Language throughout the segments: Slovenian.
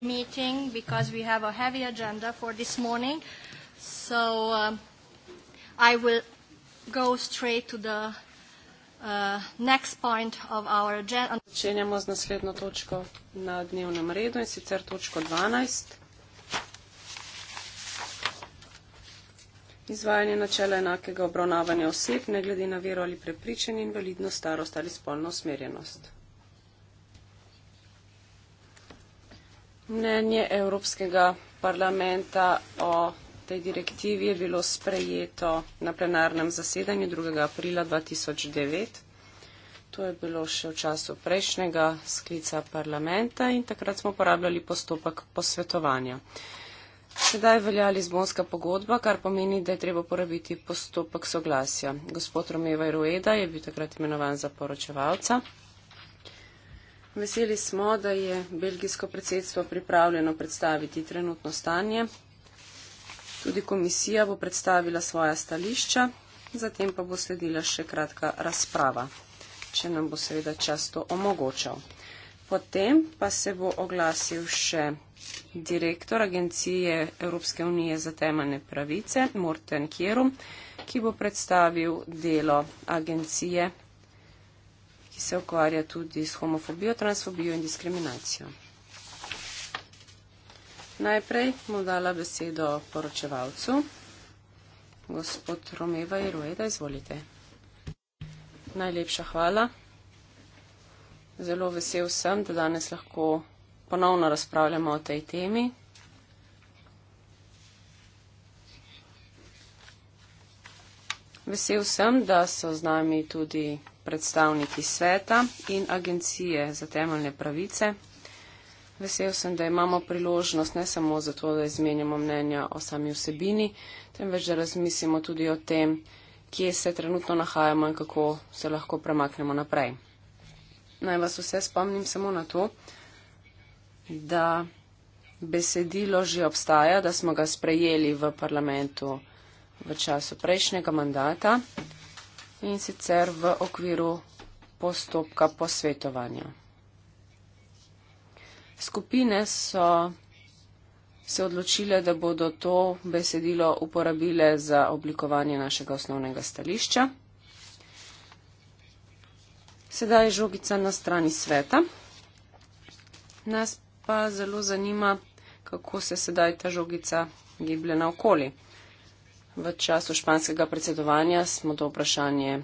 meeting because we have a heavy agenda for this morning. So um, I will go straight to the uh, next point of our agenda. Začenjamo z naslednjo točko na dnevnem redu in sicer točko 12. Izvajanje načela enakega obravnavanja oseb, ne glede na vero ali prepričanje, invalidnost, starost ali spolno usmerjenost. Mnenje Evropskega parlamenta o tej direktivi je bilo sprejeto na plenarnem zasedanju 2. aprila 2009. To je bilo še v času prejšnjega sklica parlamenta in takrat smo uporabljali postopek posvetovanja. Sedaj velja Lizbonska pogodba, kar pomeni, da je treba uporabiti postopek soglasja. Gospod Romeva Irueda je bil takrat imenovan za poročevalca. Veseli smo, da je belgijsko predsedstvo pripravljeno predstaviti trenutno stanje. Tudi komisija bo predstavila svoja stališča, zatem pa bo sledila še kratka razprava, če nam bo seveda čas to omogočal. Potem pa se bo oglasil še direktor Agencije Evropske unije za temeljne pravice, Morten Kjerum, ki bo predstavil delo agencije ki se okvarja tudi s homofobijo, transfobijo in diskriminacijo. Najprej bom dala besedo poročevalcu. Gospod Romeva Irueda, izvolite. Najlepša hvala. Zelo vesel sem, da danes lahko ponovno razpravljamo o tej temi. Vesel sem, da so z nami tudi predstavniki sveta in agencije za temeljne pravice. Vesel sem, da imamo priložnost ne samo zato, da izmenjamo mnenja o sami vsebini, temveč da razmislimo tudi o tem, kje se trenutno nahajamo in kako se lahko premaknemo naprej. Naj vas vse spomnim samo na to, da besedilo že obstaja, da smo ga sprejeli v parlamentu v času prejšnjega mandata in sicer v okviru postopka posvetovanja. Skupine so se odločile, da bodo to besedilo uporabile za oblikovanje našega osnovnega stališča. Sedaj je žogica na strani sveta. Nas pa zelo zanima, kako se sedaj ta žogica giblje naokoli. V času španskega predsedovanja smo to vprašanje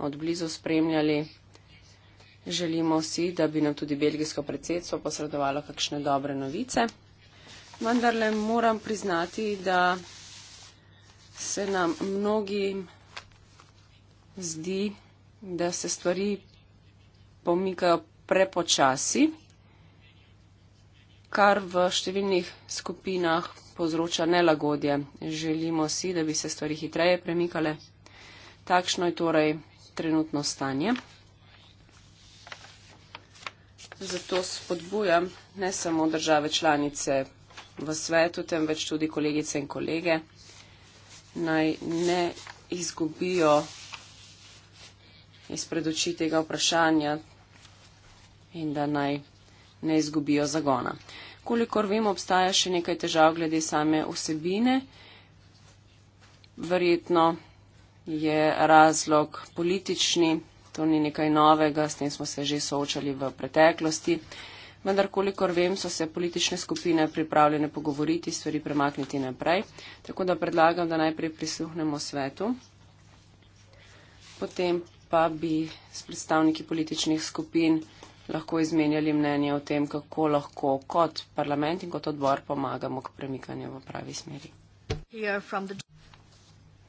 odblizu spremljali. Želimo si, da bi nam tudi belgijsko predsedstvo posredovalo kakšne dobre novice. Vendar le moram priznati, da se nam mnogi zdi, da se stvari pomikajo prepočasi, kar v številnih skupinah povzroča nelagodje. Želimo si, da bi se stvari hitreje premikale. Takšno je torej trenutno stanje. Zato spodbujam ne samo države članice v svetu, temveč tudi kolegice in kolege, naj ne izgubijo izpred oči tega vprašanja in da naj ne izgubijo zagona. Kolikor vem, obstaja še nekaj težav glede same osebine. Verjetno je razlog politični, to ni nekaj novega, s tem smo se že soočali v preteklosti. Vendar, kolikor vem, so se politične skupine pripravljene pogovoriti, stvari premakniti naprej. Tako da predlagam, da najprej prisluhnemo svetu, potem pa bi s predstavniki političnih skupin lahko izmenjali mnenje o tem, kako lahko kot parlament in kot odbor pomagamo k premikanju v pravi smeri. The...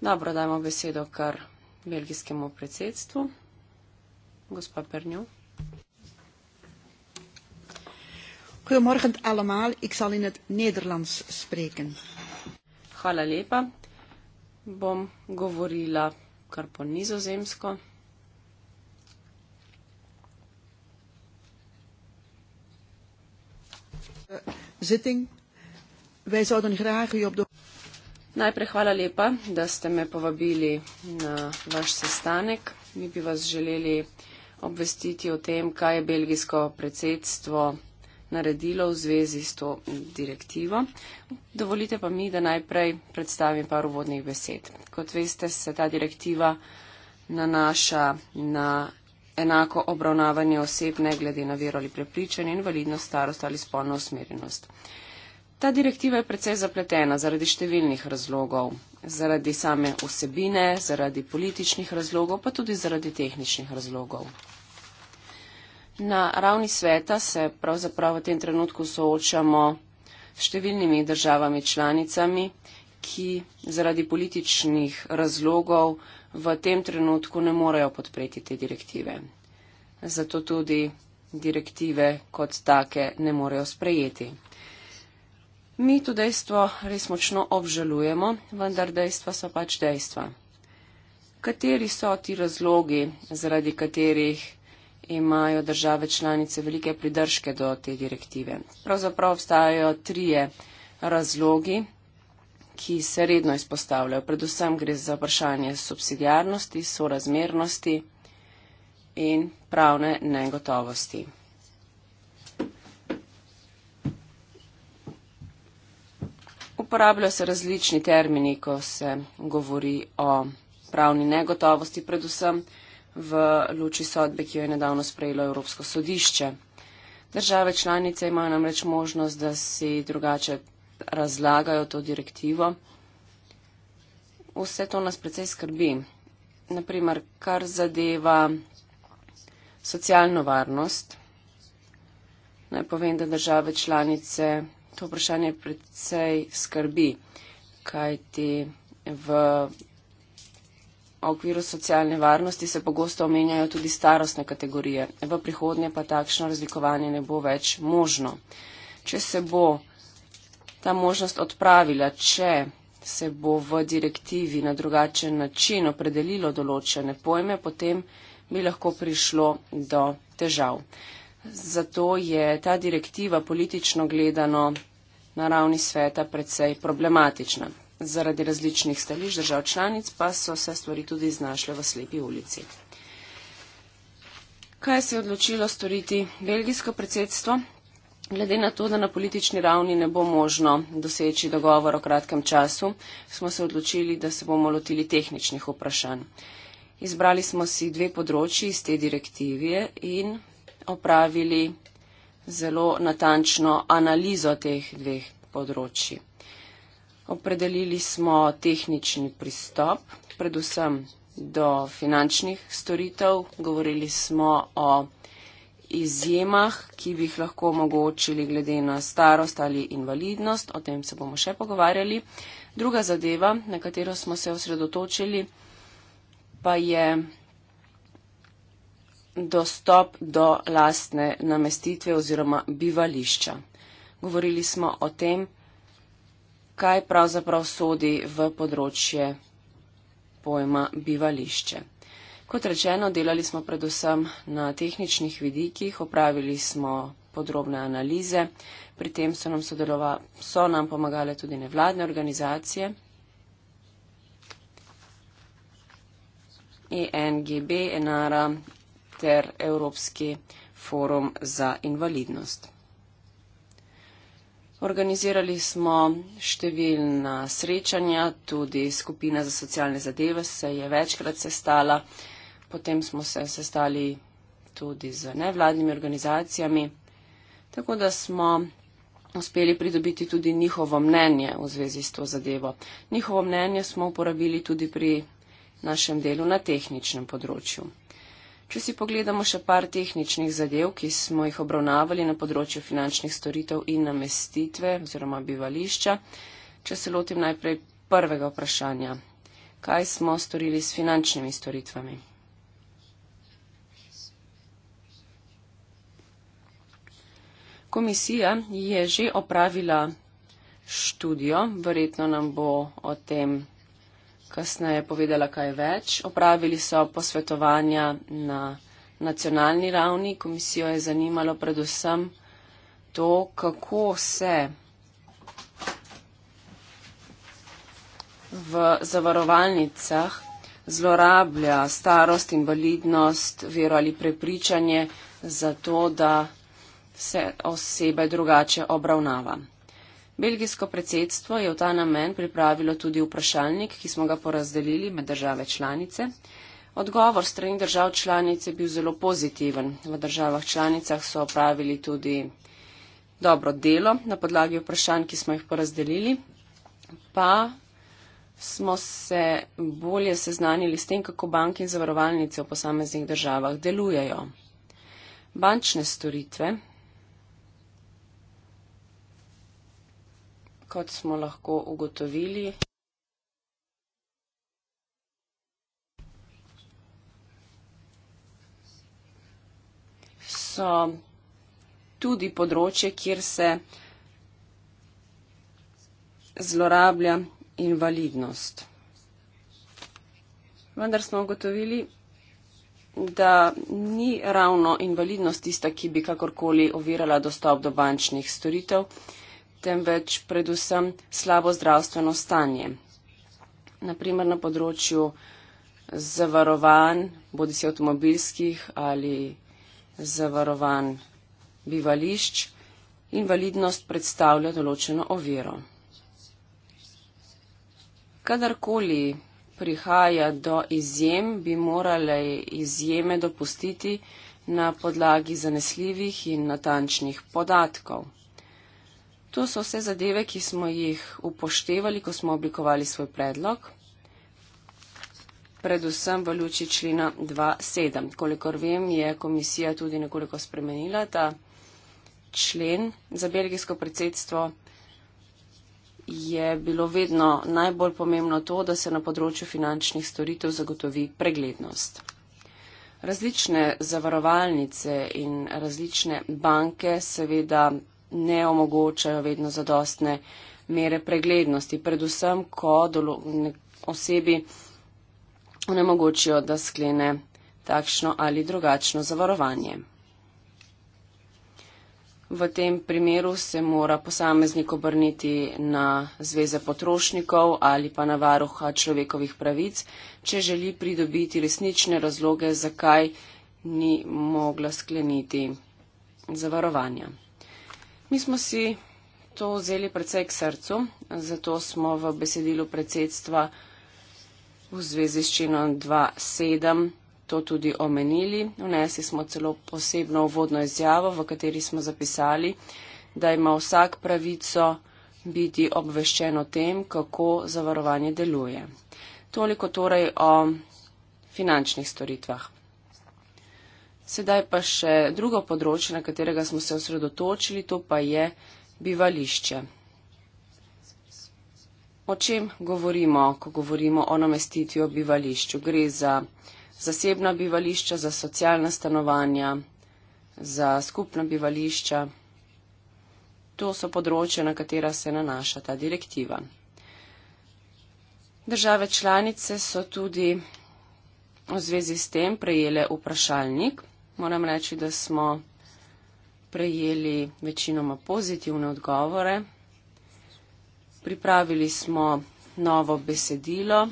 Dobro, dajmo besedo kar belgijskemu predsedstvu. Gospa Pernjo. Goedemorgen allemaal, ik zal in het Nederlands spreken. Hvala lepa. Bom govorila kar po nizozemsko. Eh, zitting. Wij zouden graag u op de. Najprej hvala lepa, da ste me povabili na vaš sestanek. Mi bi vas želeli obvestiti o tem, kaj je belgijsko predsedstvo naredilo v zvezi s to direktivo. Dovolite pa mi, da najprej predstavim par uvodnih besed. Kot veste, se ta direktiva nanaša na enako obravnavanje oseb ne glede na vero ali prepričanje, invalidnost, starost ali spolno usmerjenost. Ta direktiva je precej zapletena zaradi številnih razlogov, zaradi same osebine, zaradi političnih razlogov, pa tudi zaradi tehničnih razlogov. Na ravni sveta se pravzaprav v tem trenutku soočamo s številnimi državami članicami, ki zaradi političnih razlogov v tem trenutku ne morejo podpreti te direktive. Zato tudi direktive kot take ne morejo sprejeti. Mi to dejstvo res močno obžalujemo, vendar dejstva so pač dejstva. Kateri so ti razlogi, zaradi katerih imajo države članice velike pridržke do te direktive? Pravzaprav obstajajo trije razlogi, ki se redno izpostavljajo. Predvsem gre za vprašanje subsidijarnosti, sorazmernosti in pravne negotovosti. Uporabljajo se različni termini, ko se govori o pravni negotovosti, predvsem v luči sodbe, ki jo je nedavno sprejelo Evropsko sodišče. Države članice imajo namreč možnost, da si drugače razlagajo to direktivo. Vse to nas precej skrbi. Naprimer, kar zadeva socialno varnost. Naj povem, da države članice to vprašanje precej skrbi, kajti v okviru socialne varnosti se pogosto omenjajo tudi starostne kategorije. V prihodnje pa takšno razlikovanje ne bo več možno. Če se bo ta možnost odpravila, če se bo v direktivi na drugačen način opredelilo določene pojme, potem bi lahko prišlo do težav. Zato je ta direktiva politično gledano na ravni sveta predvsej problematična. Zaradi različnih stališ držav članic pa so se stvari tudi znašle v slepi ulici. Kaj se je odločilo storiti belgijsko predsedstvo? Glede na to, da na politični ravni ne bo možno doseči dogovor o kratkem času, smo se odločili, da se bomo lotili tehničnih vprašanj. Izbrali smo si dve področji iz te direktive in opravili zelo natančno analizo teh dveh področji. Opredelili smo tehnični pristop, predvsem do finančnih storitev, govorili smo o izjemah, ki bi jih lahko omogočili glede na starost ali invalidnost. O tem se bomo še pogovarjali. Druga zadeva, na katero smo se osredotočili, pa je dostop do lastne namestitve oziroma bivališča. Govorili smo o tem, kaj pravzaprav sodi v področje pojma bivališče. Kot rečeno, delali smo predvsem na tehničnih vidikih, opravili smo podrobne analize, pri tem so nam, sodelova, so nam pomagale tudi nevladne organizacije. ENGB, ENARA ter Evropski forum za invalidnost. Organizirali smo številna srečanja, tudi skupina za socialne zadeve se je večkrat sestala potem smo se sestali tudi z nevladnimi organizacijami, tako da smo uspeli pridobiti tudi njihovo mnenje v zvezi s to zadevo. Njihovo mnenje smo uporabili tudi pri našem delu na tehničnem področju. Če si pogledamo še par tehničnih zadev, ki smo jih obravnavali na področju finančnih storitev in namestitve oziroma bivališča, če se lotim najprej prvega vprašanja, kaj smo storili s finančnimi storitvami? komisija je že opravila študijo, verjetno nam bo o tem kasneje povedala kaj več. Opravili so posvetovanja na nacionalni ravni. Komisijo je zanimalo predvsem to, kako se v zavarovalnicah zlorablja starost, invalidnost, vero ali prepričanje za to, da vse osebe drugače obravnava. Belgijsko predsedstvo je v ta namen pripravilo tudi vprašalnik, ki smo ga porazdelili med države članice. Odgovor strani držav članic je bil zelo pozitiven. V državah članicah so opravili tudi dobro delo na podlagi vprašanj, ki smo jih porazdelili, pa smo se bolje seznanili s tem, kako banki in zavarovalnice v posameznih državah delujejo. Bančne storitve kot smo lahko ugotovili. So tudi področje, kjer se zlorablja invalidnost. Vendar smo ugotovili, da ni ravno invalidnost tista, ki bi kakorkoli ovirala dostop do bančnih storitev temveč predvsem slabo zdravstveno stanje. Naprimer na področju zavarovanj, bodi si avtomobilskih ali zavarovanj bivališč, invalidnost predstavlja določeno oviro. Kadarkoli prihaja do izjem, bi morale izjeme dopustiti na podlagi zanesljivih in natančnih podatkov. To so vse zadeve, ki smo jih upoštevali, ko smo oblikovali svoj predlog, predvsem v luči člena 2.7. Kolikor vem, je komisija tudi nekoliko spremenila ta člen za belgijsko predsedstvo. Je bilo vedno najbolj pomembno to, da se na področju finančnih storitev zagotovi preglednost. Različne zavarovalnice in različne banke seveda ne omogočajo vedno zadostne mere preglednosti, predvsem, ko osebi onemogočijo, da sklene takšno ali drugačno zavarovanje. V tem primeru se mora posameznik obrniti na Zveze potrošnikov ali pa na varuha človekovih pravic, če želi pridobiti resnične razloge, zakaj ni mogla skleniti zavarovanja. Mi smo si to vzeli predvsej k srcu, zato smo v besedilu predsedstva v zvezi s čino 2.7 to tudi omenili. Vnesli smo celo posebno uvodno izjavo, v kateri smo zapisali, da ima vsak pravico biti obveščen o tem, kako zavarovanje deluje. Toliko torej o finančnih storitvah. Sedaj pa še drugo področje, na katerega smo se osredotočili, to pa je bivališče. O čem govorimo, ko govorimo o namestitvi o bivališču? Gre za zasebna bivališča, za socialna stanovanja, za skupna bivališča. To so področje, na katera se nanaša ta direktiva. Države članice so tudi v zvezi s tem prejele vprašalnik moram reči, da smo prejeli večinoma pozitivne odgovore. Pripravili smo novo besedilo,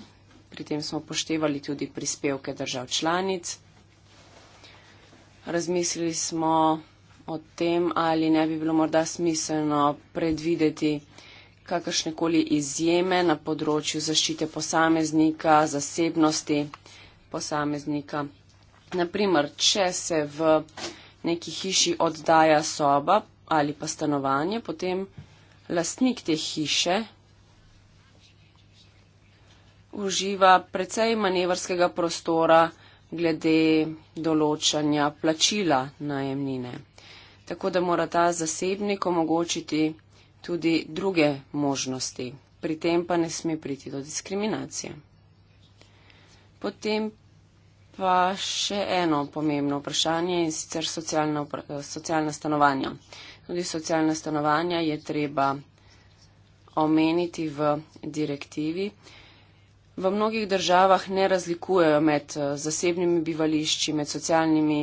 pri tem smo poštevali tudi prispevke držav članic. Razmislili smo o tem, ali ne bi bilo morda smiselno predvideti kakršnekoli izjeme na področju zaščite posameznika, zasebnosti posameznika Naprimer, če se v neki hiši oddaja soba ali pa stanovanje, potem lastnik te hiše uživa precej manevrskega prostora glede določanja plačila najemnine. Tako da mora ta zasebnik omogočiti tudi druge možnosti. Pri tem pa ne sme priti do diskriminacije. Potem Pa še eno pomembno vprašanje in sicer socialna, eh, socialna stanovanja. Tudi socialna stanovanja je treba omeniti v direktivi. V mnogih državah ne razlikujejo med eh, zasebnimi bivališči, med socialnimi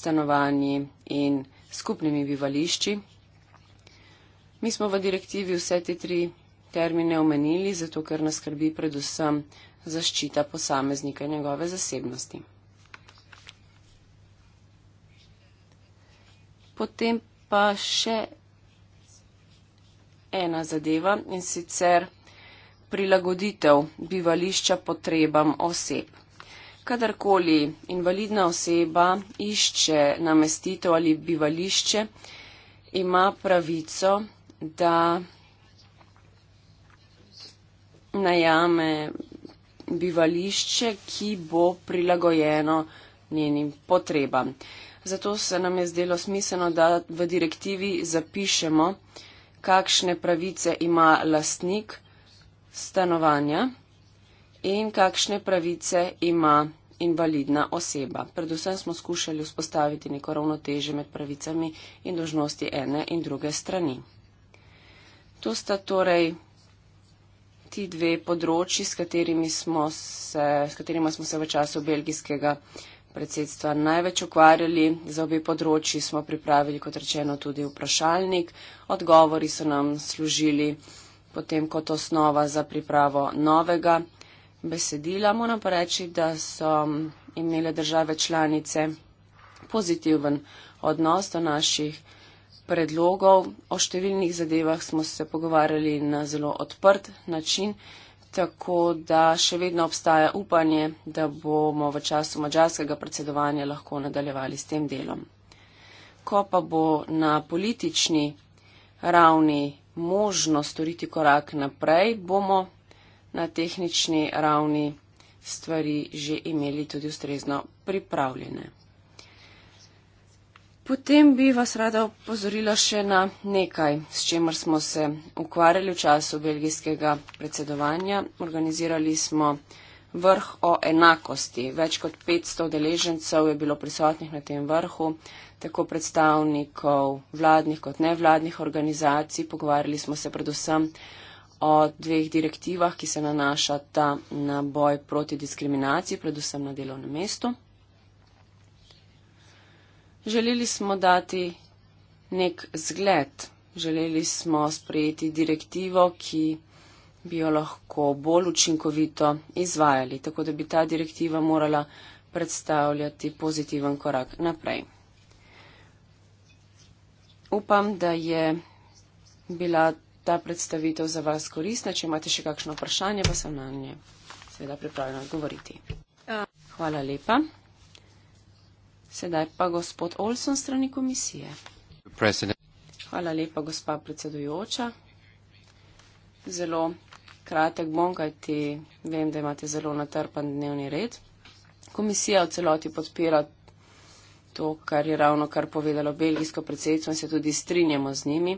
stanovanji in skupnimi bivališči. Mi smo v direktivi vse te tri termine omenili, zato ker nas skrbi predvsem zaščita posameznika in njegove zasebnosti. Potem pa še ena zadeva in sicer prilagoditev bivališča potrebam oseb. Kadarkoli invalidna oseba išče namestitev ali bivališče, ima pravico, da najame bivališče, ki bo prilagojeno njenim potrebam. Zato se nam je zdelo smiselno, da v direktivi zapišemo, kakšne pravice ima lastnik stanovanja in kakšne pravice ima invalidna oseba. Predvsem smo skušali vzpostaviti neko ravnoteže med pravicami in dožnosti ene in druge strani. To sta torej ti dve področji, s katerimi smo se, s katerima smo se v času belgijskega predsedstva največ ukvarjali. Za obe področji smo pripravili, kot rečeno, tudi vprašalnik. Odgovori so nam služili potem kot osnova za pripravo novega besedila. Moram pa reči, da so imele države članice pozitiven odnos do naših predlogov, o številnih zadevah smo se pogovarjali na zelo odprt način, tako da še vedno obstaja upanje, da bomo v času mađarskega predsedovanja lahko nadaljevali s tem delom. Ko pa bo na politični ravni možno storiti korak naprej, bomo na tehnični ravni stvari že imeli tudi ustrezno pripravljene. Potem bi vas rada opozorila še na nekaj, s čemer smo se ukvarjali v času belgijskega predsedovanja. Organizirali smo vrh o enakosti. Več kot 500 deležencev je bilo prisotnih na tem vrhu, tako predstavnikov vladnih kot nevladnih organizacij. Pogovarjali smo se predvsem o dveh direktivah, ki se nanašata na boj proti diskriminaciji, predvsem na delovnem mestu. Želeli smo dati nek zgled, želeli smo sprejeti direktivo, ki bi jo lahko bolj učinkovito izvajali, tako da bi ta direktiva morala predstavljati pozitiven korak naprej. Upam, da je bila ta predstavitev za vas koristna. Če imate še kakšno vprašanje, pa sem na nje seveda pripravljena odgovoriti. Ja. Hvala lepa. Sedaj pa gospod Olson strani komisije. Hvala lepa, gospa predsedujoča. Zelo kratek bom, kajti vem, da imate zelo natrpan dnevni red. Komisija v celoti podpira to, kar je ravno kar povedalo belgijsko predsedstvo in se tudi strinjamo z njimi.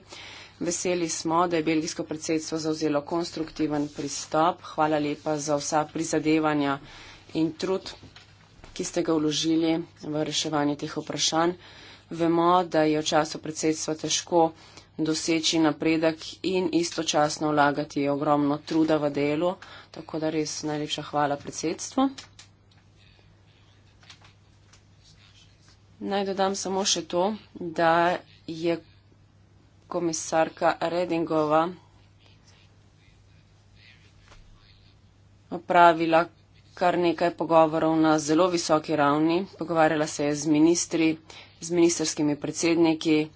Veseli smo, da je belgijsko predsedstvo zauzelo konstruktiven pristop. Hvala lepa za vsa prizadevanja in trud ki ste ga vložili v reševanje teh vprašanj. Vemo, da je v času predsedstva težko doseči napredek in istočasno vlagati ogromno truda v delu, tako da res najlepša hvala predsedstvu. Naj dodam samo še to, da je komisarka Redingova opravila kar nekaj pogovorov na zelo visoki ravni. Pogovarjala se je z ministri, z ministerskimi predsedniki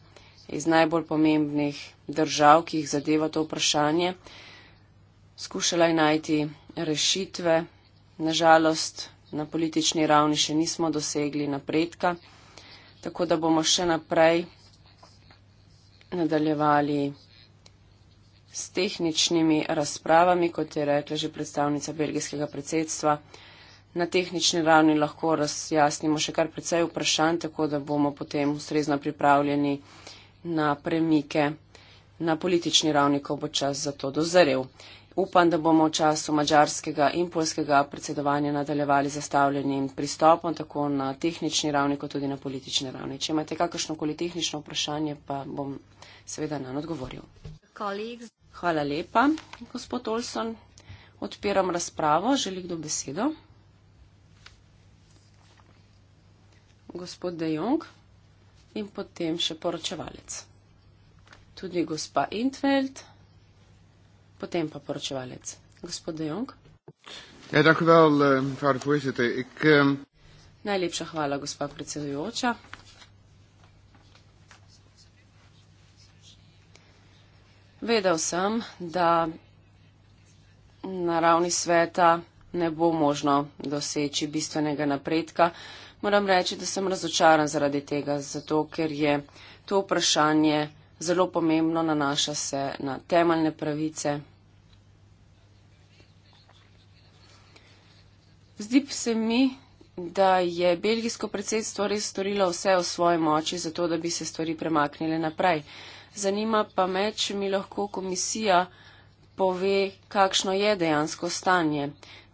iz najbolj pomembnih držav, ki jih zadeva to vprašanje. Skušala je najti rešitve. Nažalost, na politični ravni še nismo dosegli napredka, tako da bomo še naprej nadaljevali s tehničnimi razpravami, kot je rekla že predstavnica belgijskega predsedstva. Na tehnični ravni lahko razjasnimo še kar precej vprašanj, tako da bomo potem ustrezno pripravljeni na premike na politični ravni, ko bo čas za to dozarev. Upam, da bomo v času mađarskega in polskega predsedovanja nadaljevali zastavljenim pristopom, tako na tehnični ravni, kot tudi na politični ravni. Če imate kakršno koli tehnično vprašanje, pa bom seveda na njo odgovoril. Colleagues. Hvala lepa, gospod Olson. Odpiram razpravo. Želi kdo besedo? Gospod De Jong in potem še poročevalec. Tudi gospa Intveld, potem pa poročevalec. Gospod De Jong. Ja, dankuvel, eh, um, ik, um... Najlepša hvala, gospa predsedujoča. Vedel sem, da na ravni sveta ne bo možno doseči bistvenega napredka. Moram reči, da sem razočaran zaradi tega, zato ker je to vprašanje zelo pomembno, nanaša se na temeljne pravice. Zdi se mi, da je belgijsko predsedstvo res storilo vse v svoji moči, zato da bi se stvari premaknile naprej. Zanima pa me, če mi lahko komisija pove, kakšno je dejansko stanje.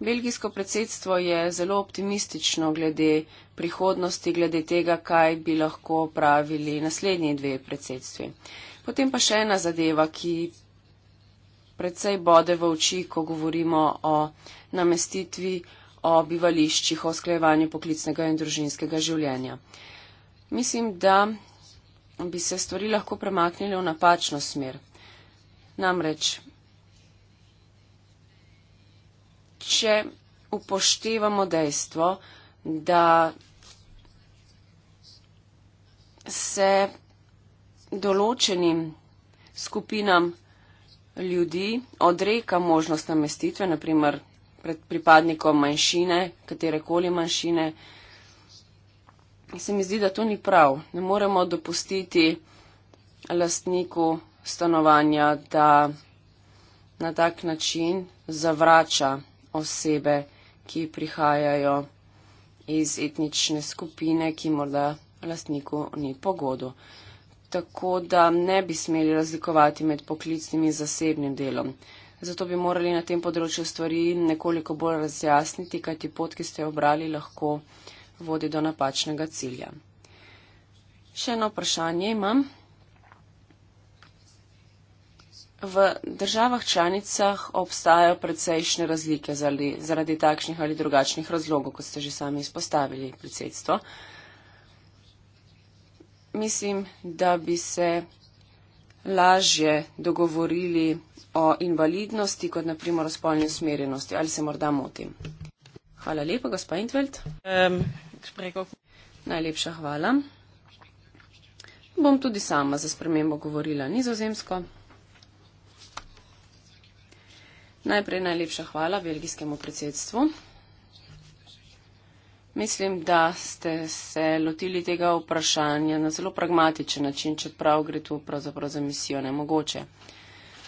Belgijsko predsedstvo je zelo optimistično glede prihodnosti, glede tega, kaj bi lahko pravili naslednji dve predsedstvi. Potem pa še ena zadeva, ki predvsej bode v oči, ko govorimo o namestitvi, o bivališčih, o sklejevanju poklicnega in družinskega življenja. Mislim, da bi se stvari lahko premaknili v napačno smer. Namreč, če upoštevamo dejstvo, da se določenim skupinam ljudi odreka možnost namestitve, naprimer pred pripadnikom manjšine, katerekoli manjšine, se mi zdi, da to ni prav. Ne moremo dopustiti lastniku stanovanja, da na tak način zavrača osebe, ki prihajajo iz etnične skupine, ki morda lastniku ni pogodu. Tako da ne bi smeli razlikovati med poklicnim in zasebnim delom. Zato bi morali na tem področju stvari nekoliko bolj razjasniti, kajti pot, ki ste jo obrali, lahko vodi do napačnega cilja. Še eno vprašanje imam. V državah članicah obstajajo precejšnje razlike zaradi, zaradi takšnih ali drugačnih razlogov, kot ste že sami izpostavili predsedstvo. Mislim, da bi se lažje dogovorili o invalidnosti, kot naprimer o spolni usmerjenosti. Ali se morda motim? Hvala lepa, gospa Intveld. Um prekop. Najlepša hvala. Bom tudi sama za spremembo govorila nizozemsko. Najprej najlepša hvala belgijskemu predsedstvu. Mislim, da ste se lotili tega vprašanja na zelo pragmatičen način, čeprav gre tu pravzaprav za misijo nemogoče.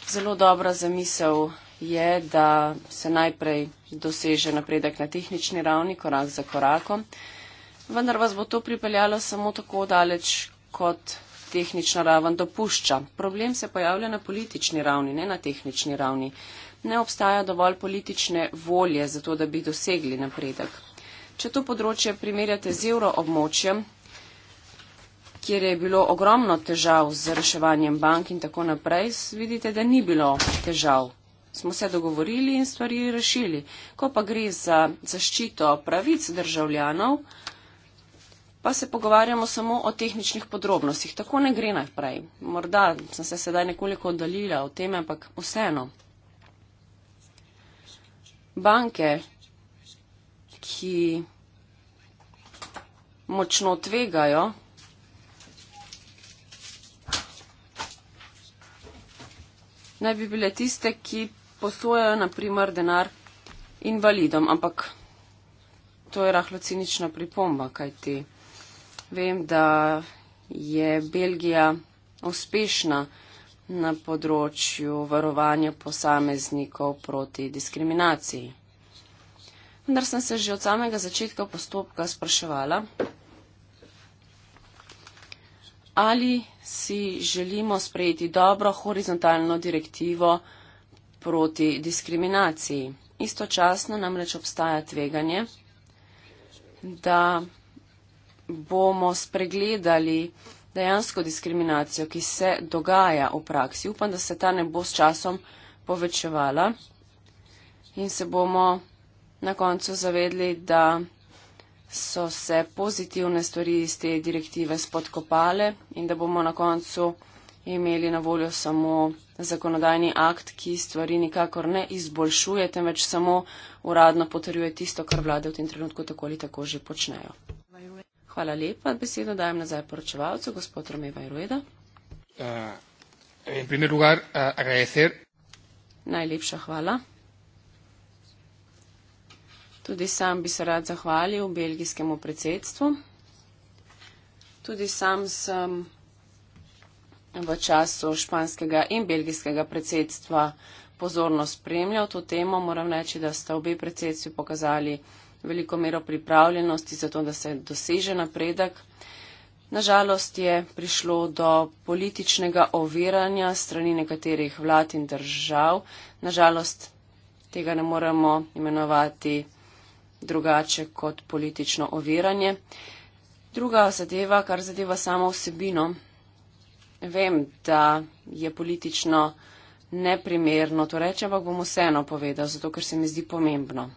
Zelo dobra zamisel je, da se najprej doseže napredek na tehnični ravni, korak za korakom vendar vas bo to pripeljalo samo tako daleč, kot tehnična raven dopušča. Problem se pojavlja na politični ravni, ne na tehnični ravni. Ne obstaja dovolj politične volje za to, da bi dosegli napredek. Če to področje primerjate z evroobmočjem, kjer je bilo ogromno težav z reševanjem bank in tako naprej, vidite, da ni bilo težav. Smo se dogovorili in stvari rešili. Ko pa gre za zaščito pravic državljanov, pa se pogovarjamo samo o tehničnih podrobnostih. Tako ne gre naprej. Morda sem se sedaj nekoliko oddaljila od teme, ampak vseeno. Banke, ki močno tvegajo, naj bi bile tiste, ki posojajo naprimer denar invalidom, ampak to je rahlo cinična pripomba, kaj ti. Te... Vem, da je Belgija uspešna na področju varovanja posameznikov proti diskriminaciji. Vendar sem se že od samega začetka postopka spraševala, ali si želimo sprejeti dobro horizontalno direktivo proti diskriminaciji. Istočasno namreč obstaja tveganje, da bomo spregledali dejansko diskriminacijo, ki se dogaja v praksi. Upam, da se ta ne bo s časom povečevala in se bomo na koncu zavedli, da so se pozitivne stvari iz te direktive spodkopale in da bomo na koncu imeli na voljo samo zakonodajni akt, ki stvari nikakor ne izboljšuje, temveč samo uradno potrjuje tisto, kar vlade v tem trenutku tako ali tako že počnejo. Hvala lepa. Besedo dajem nazaj poročevalcu, gospod Romeva Irueda. Uh, Najlepša hvala. Tudi sam bi se rad zahvalil belgijskemu predsedstvu. Tudi sam sem v času španskega in belgijskega predsedstva pozorno spremljal to temo. Moram reči, da sta obe predsedstvi pokazali veliko mero pripravljenosti za to, da se doseže napredek. Nažalost je prišlo do političnega oviranja strani nekaterih vlad in držav. Nažalost tega ne moremo imenovati drugače kot politično oviranje. Druga zadeva, kar zadeva samo vsebino. Vem, da je politično neprimerno to reči, ampak bom vseeno povedal, zato ker se mi zdi pomembno.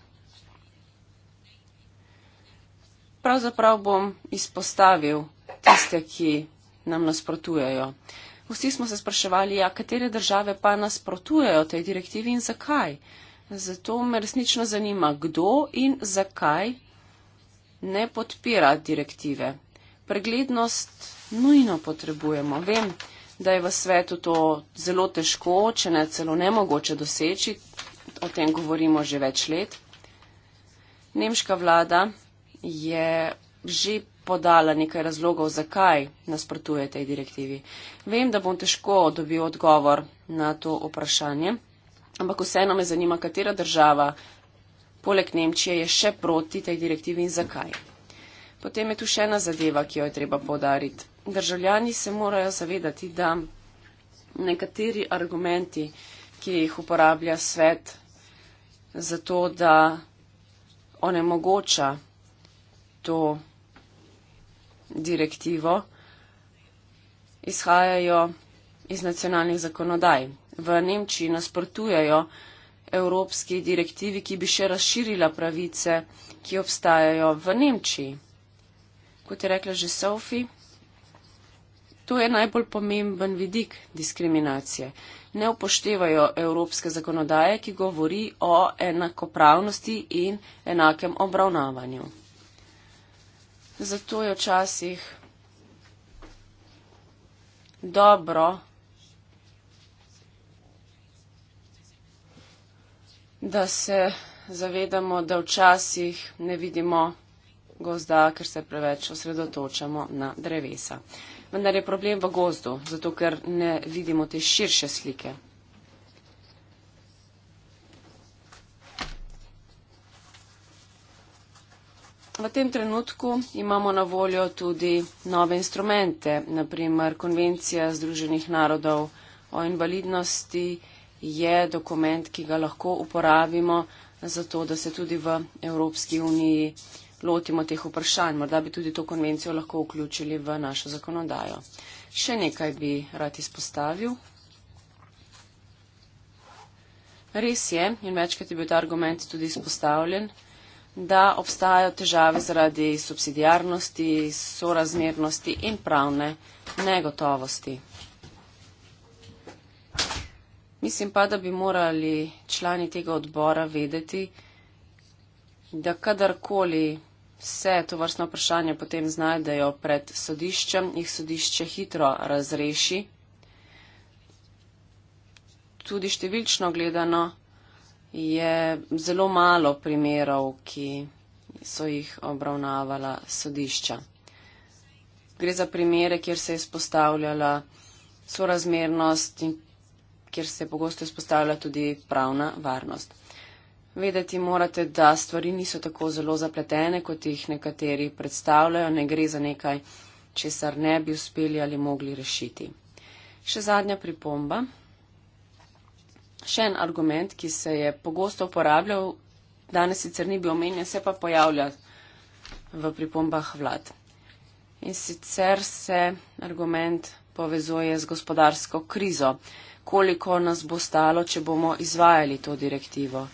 pravzaprav bom izpostavil tiste, ki nam nasprotujejo. Vsi smo se spraševali, ja, katere države pa nasprotujejo tej direktivi in zakaj. Zato me resnično zanima, kdo in zakaj ne podpira direktive. Preglednost nujno potrebujemo. Vem, da je v svetu to zelo težko, če ne celo nemogoče doseči. O tem govorimo že več let. Nemška vlada je že podala nekaj razlogov, zakaj nasprotuje tej direktivi. Vem, da bom težko dobil odgovor na to vprašanje, ampak vseeno me zanima, katera država poleg Nemčije je še proti tej direktivi in zakaj. Potem je tu še ena zadeva, ki jo je treba podariti. Državljani se morajo zavedati, da nekateri argumenti, ki jih uporablja svet za to, da onemogoča to direktivo, izhajajo iz nacionalnih zakonodaj. V Nemčiji nasprotujejo evropski direktivi, ki bi še razširila pravice, ki obstajajo v Nemčiji. Kot je rekla že Sophie, to je najbolj pomemben vidik diskriminacije. Ne upoštevajo evropske zakonodaje, ki govori o enakopravnosti in enakem obravnavanju. Zato je včasih dobro, da se zavedamo, da včasih ne vidimo gozda, ker se preveč osredotočamo na drevesa. Vendar je problem v gozdu, zato ker ne vidimo te širše slike. V tem trenutku imamo na voljo tudi nove instrumente, naprimer Konvencija Združenih narodov o invalidnosti je dokument, ki ga lahko uporabimo za to, da se tudi v Evropski uniji lotimo teh vprašanj. Morda bi tudi to konvencijo lahko vključili v našo zakonodajo. Še nekaj bi rad izpostavil. Res je, in večkrat je bil ta argument tudi izpostavljen, da obstajajo težave zaradi subsidijarnosti, sorazmernosti in pravne negotovosti. Mislim pa, da bi morali člani tega odbora vedeti, da kadarkoli se to vrstno vprašanje potem znajdejo pred sodiščem, jih sodišče hitro razreši. Tudi številčno gledano je zelo malo primerov, ki so jih obravnavala sodišča. Gre za primere, kjer se je spostavljala sorazmernost in kjer se je pogosto spostavljala tudi pravna varnost. Vedeti morate, da stvari niso tako zelo zapletene, kot jih nekateri predstavljajo, ne gre za nekaj, česar ne bi uspeli ali mogli rešiti. Še zadnja pripomba. Še en argument, ki se je pogosto uporabljal, danes sicer ni bil omenjen, se pa pojavlja v pripombah vlad. In sicer se argument povezuje z gospodarsko krizo. Koliko nas bo stalo, če bomo izvajali to direktivo?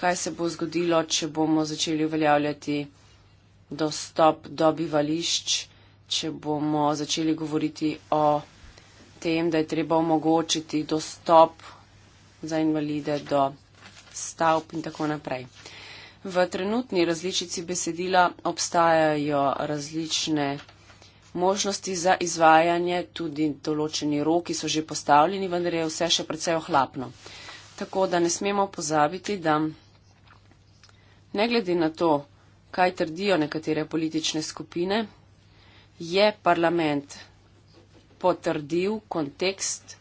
Kaj se bo zgodilo, če bomo začeli uveljavljati dostop do bivališč, če bomo začeli govoriti o tem, da je treba omogočiti dostop za invalide do stavb in tako naprej. V trenutni različici besedila obstajajo različne možnosti za izvajanje, tudi določeni roki so že postavljeni, vendar je vse še precej ohlapno. Tako da ne smemo pozabiti, da ne glede na to, kaj trdijo nekatere politične skupine, je parlament potrdil kontekst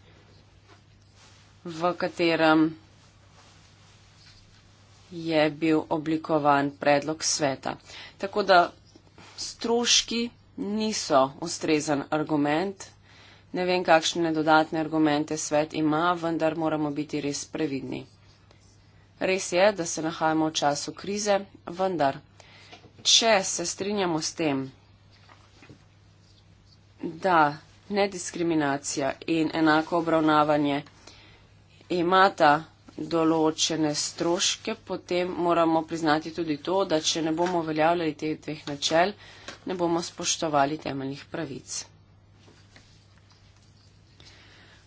v katerem je bil oblikovan predlog sveta. Tako da stroški niso ustrezan argument. Ne vem, kakšne dodatne argumente svet ima, vendar moramo biti res previdni. Res je, da se nahajamo v času krize, vendar, če se strinjamo s tem, da nediskriminacija in enako obravnavanje imata določene stroške, potem moramo priznati tudi to, da če ne bomo uveljavljali teh dveh načel, ne bomo spoštovali temeljnih pravic.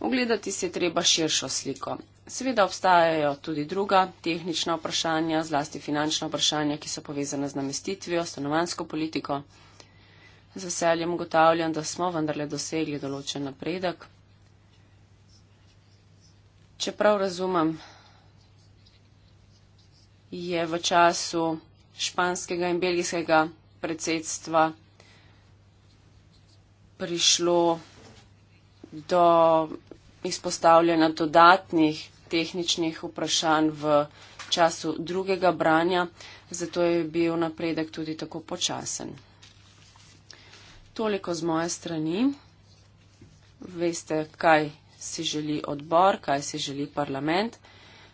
Ogledati se treba širšo sliko. Seveda obstajajo tudi druga tehnična vprašanja, zlasti finančna vprašanja, ki so povezane z namestitvijo, stanovansko politiko. Z veseljem ugotavljam, da smo vendarle dosegli določen napredek čeprav razumem, je v času španskega in belgijskega predsedstva prišlo do izpostavljena dodatnih tehničnih vprašanj v času drugega branja, zato je bil napredek tudi tako počasen. Toliko z moje strani. Veste, kaj si želi odbor, kaj si želi parlament.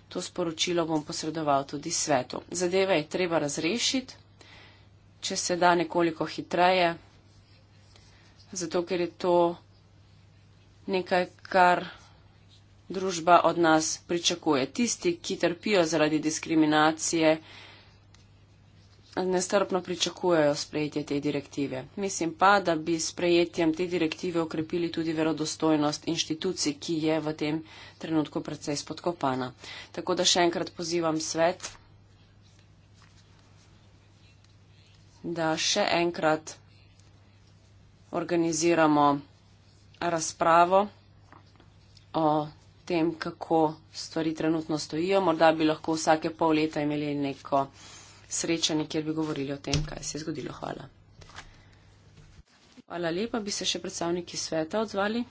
To sporočilo bom posredoval tudi svetu. Zadeve je treba razrešiti, če se da nekoliko hitreje, zato ker je to nekaj, kar družba od nas pričakuje. Tisti, ki trpijo zaradi diskriminacije, nestrpno pričakujejo sprejetje te direktive. Mislim pa, da bi sprejetjem te direktive okrepili tudi verodostojnost inštitucij, ki je v tem trenutku predvsej spodkopana. Tako da še enkrat pozivam svet, da še enkrat organiziramo razpravo o tem, kako stvari trenutno stojijo. Morda bi lahko vsake pol leta imeli neko srečanje, kjer bi govorili o tem, kaj se je zgodilo. Hvala. Hvala lepa. Bi se še predstavniki sveta odzvali?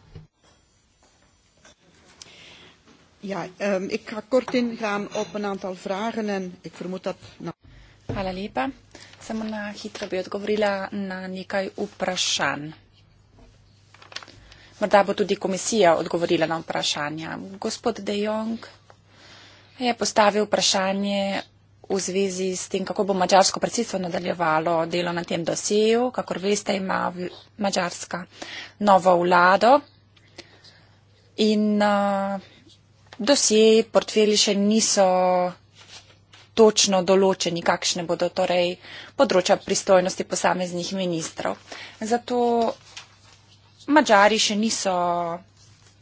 Ja, um, dat... Hvala lepa. Samo na hitro bi odgovorila na nekaj vprašanj. Morda bo tudi komisija odgovorila na vprašanja. Gospod De Jong je postavil vprašanje v zvezi s tem, kako bo mađarsko predsedstvo nadaljevalo delo na tem dosiju. Kakor veste, ima mađarska novo vlado in uh, dosiji, portfelji še niso točno določeni, kakšne bodo torej področja pristojnosti posameznih ministrov. Zato mađari še niso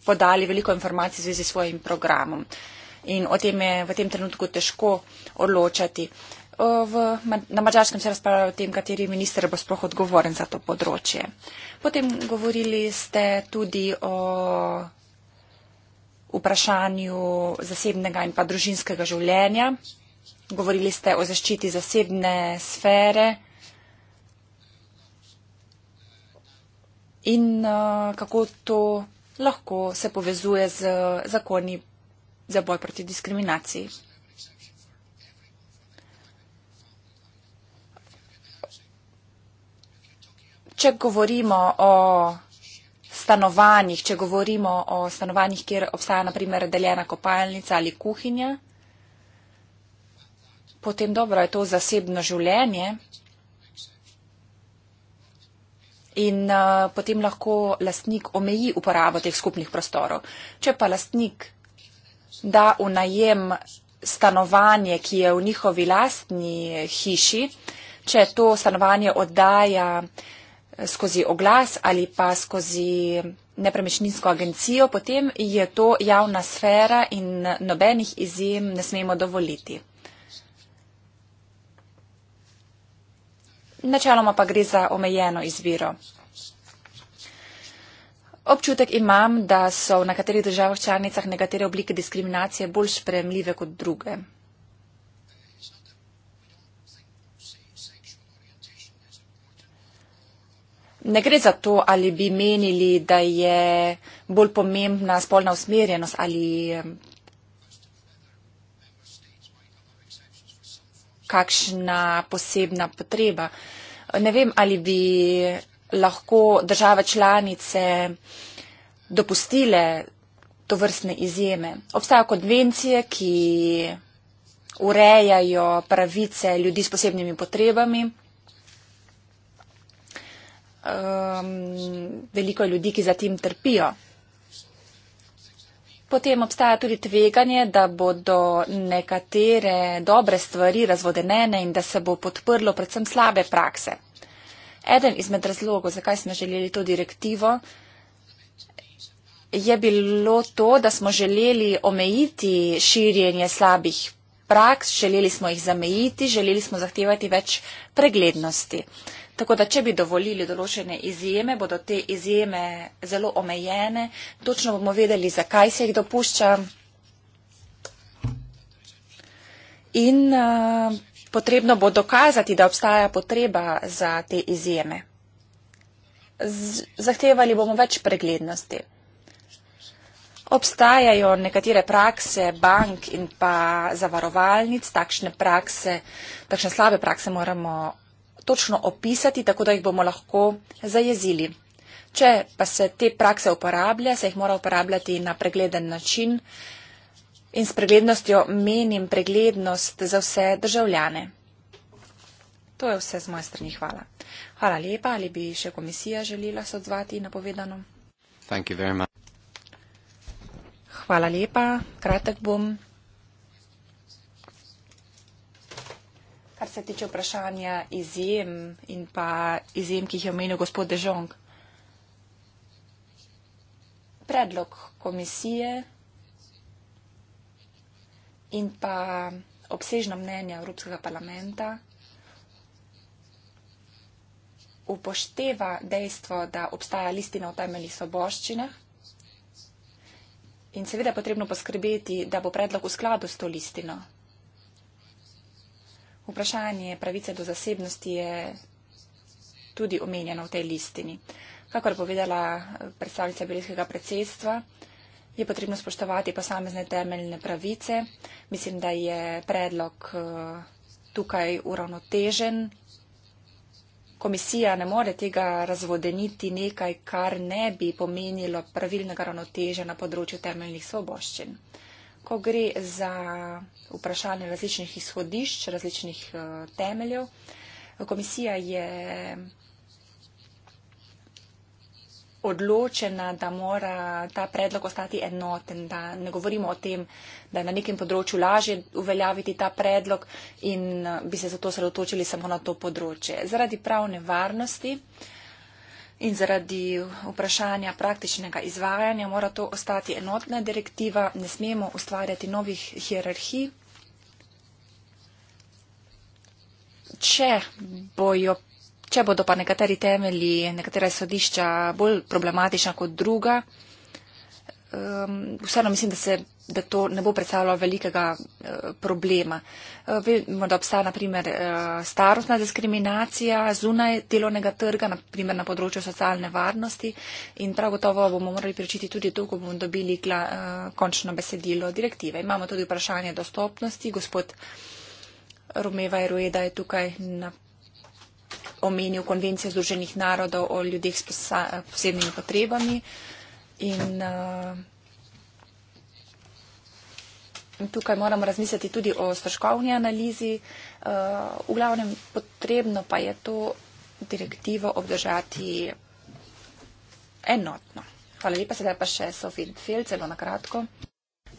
podali veliko informacij v zvezi s svojim programom. Uh, in o tem je v tem trenutku težko odločati. V, na mačarskem se razpravlja o tem, kateri minister bo sploh odgovoren za to področje. Potem govorili ste tudi o vprašanju zasebnega in pa družinskega življenja. Govorili ste o zaščiti zasebne sfere in uh, kako to lahko se povezuje z zakoni za boj proti diskriminaciji. Če govorimo o stanovanjih, če govorimo o stanovanjih, kjer obstaja naprimer deljena kopalnica ali kuhinja, potem dobro je to zasebno življenje in uh, potem lahko lastnik omeji uporabo teh skupnih prostorov. Če pa lastnik da v najem stanovanje, ki je v njihovi lastni hiši, če to stanovanje oddaja skozi oglas ali pa skozi nepremičninsko agencijo, potem je to javna sfera in nobenih izjem ne smemo dovoliti. Načeloma pa gre za omejeno izbiro. Občutek imam, da so v nekaterih državah članicah nekatere oblike diskriminacije bolj spremljive kot druge. Ne gre za to, ali bi menili, da je bolj pomembna spolna usmerjenost ali kakšna posebna potreba. Ne vem, ali bi lahko države članice dopustile to vrstne izjeme. Obstajajo konvencije, ki urejajo pravice ljudi s posebnimi potrebami. Um, veliko je ljudi, ki za tem trpijo. Potem obstaja tudi tveganje, da bodo nekatere dobre stvari razvodenene in da se bo podprlo predvsem slabe prakse. Eden izmed razlogov, zakaj smo želeli to direktivo, je bilo to, da smo želeli omejiti širjenje slabih praks, želeli smo jih zamejiti, želeli smo zahtevati več preglednosti. Tako da, če bi dovolili določene izjeme, bodo te izjeme zelo omejene, točno bomo vedeli, zakaj se jih dopušča. In uh, Potrebno bo dokazati, da obstaja potreba za te izjeme. Zahtevali bomo več preglednosti. Obstajajo nekatere prakse bank in pa zavarovalnic, takšne, prakse, takšne slabe prakse moramo točno opisati, tako da jih bomo lahko zajezili. Če pa se te prakse uporablja, se jih mora uporabljati na pregleden način. Uh, in s preglednostjo menim preglednost za vse državljane. To je vse z moje strani. Hvala. Hvala lepa. Ali bi še komisija želela se odzvati na povedano? Hvala lepa. Kratek bom. Kar se tiče vprašanja izjem in pa izjem, ki jih je omenil gospod Dežong. Predlog komisije in pa obsežna mnenja Evropskega parlamenta upošteva dejstvo, da obstaja listina v temeljih svoboščine in seveda je potrebno poskrbeti, da bo predlog v skladu s to listino. Vprašanje pravice do zasebnosti je tudi omenjeno v tej listini. Kakor je povedala predstavnica Belgijskega predsedstva, je potrebno spoštovati posamezne temeljne pravice. Mislim, da je predlog eh, tukaj uravnotežen. Komisija ne more tega razvodeniti nekaj, kar ne bi pomenilo pravilnega ravnoteže na področju temeljnih svoboščin. Ko gre za vprašanje različnih izhodišč, različnih eh, temeljev, komisija je odločena, da mora ta predlog ostati enoten, da ne govorimo o tem, da je na nekem področju lažje uveljaviti ta predlog in eh, bi se zato sredotočili samo na to področje. Zaradi pravne varnosti in zaradi vprašanja praktičnega izvajanja mora to ostati enotna direktiva, ne smemo ustvarjati novih hierarhij. Če bojo Če bodo pa nekateri temelji, nekatera sodišča bolj problematična kot druga, um, vseeno mislim, da, se, da to ne bo predstavljalo velikega uh, problema. Uh, vemo, da obstaja naprimer uh, starostna diskriminacija zunaj delovnega trga, naprimer na področju socialne varnosti in prav gotovo bomo morali pričiti tudi to, ko bomo dobili gla, uh, končno besedilo direktive. Imamo tudi vprašanje dostopnosti. Gospod Romeva Erueda je tukaj na omenil konvencijo Združenih narodov o ljudeh s posebnimi potrebami. In, in eh, tukaj moramo razmisliti tudi o stroškovni analizi. Eh, v glavnem potrebno pa je to direktivo obdržati enotno. Hvala lepa, sedaj pa še Sofie Fel, zelo na kratko.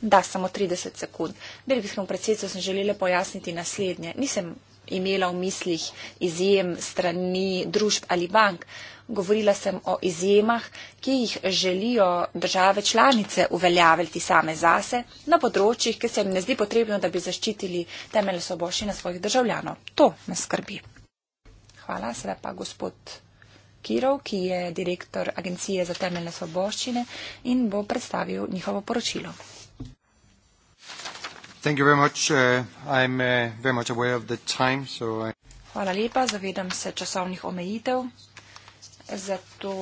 Da, samo 30 sekund. Belgijskemu predsedstvu sem želela pojasniti naslednje. Nisem imela v mislih izjem strani družb ali bank. Govorila sem o izjemah, ki jih želijo države članice uveljaviti same zase na področjih, ki se jim ne zdi potrebno, da bi zaščitili temelj soboščine svojih državljanov. To me skrbi. Hvala, sedaj pa gospod Kirov, ki je direktor Agencije za temeljne soboščine in bo predstavil njihovo poročilo. Thank you very much. Uh, I'm uh, very much aware of the time, so I... Hvala lepa, zavedam se časovnih omejitev, zato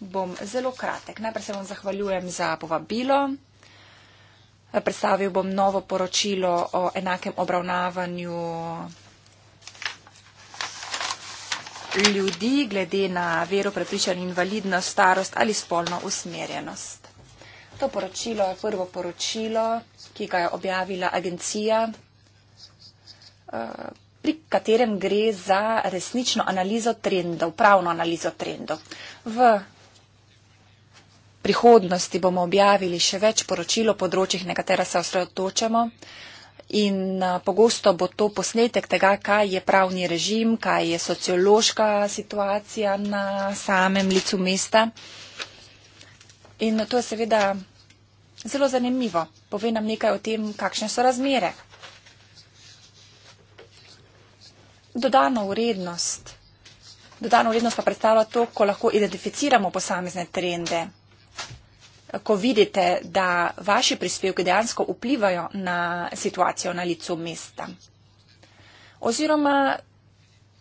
bom zelo kratek. Najprej se vam zahvaljujem za povabilo. Predstavil bom novo poročilo o enakem obravnavanju ljudi glede na vero, prepričanje, invalidnost, starost ali spolno usmerjenost to poročilo je prvo poročilo, ki ga je objavila agencija, eh, pri katerem gre za resnično analizo trendov, pravno analizo trendov. V prihodnosti bomo objavili še več poročil o področjih, na katera se osredotočamo. In eh, pogosto bo to posnetek tega, kaj je pravni režim, kaj je sociološka situacija na samem licu mesta. In to je seveda Zelo zanimivo. Povej nam nekaj o tem, kakšne so razmere. Dodano vrednost. Dodano vrednost pa predstavlja to, ko lahko identificiramo posamezne trende. Ko vidite, da vaši prispevki dejansko vplivajo na situacijo na licu mesta. Oziroma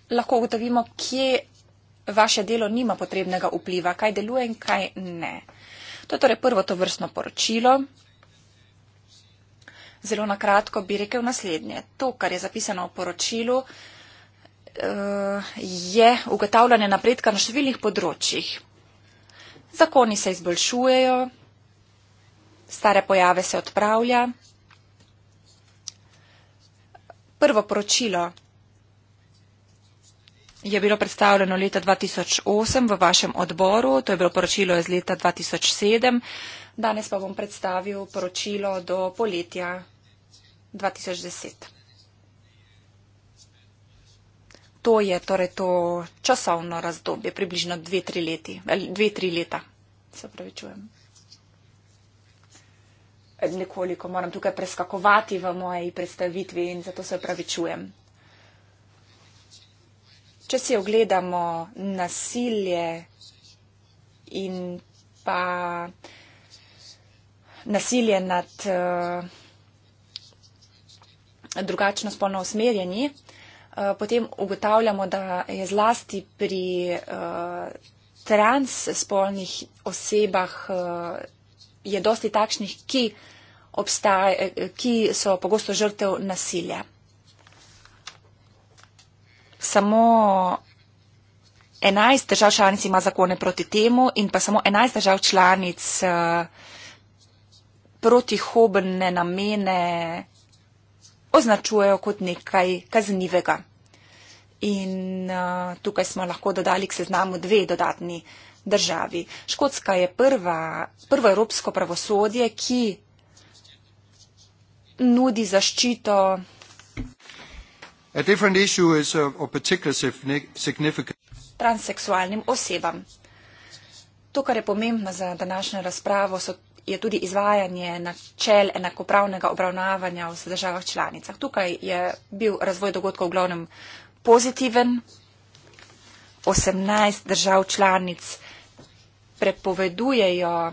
lahko ugotovimo, kje vaše delo nima potrebnega vpliva, kaj deluje in kaj ne. To je torej prvo to vrstno poročilo. Zelo na kratko bi rekel naslednje. To, kar je zapisano v poročilu, eh, je ugotavljanje napredka na številnih področjih. Zakoni se izboljšujejo, stare pojave se odpravlja. Prvo poročilo je bilo predstavljeno leta 2008 v vašem odboru, to je bilo poročilo iz leta 2007, danes pa bom predstavil poročilo do poletja 2010. To je torej to časovno razdobje, približno dve, tri, leti, eh, dve, tri leta. Se upravičujem. Nekoliko moram tukaj preskakovati v moji predstavitvi in zato se upravičujem. Če si ogledamo nasilje in pa nasilje nad uh, drugačno spolno usmerjeni, uh, potem ugotavljamo, da je zlasti pri uh, eh, transspolnih osebah uh, je dosti takšnih, ki, obstaja, ki so pogosto žrtev nasilja samo 11 držav članic ima zakone proti temu in pa samo 11 držav članic eh, protihobne namene označujejo kot nekaj kaznivega. In uh, tukaj smo lahko dodali k seznamu dve dodatni državi. Škotska je prva, prvo evropsko pravosodje, ki nudi zaščito A different issue is of, of particular significance. Transseksualnim osebam. To, kar je pomembno za današnjo razpravo, so, je tudi izvajanje načel enakopravnega obravnavanja v državah članicah. Tukaj je bil razvoj dogodkov v glavnem pozitiven. 18 držav članic prepovedujejo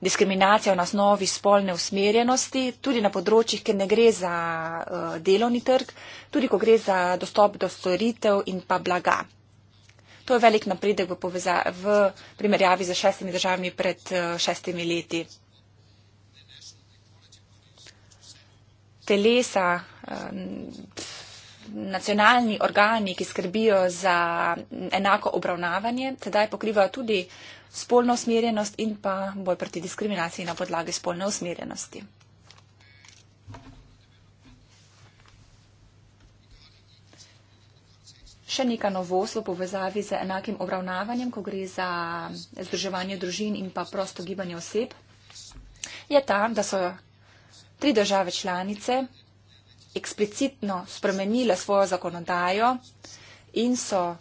diskriminacija na osnovi spolne usmerjenosti, tudi na področjih, kjer ne gre za eh, delovni trg, tudi ko gre za dostop do storitev in pa blaga. To je velik napredek v, poveza, v primerjavi z šestimi državami pred eh, šestimi leti. Telesa, eh, nacionalni organi, ki skrbijo za enako obravnavanje, tedaj pokrivajo tudi spolno usmerjenost in pa boj proti diskriminaciji na podlagi spolne usmerjenosti. Še neka novost v povezavi z enakim obravnavanjem, ko gre za združevanje družin in pa prosto gibanje oseb, je ta, da so tri države članice eksplicitno spremenile svojo zakonodajo in so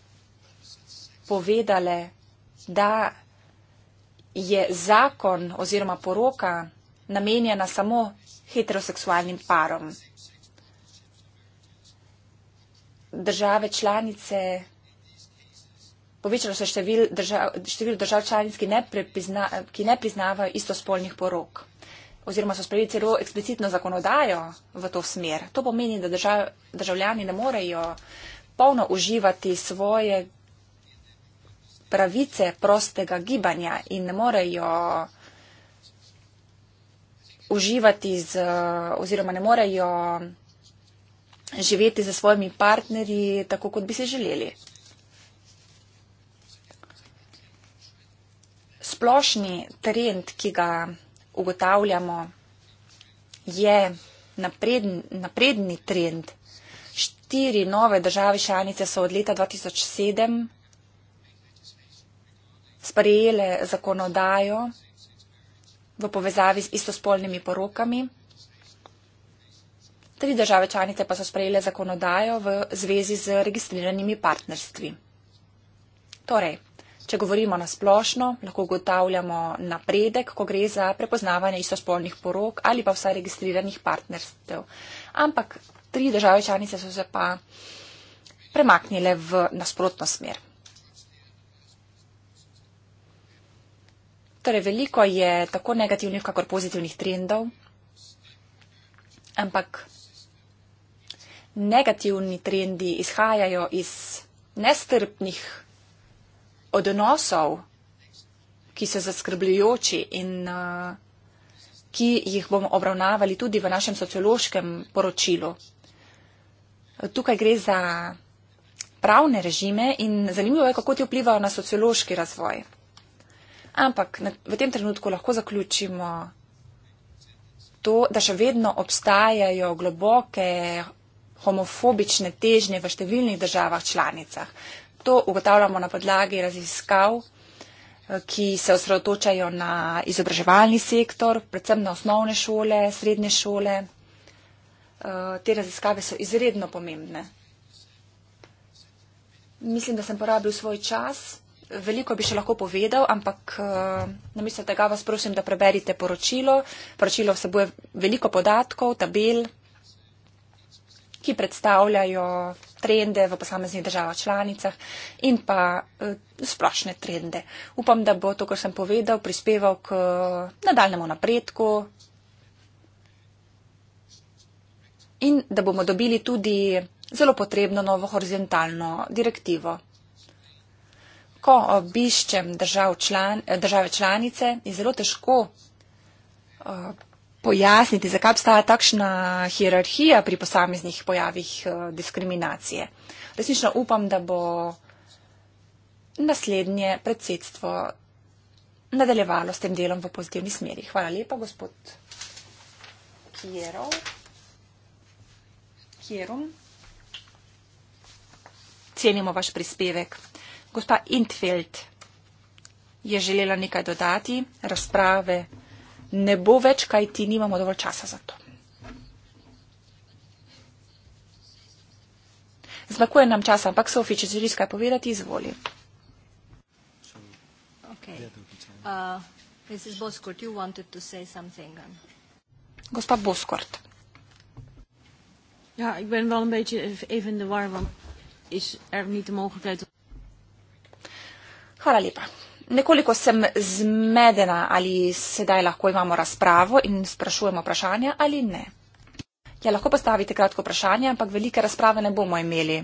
povedale, da je zakon oziroma poroka namenjena samo heteroseksualnim parom. Države članice, povečalo se število držav, držav članic, ki ne, prepizna, ki ne priznavajo istospolnih porok oziroma so sprejeli celo eksplicitno zakonodajo v to smer. To pomeni, da držav, državljani ne morejo polno uživati svoje pravice prostega gibanja in ne morejo uživati z, oziroma ne morejo živeti za svojimi partnerji tako, kot bi si želeli. Splošni trend, ki ga ugotavljamo, je napreden, napredni trend. Štiri nove države članice so od leta 2007 sprejele zakonodajo v povezavi z istospolnimi porokami. Tri države članice pa so sprejele zakonodajo v zvezi z registriranimi partnerstvi. Torej, Če govorimo na splošno, lahko ugotavljamo napredek, ko gre za prepoznavanje istospolnih porok ali pa vsaj registriranih partnerstev. Ampak tri države članice so se pa premaknile v nasprotno smer. Torej, veliko je tako negativnih, kakor pozitivnih trendov, ampak negativni trendi izhajajo iz nestrpnih trendov, odnosov, ki so zaskrbljujoči in uh, ki jih bomo obravnavali tudi v našem sociološkem poročilu. Tukaj gre za pravne režime in zanimivo je, kako ti vplivajo na sociološki razvoj. Ampak na, v tem trenutku lahko zaključimo to, da še vedno obstajajo globoke homofobične težnje v številnih državah članicah. To ugotavljamo na podlagi raziskav, eh, ki se osredotočajo na izobraževalni sektor, predvsem na osnovne šole, srednje šole. Eh, te raziskave so izredno pomembne. Mislim, da sem porabil svoj čas. Veliko bi še lahko povedal, ampak eh, namesto tega vas prosim, da preberite poročilo. Poročilo vsebuje veliko podatkov, tabel ki predstavljajo trende v posameznih državah članicah in pa eh, splošne trende. Upam, da bo to, kar sem povedal, prispeval k eh, nadaljnemu napredku in da bomo dobili tudi zelo potrebno novo horizontalno direktivo. Ko obiščem držav član, eh, države članice, je zelo težko pojasniti, zakaj obstaja takšna hierarhija pri posameznih pojavih eh, diskriminacije. Resnično upam, da bo naslednje predsedstvo nadaljevalo s tem delom v pozitivni smeri. Hvala lepa, gospod Kjerov. Kjerum. Cenimo vaš prispevek. Gospa Intfeld je želela nekaj dodati, razprave ne bo več, kaj ti nimamo dovolj časa za to. Zmakuje nam čas, ampak Sofi, če želiš kaj povedati, izvoli. Okay. Uh, Gospa Boskort. Ja, ik ben wel een beetje even in de war, want is er niet de mogelijkheid. Hvala lepa nekoliko sem zmedena, ali sedaj lahko imamo razpravo in sprašujemo vprašanja ali ne. Ja, lahko postavite kratko vprašanje, ampak velike razprave ne bomo imeli.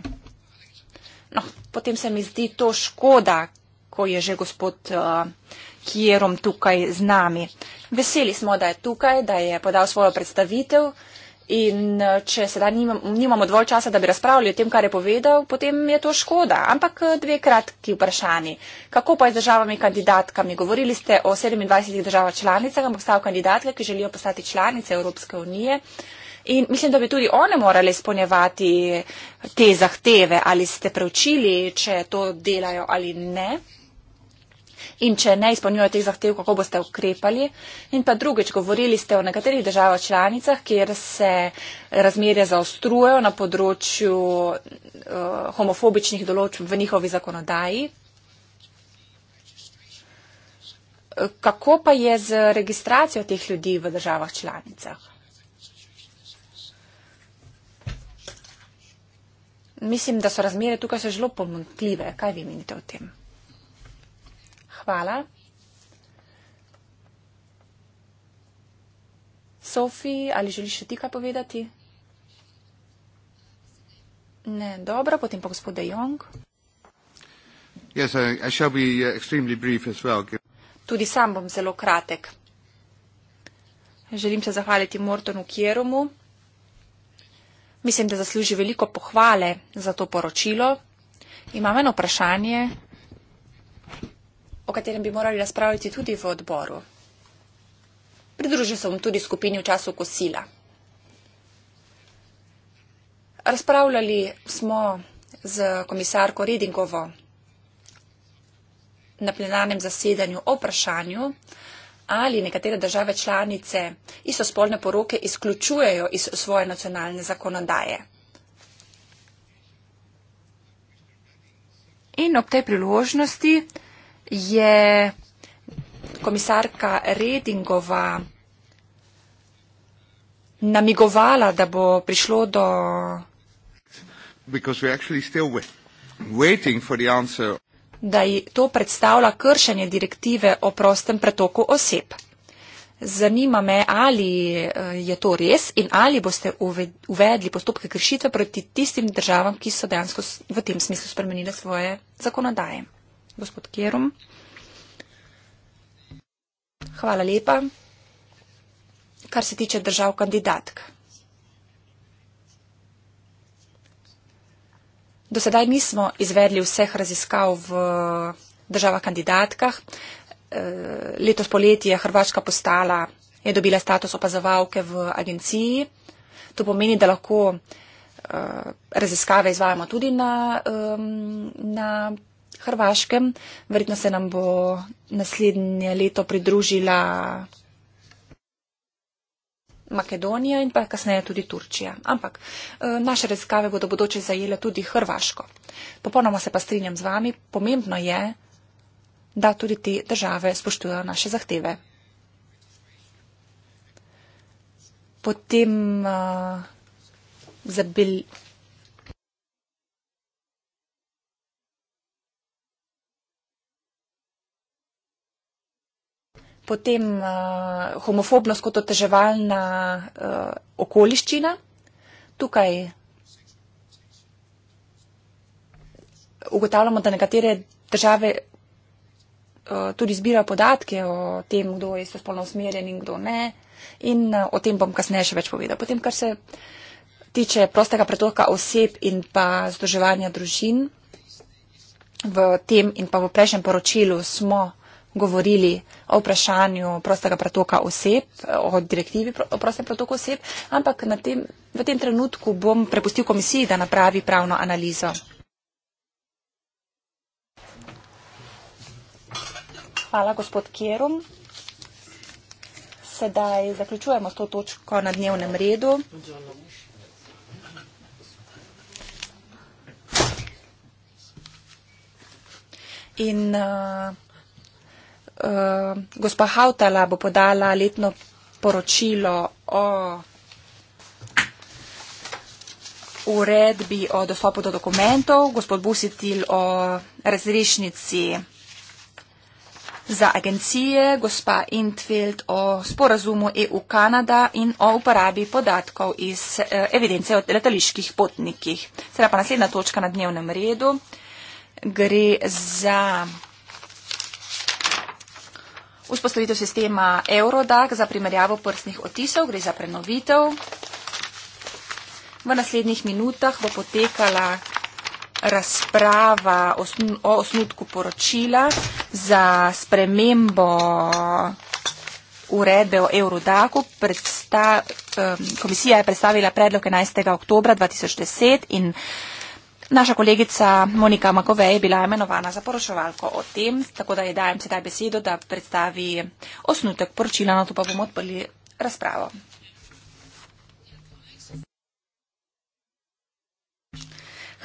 No, potem se mi zdi to škoda, ko je že gospod uh, Hierom tukaj z nami. Veseli smo, da je tukaj, da je podal svojo predstavitev. Uh, In eh, če sedaj nimamo, nimamo dovolj časa, da bi razpravljali o tem, kar je povedal, potem je to škoda. Ampak eh, dve kratki vprašanji. Kako pa je z državami kandidatkami? Govorili ste o 27 državah članicah, ampak stav kandidatke, ki želijo postati članice Evropske unije. In mislim, da bi tudi one morale izpolnjevati eh, te zahteve. Ali ste preučili, če to delajo ali ne? in če ne izpolnjujejo teh zahtev, kako boste ukrepali. In pa drugič, govorili ste o nekaterih državah članicah, kjer se razmerje zaostrujejo na področju uh, homofobičnih določb v njihovi zakonodaji. Eh, kako pa je z registracijo teh ljudi v državah članicah? Mislim, da so razmere tukaj zelo pomotljive. Kaj vi menite o tem? hvala. Sofi, ali želiš še ti kaj povedati? Ne, dobro, potem pa gospod De Jong. Yes, I shall be uh, extremely brief as well. Tudi sam bom zelo kratek. Želim se zahvaliti Mortonu Kjeromu. Mislim, da zasluži veliko pohvale za to poročilo. Imam eno vprašanje, o katerem bi morali razpravljati tudi v odboru. Pridružil sem tudi skupini v času kosila. Razpravljali smo z komisarko Redingovo na plenarnem zasedanju o vprašanju, ali nekatere države članice istospolne poroke izključujejo iz svoje nacionalne zakonodaje. In ob tej priložnosti je komisarka Redingova namigovala, da bo prišlo do. Da je to predstavlja kršenje direktive o prostem pretoku oseb. Zanima me, ali eh, je to res in ali boste uvedli postopke kršitve proti tistim državam, ki so dejansko v tem smislu spremenile svoje zakonodaje gospod Kerum. Hvala lepa. Kar se tiče držav kandidatk. Do sedaj nismo izvedli vseh raziskav v državah kandidatkah. E, letos poleti je Hrvaška postala, je dobila status opazovalke v agenciji. To pomeni, da lahko e, raziskave izvajamo tudi na, e, na Hrvaškem. Verjetno se nam bo naslednje leto pridružila Makedonija in pa kasneje tudi Turčija. Ampak eh, naše raziskave bodo bodoče zajele tudi Hrvaško. Popolnoma se pa strinjam z vami, pomembno je, da tudi te države spoštujejo naše zahteve. Potem uh, zabil. potem uh, homofobnost kot oteževalna uh, okoliščina. Tukaj ugotavljamo, da nekatere države uh, tudi zbirajo podatke o tem, kdo je spolno usmerjen in kdo ne. In uh, o tem bom kasneje še več povedal. Potem, kar se tiče prostega pretoka oseb in pa združevanja družin, v tem in pa v prejšnjem poročilu smo govorili o vprašanju prostega pretoka oseb, o direktivi o prostem pretoku oseb, ampak tem, v tem trenutku bom prepustil komisiji, da napravi pravno analizo. Hvala, gospod Kjerum. Sedaj zaključujemo to točko na dnevnem redu. In uh, uh, gospa Hautala bo podala letno poročilo o uredbi o dostopu do dokumentov, gospod Busitil o razrešnici za agencije, gospa Intfeld o sporazumu EU-Kanada in o uporabi podatkov iz eh, evidence o letaliških potnikih. Sedaj pa naslednja točka na dnevnem redu gre za Vzpostavitev sistema Eurodac za primerjavo prstnih otisov gre za prenovitev. V naslednjih minutah bo potekala razprava o osnutku poročila za spremembo uredbe o Eurodacu. Predsta, komisija je predstavila predlog 11. oktober 2010 in Naša kolegica Monika Makovej je bila imenovana za poročevalko o tem, tako da ji dajem sedaj besedo, da predstavi osnutek poročila, na to pa bomo odprli razpravo.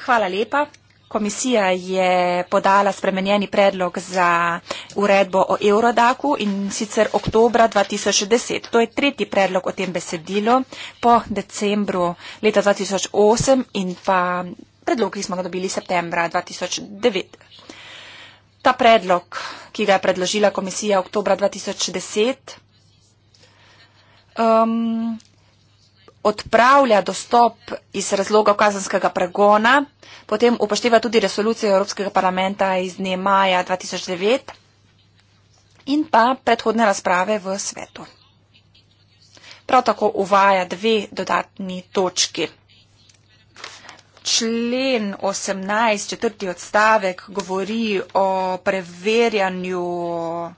Hvala lepa. Komisija je podala spremenjeni predlog za uredbo o Eurodaku in sicer oktobra 2010. To je tretji predlog o tem besedilu po decembru leta 2008 in pa predlog, ki smo ga dobili septembra 2009. Ta predlog, ki ga je predložila komisija oktobra 2010, um, odpravlja dostop iz razloga kazanskega pregona, potem upošteva tudi resolucijo Evropskega parlamenta iz dne maja 2009 in pa predhodne razprave v svetu. Prav tako uvaja dve dodatni točki člen 18, četrti odstavek, govori o preverjanju eh,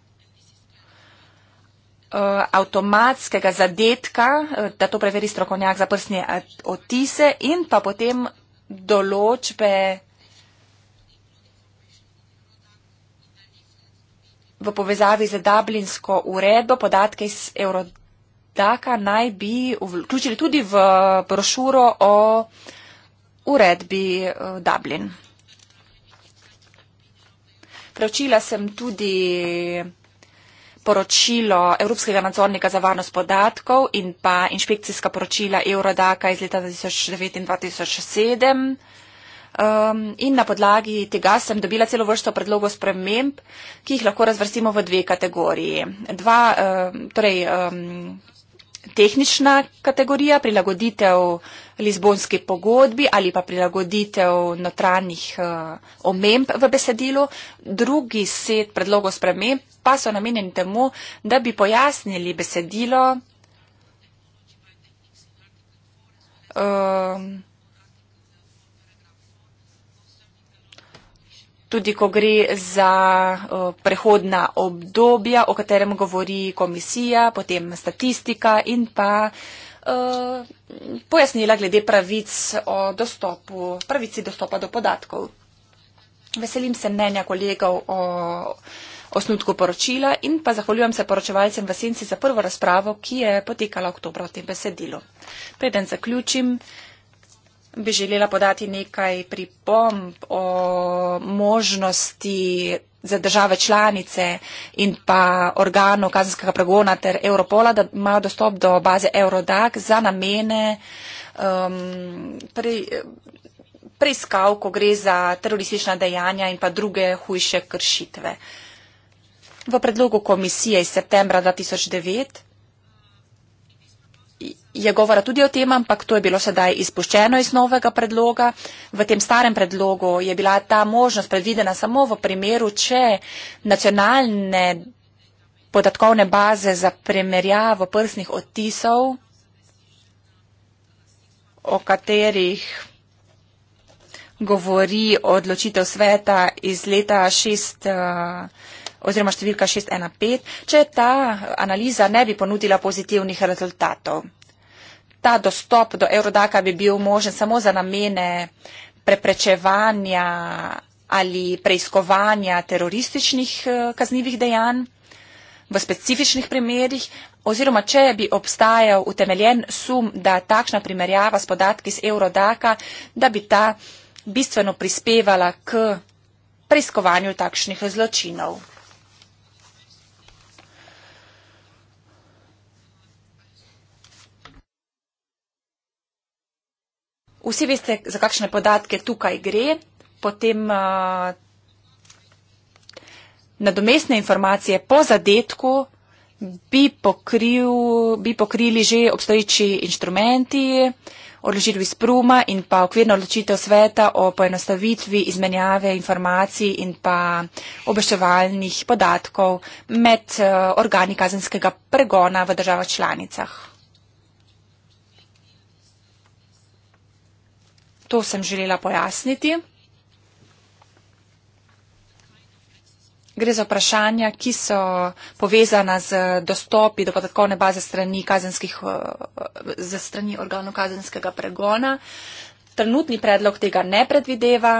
avtomatskega zadetka, eh, da to preveri strokovnjak za prsne eh, otise in pa potem določbe v povezavi z Dublinsko uredbo, podatke iz Eurodaka naj bi vključili tudi v brošuro o uredbi eh, Dublin. Preučila sem tudi poročilo Evropskega nadzornika za varnost podatkov in pa inšpekcijska poročila Eurodaka iz leta 2009 in 2007. Um, in na podlagi tega sem dobila celo vrsto predlogov sprememb, ki jih lahko razvrstimo v dve kategoriji. Dva, um, torej, um, tehnična kategorija, prilagoditev Lizbonski pogodbi ali pa prilagoditev notranjih uh, omemb v besedilu. Drugi set predlogov sprememb pa so namenjeni temu, da bi pojasnili besedilo. Uh, tudi ko gre za prehodna obdobja, o katerem govori komisija, potem statistika in pa pojasnila glede pravic o dostopu, pravici dostopa do podatkov. Veselim se mnenja kolegov o osnutku poročila in pa zahvaljujem se poročevalcem v Senci za prvo razpravo, ki je potekala oktober v tem besedilu. Preden zaključim, bi želela podati nekaj pripomb o možnosti za države članice in pa organov kazenskega pregona ter Europola, da imajo dostop do baze Eurodac za namene um, pre, preiskav, ko gre za teroristična dejanja in pa druge hujše kršitve. V predlogu komisije iz septembra 2009 je govora tudi o tem, ampak to je bilo sedaj izpuščeno iz novega predloga. V tem starem predlogu je bila ta možnost predvidena samo v primeru, če nacionalne podatkovne baze za primerjavo prsnih odtisov, o katerih govori odločitev sveta iz leta 6 eh, oziroma številka 615, če ta analiza ne bi ponudila pozitivnih rezultatov ta dostop do Eurodaka bi bil možen samo za namene preprečevanja ali preiskovanja terorističnih eh, kaznivih dejanj v specifičnih primerjih, oziroma če bi obstajal utemeljen sum, da takšna primerjava s podatki z Eurodaka, da bi ta bistveno prispevala k preiskovanju takšnih zločinov. vsi veste, za kakšne podatke tukaj gre, potem eh, nadomestne informacije po zadetku bi, pokril, bi pokrili že obstoječi inštrumenti, odložitev iz pruma in pa okvirno odločitev sveta o poenostavitvi izmenjave informacij in pa obveščevalnih podatkov med eh, organi kazenskega pregona v državah članicah. to sem želela pojasniti. Gre za vprašanja, ki so povezana z dostopi do podatkovne baze strani, eh, strani organov kazenskega pregona. Trenutni predlog tega ne predvideva.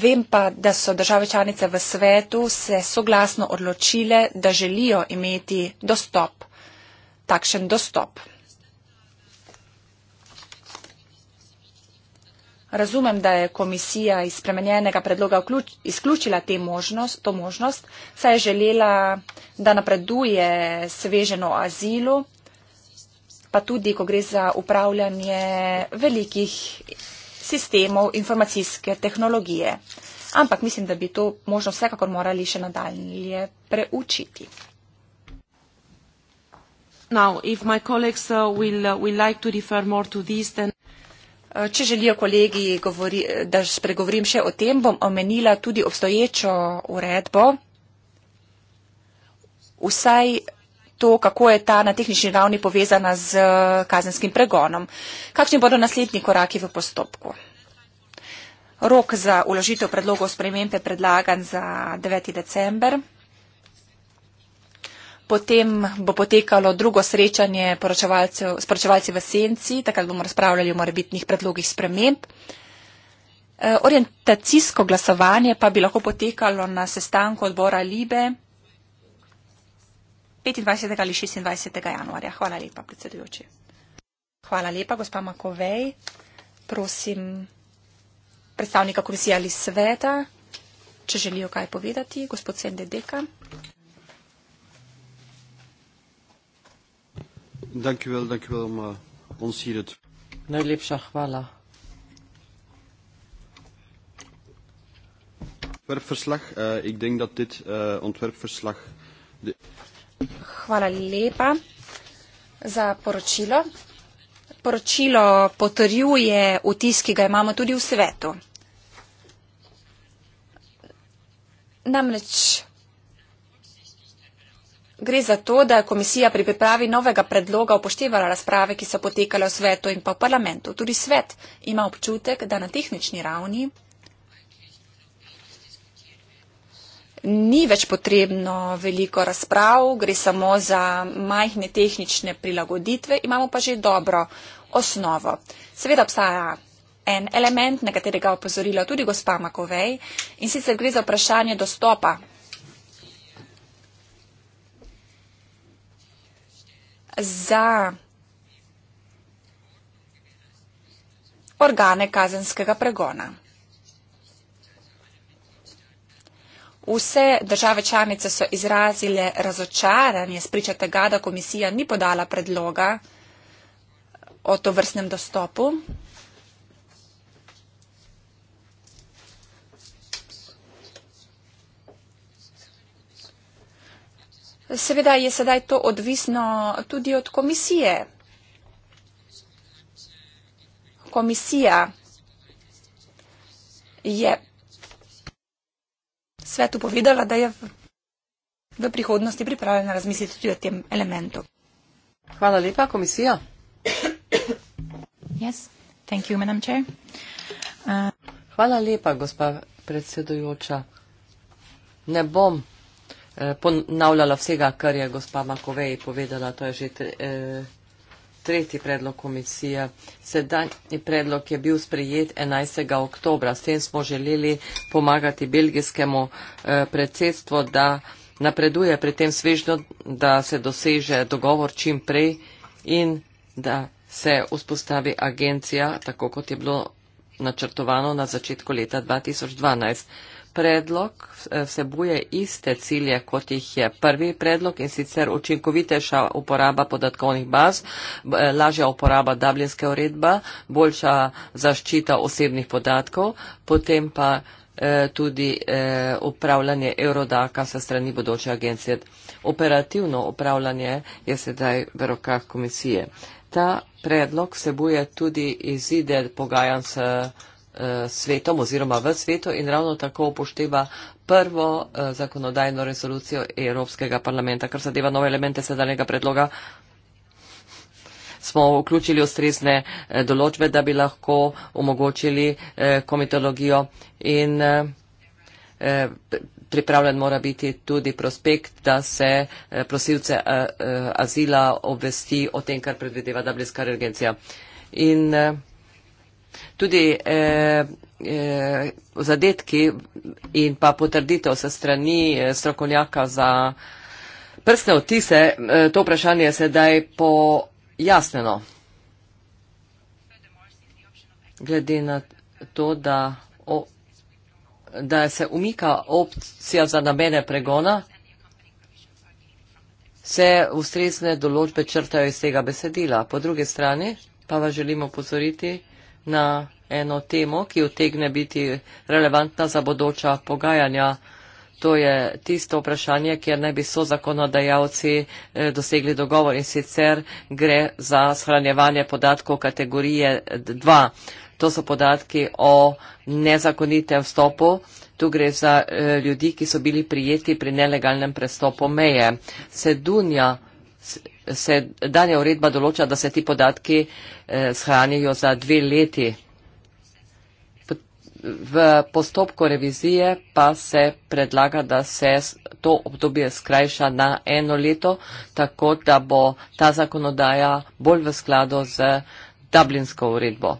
Vem pa, da so države članice v svetu se soglasno odločile, da želijo imeti dostop, takšen dostop. Razumem, da je komisija iz spremenjenega predloga vključ, izključila te možnost, to možnost, saj je želela, da napreduje sveženo azilu, pa tudi, ko gre za upravljanje velikih sistemov informacijske tehnologije. Ampak mislim, da bi to možnost vsekakor morali še nadalje preučiti. Now, if my colleagues uh, will, uh, will like to refer more to this, then... Če želijo kolegi, govori, da spregovorim še o tem, bom omenila tudi obstoječo uredbo. Vsaj to, kako je ta na tehnični ravni povezana z eh, kazenskim pregonom. Kakšni bodo naslednji koraki v postopku? Rok za uložitev predlogov spremembe predlagan za 9. december. Potem bo potekalo drugo srečanje s poročevalci v Senci, takrat bomo razpravljali o morebitnih predlogih sprememb. Eh, orientacijsko glasovanje pa bi lahko potekalo na sestanku odbora Libe 25. ali 26. januarja. Hvala lepa, predsedujoči. Hvala lepa, gospa Makovej. Prosim predstavnika komisije ali sveta, če želijo kaj povedati, gospod Sende Deka. Dank u wel, dank u wel om uh, ons hier het. Najlepša hvala. Ontwerpverslag, uh, ik denk dat dit uh, ontwerpverslag. De... Hvala lepa za poročilo. Poročilo potrjuje vtis, ki ga imamo tudi v svetu. Namreč gre za to, da je komisija pri pripravi novega predloga upoštevala razprave, ki so potekale v svetu in pa v parlamentu. Tudi svet ima občutek, da na tehnični ravni ni več potrebno veliko razprav, gre samo za majhne tehnične prilagoditve, imamo pa že dobro osnovo. Seveda obstaja en element, na katerega opozorila tudi gospa Makovej in sicer gre za vprašanje dostopa za organe kazenskega pregona. Vse države članice so izrazile razočaranje, spriča tega, da komisija ni podala predloga o to vrstnem dostopu. Seveda je sedaj to odvisno tudi od komisije. Komisija je svetu povedala, da je v prihodnosti pripravljena razmisliti tudi o tem elementu. Hvala lepa, komisija. Yes. Thank you, Madam Chair. Uh, Hvala lepa, gospa predsedujoča. Ne bom Eh, ponavljala vsega, kar je gospa Makovej povedala, to je že tre, eh, tretji predlog komisije. Sedanji predlog je bil sprejet 11. oktobra. S tem smo želeli pomagati belgijskemu eh, predsedstvu, da napreduje pri tem svežno, da se doseže dogovor čim prej in da se vzpostavi agencija, tako kot je bilo načrtovano na začetku leta 2012 predlog eh, vsebuje iste cilje, kot jih je prvi predlog in sicer učinkovitejša uporaba podatkovnih baz, eh, lažja uporaba Dublinske uredba, boljša zaščita osebnih podatkov, potem pa eh, tudi upravljanje Eurodaka sa strani bodoče agencije. Operativno upravljanje je sedaj v rokah komisije. Ta predlog vsebuje tudi izide pogajanj s komisijo. Eh, svetom oziroma v svetu in ravno tako upošteva prvo eh, zakonodajno resolucijo Evropskega parlamenta, kar zadeva nove elemente sedanjega predloga. Smo vključili ustrezne eh, določbe, da bi lahko omogočili komitologijo in pripravljen mora biti tudi prospekt, da se prosilce azila obvesti o tem, kar predvideva Dublinska regencija. In uh, Tudi eh, eh, zadetki in pa potrditev se strani eh, strokovnjaka za prstne otise, eh, to vprašanje je sedaj pojasneno. Glede na to, da, o, da se umika opcija za namene pregona, se ustrezne določbe črtajo iz tega besedila. Po drugi strani pa vas želimo pozoriti, na eno temo, ki utegne biti relevantna za bodoča pogajanja. To je tisto vprašanje, kjer naj bi so zakonodajalci eh, dosegli dogovor in sicer gre za shranjevanje podatkov kategorije 2. To so podatki o nezakonitem vstopu. Tu gre za eh, ljudi, ki so bili prijeti pri nelegalnem prestopu meje. Sedunja se danja uredba določa, da se ti podatki eh, shranijo za dve leti. V postopku revizije pa se predlaga, da se to obdobje skrajša na eno leto, tako da bo ta zakonodaja bolj v skladu z Dublinsko uredbo.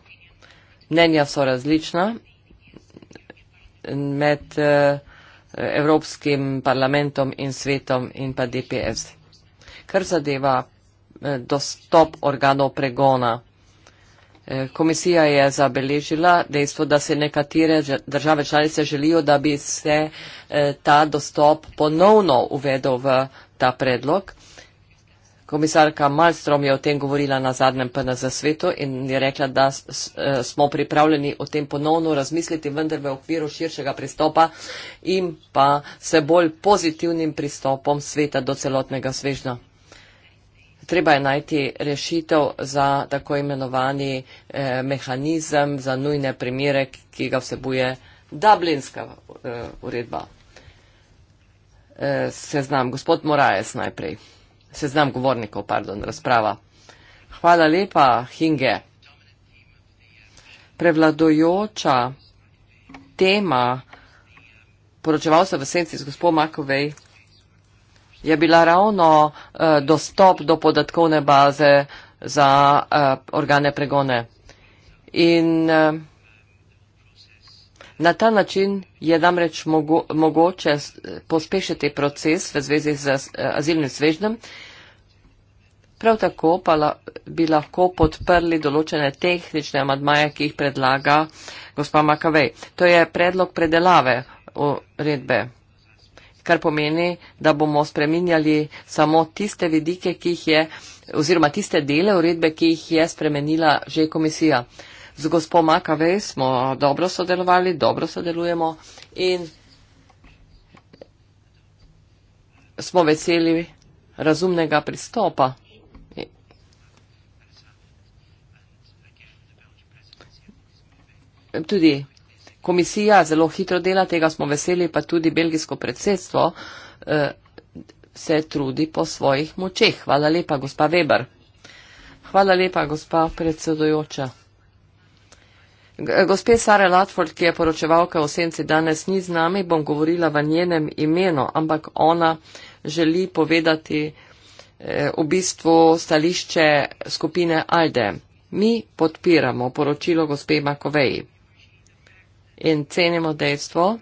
Mnenja so različna med eh, Evropskim parlamentom in svetom in pa DPS kar zadeva eh, dostop organov pregona. Eh, komisija je zabeležila dejstvo, da se nekatere države članice želijo, da bi se eh, ta dostop ponovno uvedel v ta predlog. Komisarka Malstrom je o tem govorila na zadnjem PNZ svetu in je rekla, da smo pripravljeni o tem ponovno razmisliti, vendar v okviru širšega pristopa in pa se bolj pozitivnim pristopom sveta do celotnega svežna treba je najti rešitev za tako imenovani eh, mehanizem za nujne primere, ki ga vsebuje Dublinska eh, uredba. Eh, seznam, gospod Morajes najprej. Seznam govornikov, pardon, razprava. Hvala lepa, Hinge. Prevladojoča tema poročevalca v senci z gospod Makovej je bila ravno uh, dostop do podatkovne baze za uh, organe pregone. In uh, na ta način je namreč mogo mogoče pospešiti proces v zvezi z azilnim svežnem. Prav tako pa la bi lahko podprli določene tehnične amadmaje, ki jih predlaga gospa Makavej. To je predlog predelave uredbe kar pomeni, da bomo spreminjali samo tiste vidike, ki jih je, oziroma tiste dele uredbe, ki jih je spremenila že komisija. Z gospod Makavej smo dobro sodelovali, dobro sodelujemo in smo veseli razumnega pristopa. Tudi komisija zelo hitro dela, tega smo veseli, pa tudi belgijsko predsedstvo eh, se trudi po svojih močeh. Hvala lepa, gospa Weber. Hvala lepa, gospa predsedojoča. Gospe Sara Latford, ki je poročevalka o senci, danes ni z nami, bom govorila v njenem imenu, ampak ona želi povedati eh, v bistvu stališče skupine Alde. Mi podpiramo poročilo gospe Makoveji in cenimo dejstvo,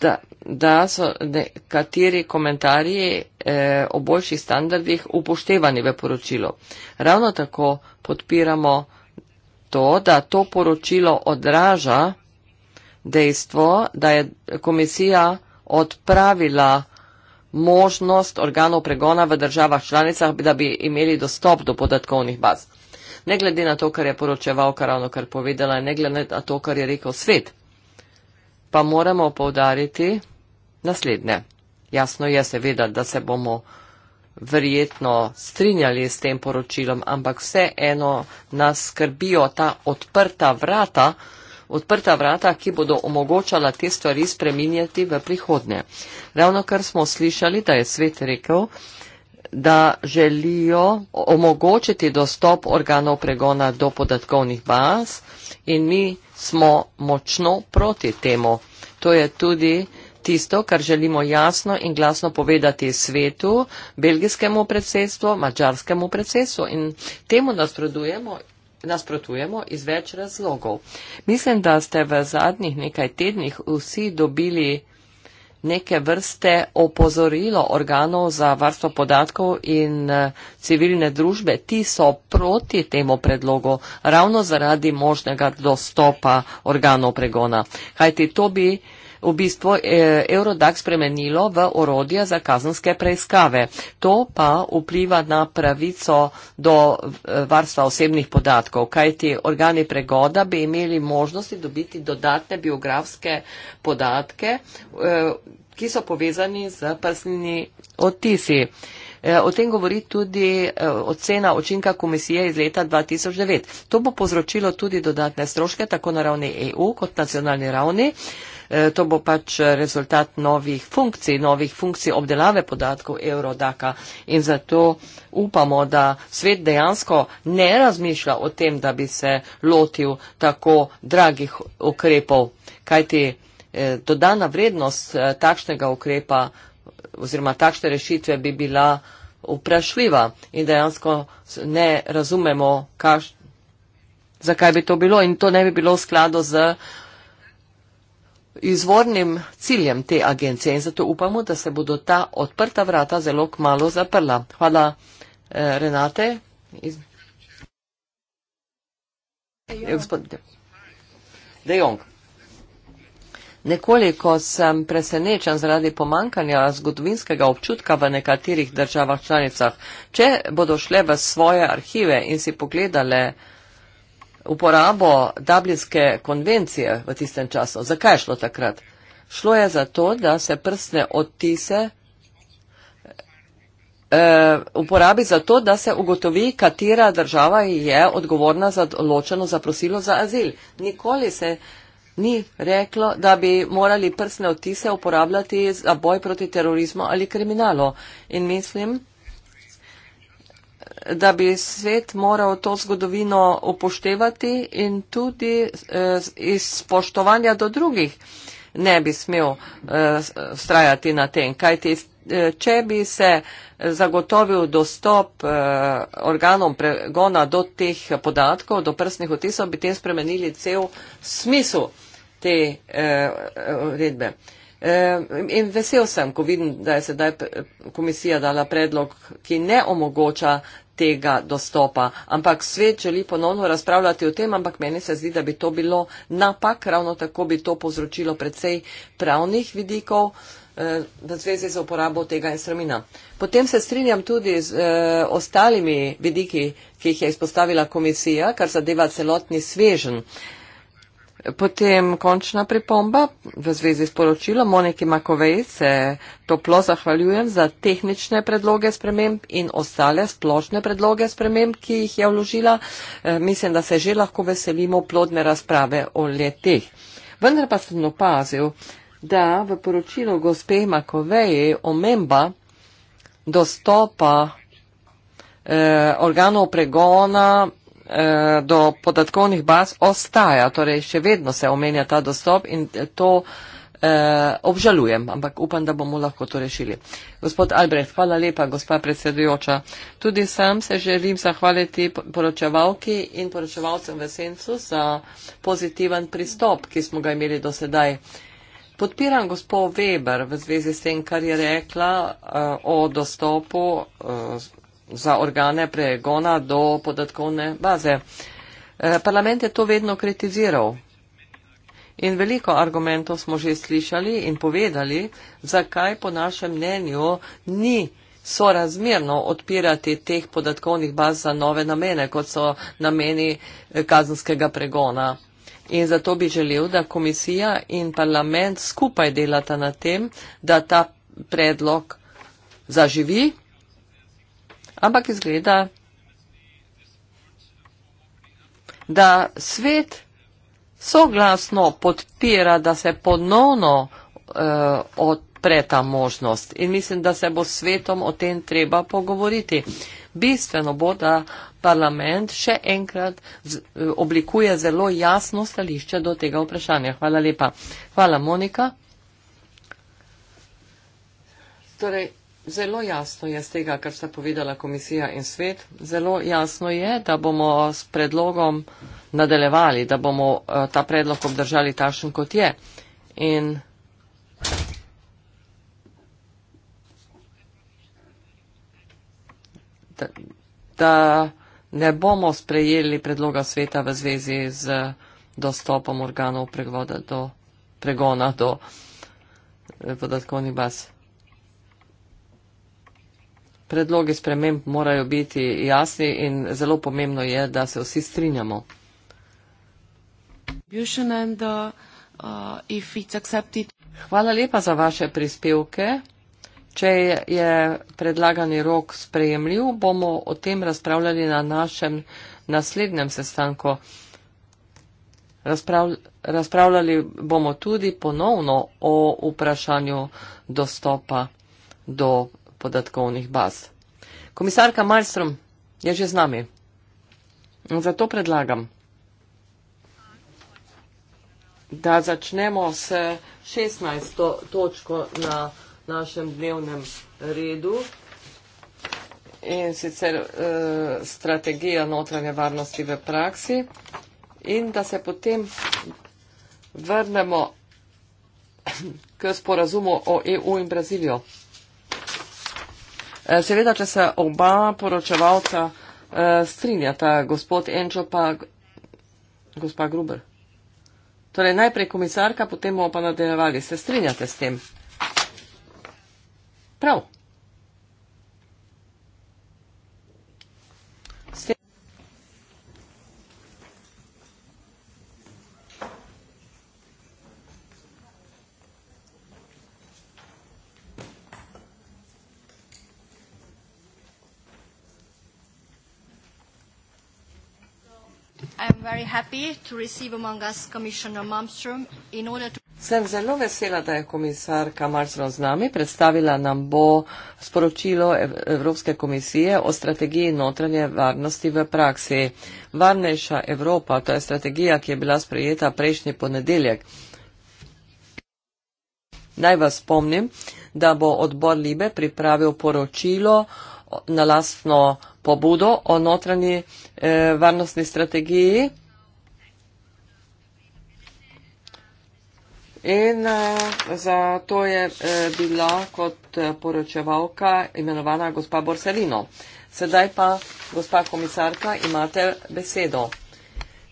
da, da so nekateri komentarji eh, o boljših standardih upoštevani v poročilu. Ravno tako podpiramo to, da to poročilo odraža dejstvo, da je komisija odpravila možnost organov pregona v državah članicah, da bi imeli dostop do podatkovnih baz ne glede na to, kar je poročevalka ravno kar povedala, ne glede na to, kar je rekel svet, pa moramo povdariti naslednje. Jasno je seveda, da se bomo verjetno strinjali s tem poročilom, ampak vse eno nas skrbijo ta odprta vrata, odprta vrata, ki bodo omogočala te stvari spreminjati v prihodnje. Ravno kar smo slišali, da je svet rekel, da želijo omogočiti dostop organov pregona do podatkovnih baz in mi smo močno proti temu. To je tudi tisto, kar želimo jasno in glasno povedati svetu, belgijskemu predsedstvu, mačarskemu predsedstvu in temu nasprotujemo nasprotujemo iz več razlogov. Mislim, da ste v zadnjih nekaj tednih vsi dobili neke vrste opozorilo organov za varstvo podatkov in eh, civilne družbe. Ti so proti temu predlogu, ravno zaradi možnega dostopa organov pregona. Kajti to bi v bistvu eh, Eurodax spremenilo v orodje za kazenske preiskave. To pa vpliva na pravico do eh, varstva osebnih podatkov, kajti organi pregoda bi imeli možnosti dobiti dodatne biografske podatke, eh, ki so povezani z prstnimi odtisi. O tem govori tudi ocena očinka komisije iz leta 2009. To bo povzročilo tudi dodatne stroške, tako na ravni EU kot nacionalni ravni. Eh, to bo pač rezultat novih funkcij, novih funkcij obdelave podatkov Eurodaka in zato upamo, da svet dejansko ne razmišlja o tem, da bi se lotil tako dragih ukrepov, kajti eh, dodana vrednost eh, takšnega ukrepa oziroma takšne rešitve bi bila vprašljiva in dejansko ne razumemo, kaž, zakaj bi to bilo in to ne bi bilo v skladu z izvornim ciljem te agencije in zato upamo, da se bodo ta odprta vrata zelo kmalo zaprla. Hvala, eh, Renate. Iz... Eh, De Jong. Nekoliko sem presenečen zaradi pomankanja zgodovinskega občutka v nekaterih državah članicah. Če bodo šle v svoje arhive in si pogledale, eh, uporabo Dublinske konvencije v tistem času. Zakaj je šlo takrat? Šlo je zato, da se prstne odtise eh, uporabi zato, da se ugotovi, katera država je odgovorna za določeno zaprosilo za azil. Nikoli se ni reklo, da bi morali prstne odtise uporabljati za boj proti terorizmu ali kriminalu. In mislim, da bi svet moral to zgodovino upoštevati in tudi eh, iz spoštovanja do drugih ne bi smel eh, vstrajati na tem, kajti eh, če bi se zagotovil dostop organom pregona do teh podatkov, do prstnih otisov, bi tem spremenili cel smisel te uredbe. Uh, Ehm, in vesel sem, ko vidim, da je sedaj komisija dala predlog, ki ne omogoča tega dostopa. Ampak svet želi ponovno razpravljati o tem, ampak meni se zdi, da bi to bilo napak, ravno tako bi to povzročilo predvsej pravnih vidikov ehm, v zvezi z uporabo tega instrumenta. Potem se strinjam tudi z e, ostalimi vidiki, ki jih je izpostavila komisija, kar zadeva celotni svežen. Potem končna pripomba v zvezi s poročilom Moniki Makovej se toplo zahvaljujem za tehnične predloge sprememb in ostale splošne predloge sprememb, ki jih je vložila. E, mislim, da se že lahko veselimo plodne razprave o letih. Vendar pa sem opazil, da v poročilu gospe Makoveji omemba dostopa eh, organov pregona Eh, do podatkovnih baz ostaja, torej še vedno se omenja ta dostop in to eh, obžalujem, ampak upam, da bomo lahko to rešili. Gospod Albrecht, hvala lepa, gospa predsedujoča. Tudi sam se želim zahvaliti poročevalki in poročevalcem v Sencu za pozitiven pristop, ki smo ga imeli do sedaj. Podpiram gospod Weber v zvezi s tem, kar je rekla eh, o dostopu za organe pregona do podatkovne baze. Eh, parlament je to vedno kritiziral. In veliko argumentov smo že slišali in povedali, zakaj po našem mnenju ni sorazmerno odpirati teh podatkovnih baz za nove namene, kot so nameni eh, kazenskega pregona. In zato bi želel, da komisija in parlament skupaj delata na tem, da ta predlog zaživi Ampak izgleda, da svet soglasno podpira, da se ponovno uh, odpre ta možnost. In mislim, da se bo s svetom o tem treba pogovoriti. Bistveno bo, da parlament še enkrat z, eh, oblikuje zelo jasno stališče do tega vprašanja. Hvala lepa. Hvala, Monika. Torej, Zelo jasno je z tega, kar sta povedala komisija in svet, zelo jasno je, da bomo s predlogom nadaljevali, da bomo eh, ta predlog obdržali takšen, kot je. In da, da ne bomo sprejeli predloga sveta v zvezi z dostopom organov pregona do eh, podatkovnih baz predlogi sprememb morajo biti jasni in zelo pomembno je, da se vsi strinjamo. Uh, Hvala lepa za vaše prispevke. Če je predlagani rok sprejemljiv, bomo o tem razpravljali na našem naslednjem sestanku. Razprav, razpravljali bomo tudi ponovno o vprašanju dostopa do podatkovnih baz. Komisarka Malmström je že z nami. Zato predlagam, da začnemo s 16. točko na našem dnevnem redu in sicer eh, strategija notranje varnosti v praksi in da se potem vrnemo k sporazumu o EU in Brazilijo. Eh, seveda, če se oba poročevalca eh, strinjata, gospod Enčo pa gospa Gruber. Torej, najprej komisarka, potem bomo pa nadaljevali. Se strinjate s tem? Prav. very happy to receive among us Commissioner Malmström in order to Sem zelo vesela, da je komisarka Marsrov z nami. Predstavila nam bo sporočilo Evropske komisije o strategiji notranje varnosti v praksi. Varnejša Evropa, to je strategija, ki je bila sprejeta prejšnji ponedeljek. Naj vas spomnim, da bo odbor Libe pripravil poročilo na lastno pobudo o notranji eh, varnostni strategiji. In eh, za to je eh, bila kot eh, poročevalka imenovana gospa Borsalino. Sedaj pa, gospa komisarka, imate besedo.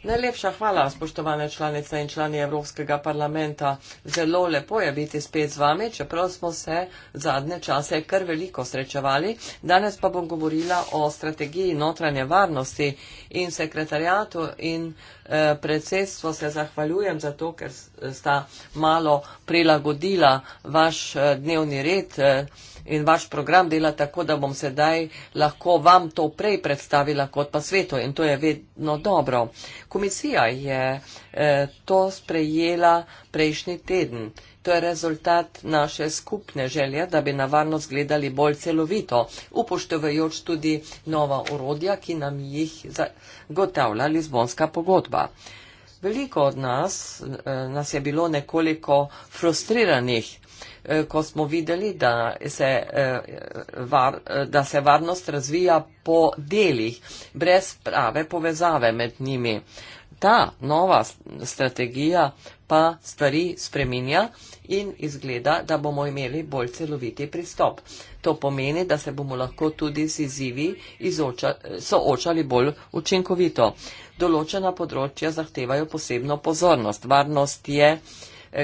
Najlepša hvala, spoštovane članice in člani Evropskega parlamenta. Zelo lepo je biti spet z vami, čeprav smo se zadnje čase kar veliko srečevali. Danes pa bom govorila o strategiji notranje varnosti in sekretarjatu in eh, predsedstvo se zahvaljujem za to, ker sta malo prilagodila vaš eh, dnevni red. Eh, in vaš program dela tako, da bom sedaj lahko vam to prej predstavila kot pa svetu in to je vedno dobro. Komisija je eh, to sprejela prejšnji teden. To je rezultat naše skupne želje, da bi na varnost gledali bolj celovito, upoštevajoč tudi nova urodja, ki nam jih zagotavlja Lizbonska pogodba. Veliko od nas, eh, nas je bilo nekoliko frustriranih Eh, ko smo videli, da se, eh, var, eh, da se varnost razvija po delih, brez prave povezave med njimi. Ta nova strategija pa stvari spreminja in izgleda, da bomo imeli bolj celoviti pristop. To pomeni, da se bomo lahko tudi z izzivi izoča, soočali bolj učinkovito. Določena področja zahtevajo posebno pozornost. Varnost je eh,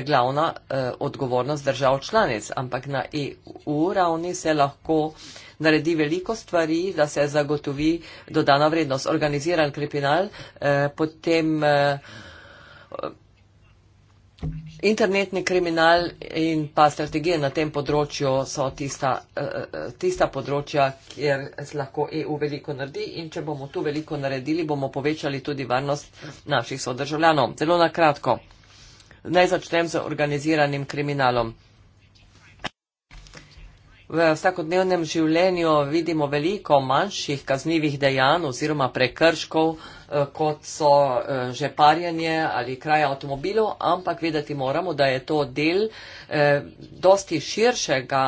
glavna eh, odgovornost držav članic, ampak na EU ravni se lahko naredi veliko stvari, da se zagotovi dodana vrednost. Organiziran kriminal, eh, potem eh, internetni kriminal in pa strategije na tem področju so tista, eh, eh tista področja, kjer lahko EU veliko naredi in če bomo tu veliko naredili, bomo povečali tudi varnost naših sodržavljanov. Zelo nakratko. Naj začnem z organiziranim kriminalom. V vsakodnevnem življenju vidimo veliko manjših kaznjivih dejanj oziroma prekrškov, eh, kot so eh, žeparjenje ali kraja avtomobilov, ampak vedeti moramo, da je to del eh, dosti širšega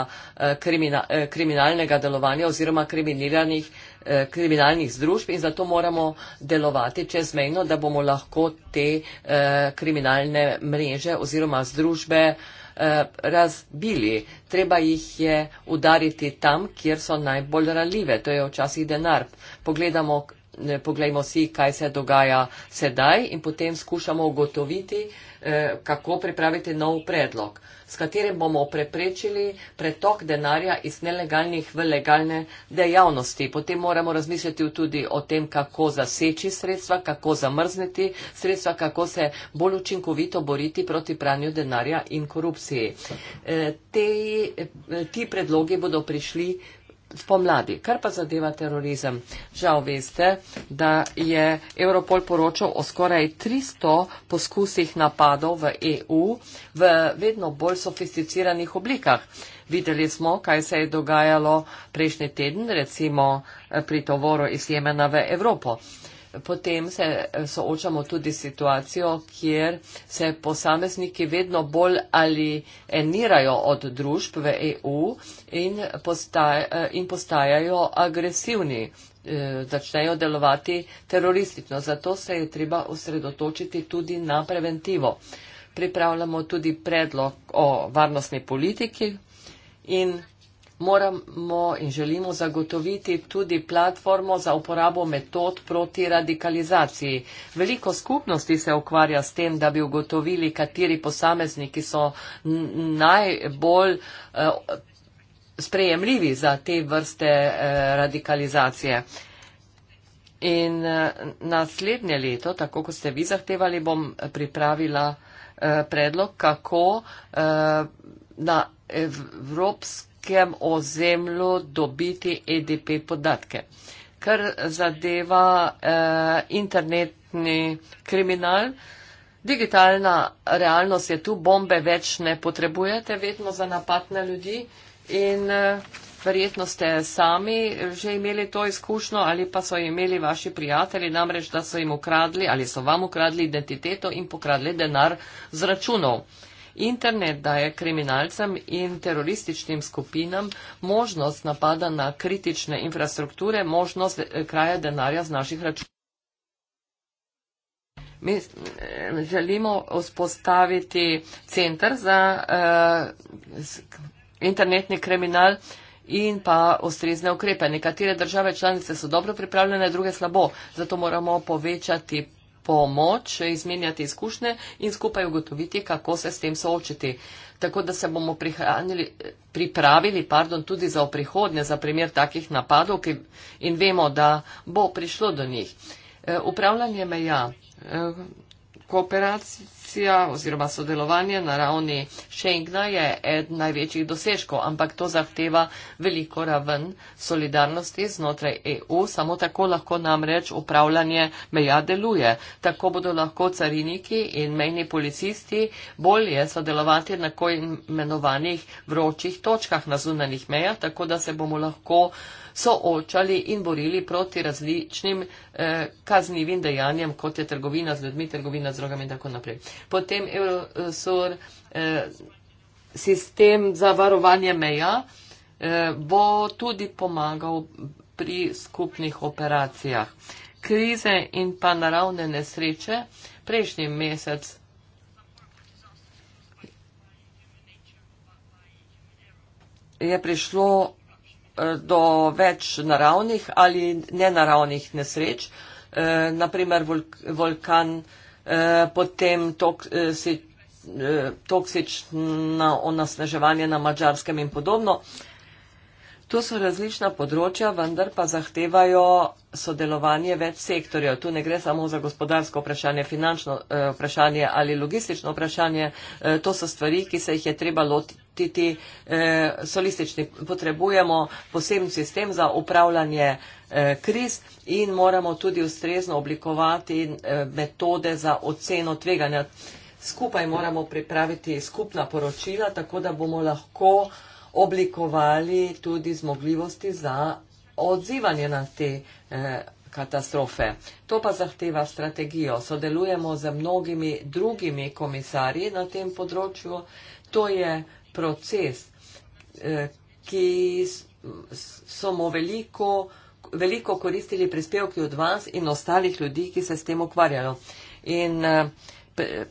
kriminalnega delovanja oziroma kriminiranih Eh, kriminalnih združb in zato moramo delovati čezmejno, da bomo lahko te eh, kriminalne mreže oziroma združbe eh, razbili. Treba jih je udariti tam, kjer so najbolj ranljive. To je včasih denar. Pogledamo, Poglejmo si, kaj se dogaja sedaj in potem skušamo ugotoviti, kako pripraviti nov predlog s katerim bomo preprečili pretok denarja iz nelegalnih v legalne dejavnosti. Potem moramo razmisliti tudi o tem, kako zaseči sredstva, kako zamrzniti sredstva, kako se bolj učinkovito boriti proti pranju denarja in korupciji. E, te, e, ti predlogi bodo prišli spomladi. Kar pa zadeva terorizem, žal veste, da je Europol poročal o skoraj 300 poskusih napadov v EU v vedno bolj sofisticiranih oblikah. Videli smo, kaj se je dogajalo prejšnji teden, recimo eh, pri tovoru iz Jemena v Evropo potem se eh, soočamo tudi s situacijo, kjer se posamezniki vedno bolj alienirajo od družb v EU in, postaj, eh, in postajajo agresivni, eh, začnejo delovati teroristično. Zato se je treba osredotočiti tudi na preventivo. Pripravljamo tudi predlog o varnostni politiki in moramo in želimo zagotoviti tudi platformo za uporabo metod proti radikalizaciji. Veliko skupnosti se ukvarja s tem, da bi ugotovili, kateri posamezniki so najbolj eh, sprejemljivi za te vrste eh, radikalizacije. In eh, naslednje leto, tako kot ste vi zahtevali, bom pripravila predlog, kako na evropsko nekem ozemlju dobiti EDP podatke. Kar zadeva eh, internetni kriminal, digitalna realnost je tu, bombe več ne potrebujete, vedno za napad na ljudi in eh, verjetno ste sami že imeli to izkušnjo ali pa so imeli vaši prijatelji, namreč da so jim ukradli ali so vam ukradli identiteto in pokradli denar z računov. Internet daje kriminalcem in terorističnim skupinam možnost napada na kritične infrastrukture, možnost eh, kraja denarja z naših računov. Mi eh, želimo vzpostaviti centr za uh, internetni kriminal in pa ustrezne ukrepe. Nekatere države članice so dobro pripravljene, druge slabo, zato moramo povečati pomoč, izmenjati izkušnje in skupaj ugotoviti, kako se s tem soočiti. Tako da se bomo pripravili pardon, tudi za prihodnje, za primer takih napadov ki, in vemo, da bo prišlo do njih. E, upravljanje meja, e, kooperacija integracija oziroma sodelovanje na ravni Schengna je eden največjih dosežkov, ampak to zahteva veliko raven solidarnosti znotraj EU. Samo tako lahko namreč upravljanje meja deluje. Tako bodo lahko cariniki in mejni policisti bolje sodelovati na tako imenovanih vročih točkah na zunanih mejah, tako da se bomo lahko soočali in borili proti različnim eh, kaznivim dejanjem, kot je trgovina z ljudmi, trgovina z drogami in tako naprej. Eh, potem Eurosur eh, sistem za varovanje meja eh, bo tudi pomagal pri skupnih operacijah. Krize in pa naravne nesreče prejšnji mesec je prišlo eh, do več naravnih ali nenaravnih nesreč, naprimer vulkan vulk Eh, potem toksi, eh, eh, toksično onasneževanje na mačarskem in podobno. To so različna področja, vendar pa zahtevajo sodelovanje več sektorjev. Tu ne gre samo za gospodarsko vprašanje, finančno vprašanje ali logistično vprašanje. To so stvari, ki se jih je treba lotiti solistični. Potrebujemo poseben sistem za upravljanje Eh, kriz in moramo tudi ustrezno oblikovati eh, metode za oceno tveganja. Skupaj moramo pripraviti skupna poročila, tako da bomo lahko oblikovali tudi zmogljivosti za odzivanje na te eh, katastrofe. To pa zahteva strategijo. Sodelujemo z mnogimi drugimi komisarji na tem področju. To je proces, ki smo veliko veliko koristili prispevki od vas in ostalih ljudi, ki se s tem ukvarjajo. In eh,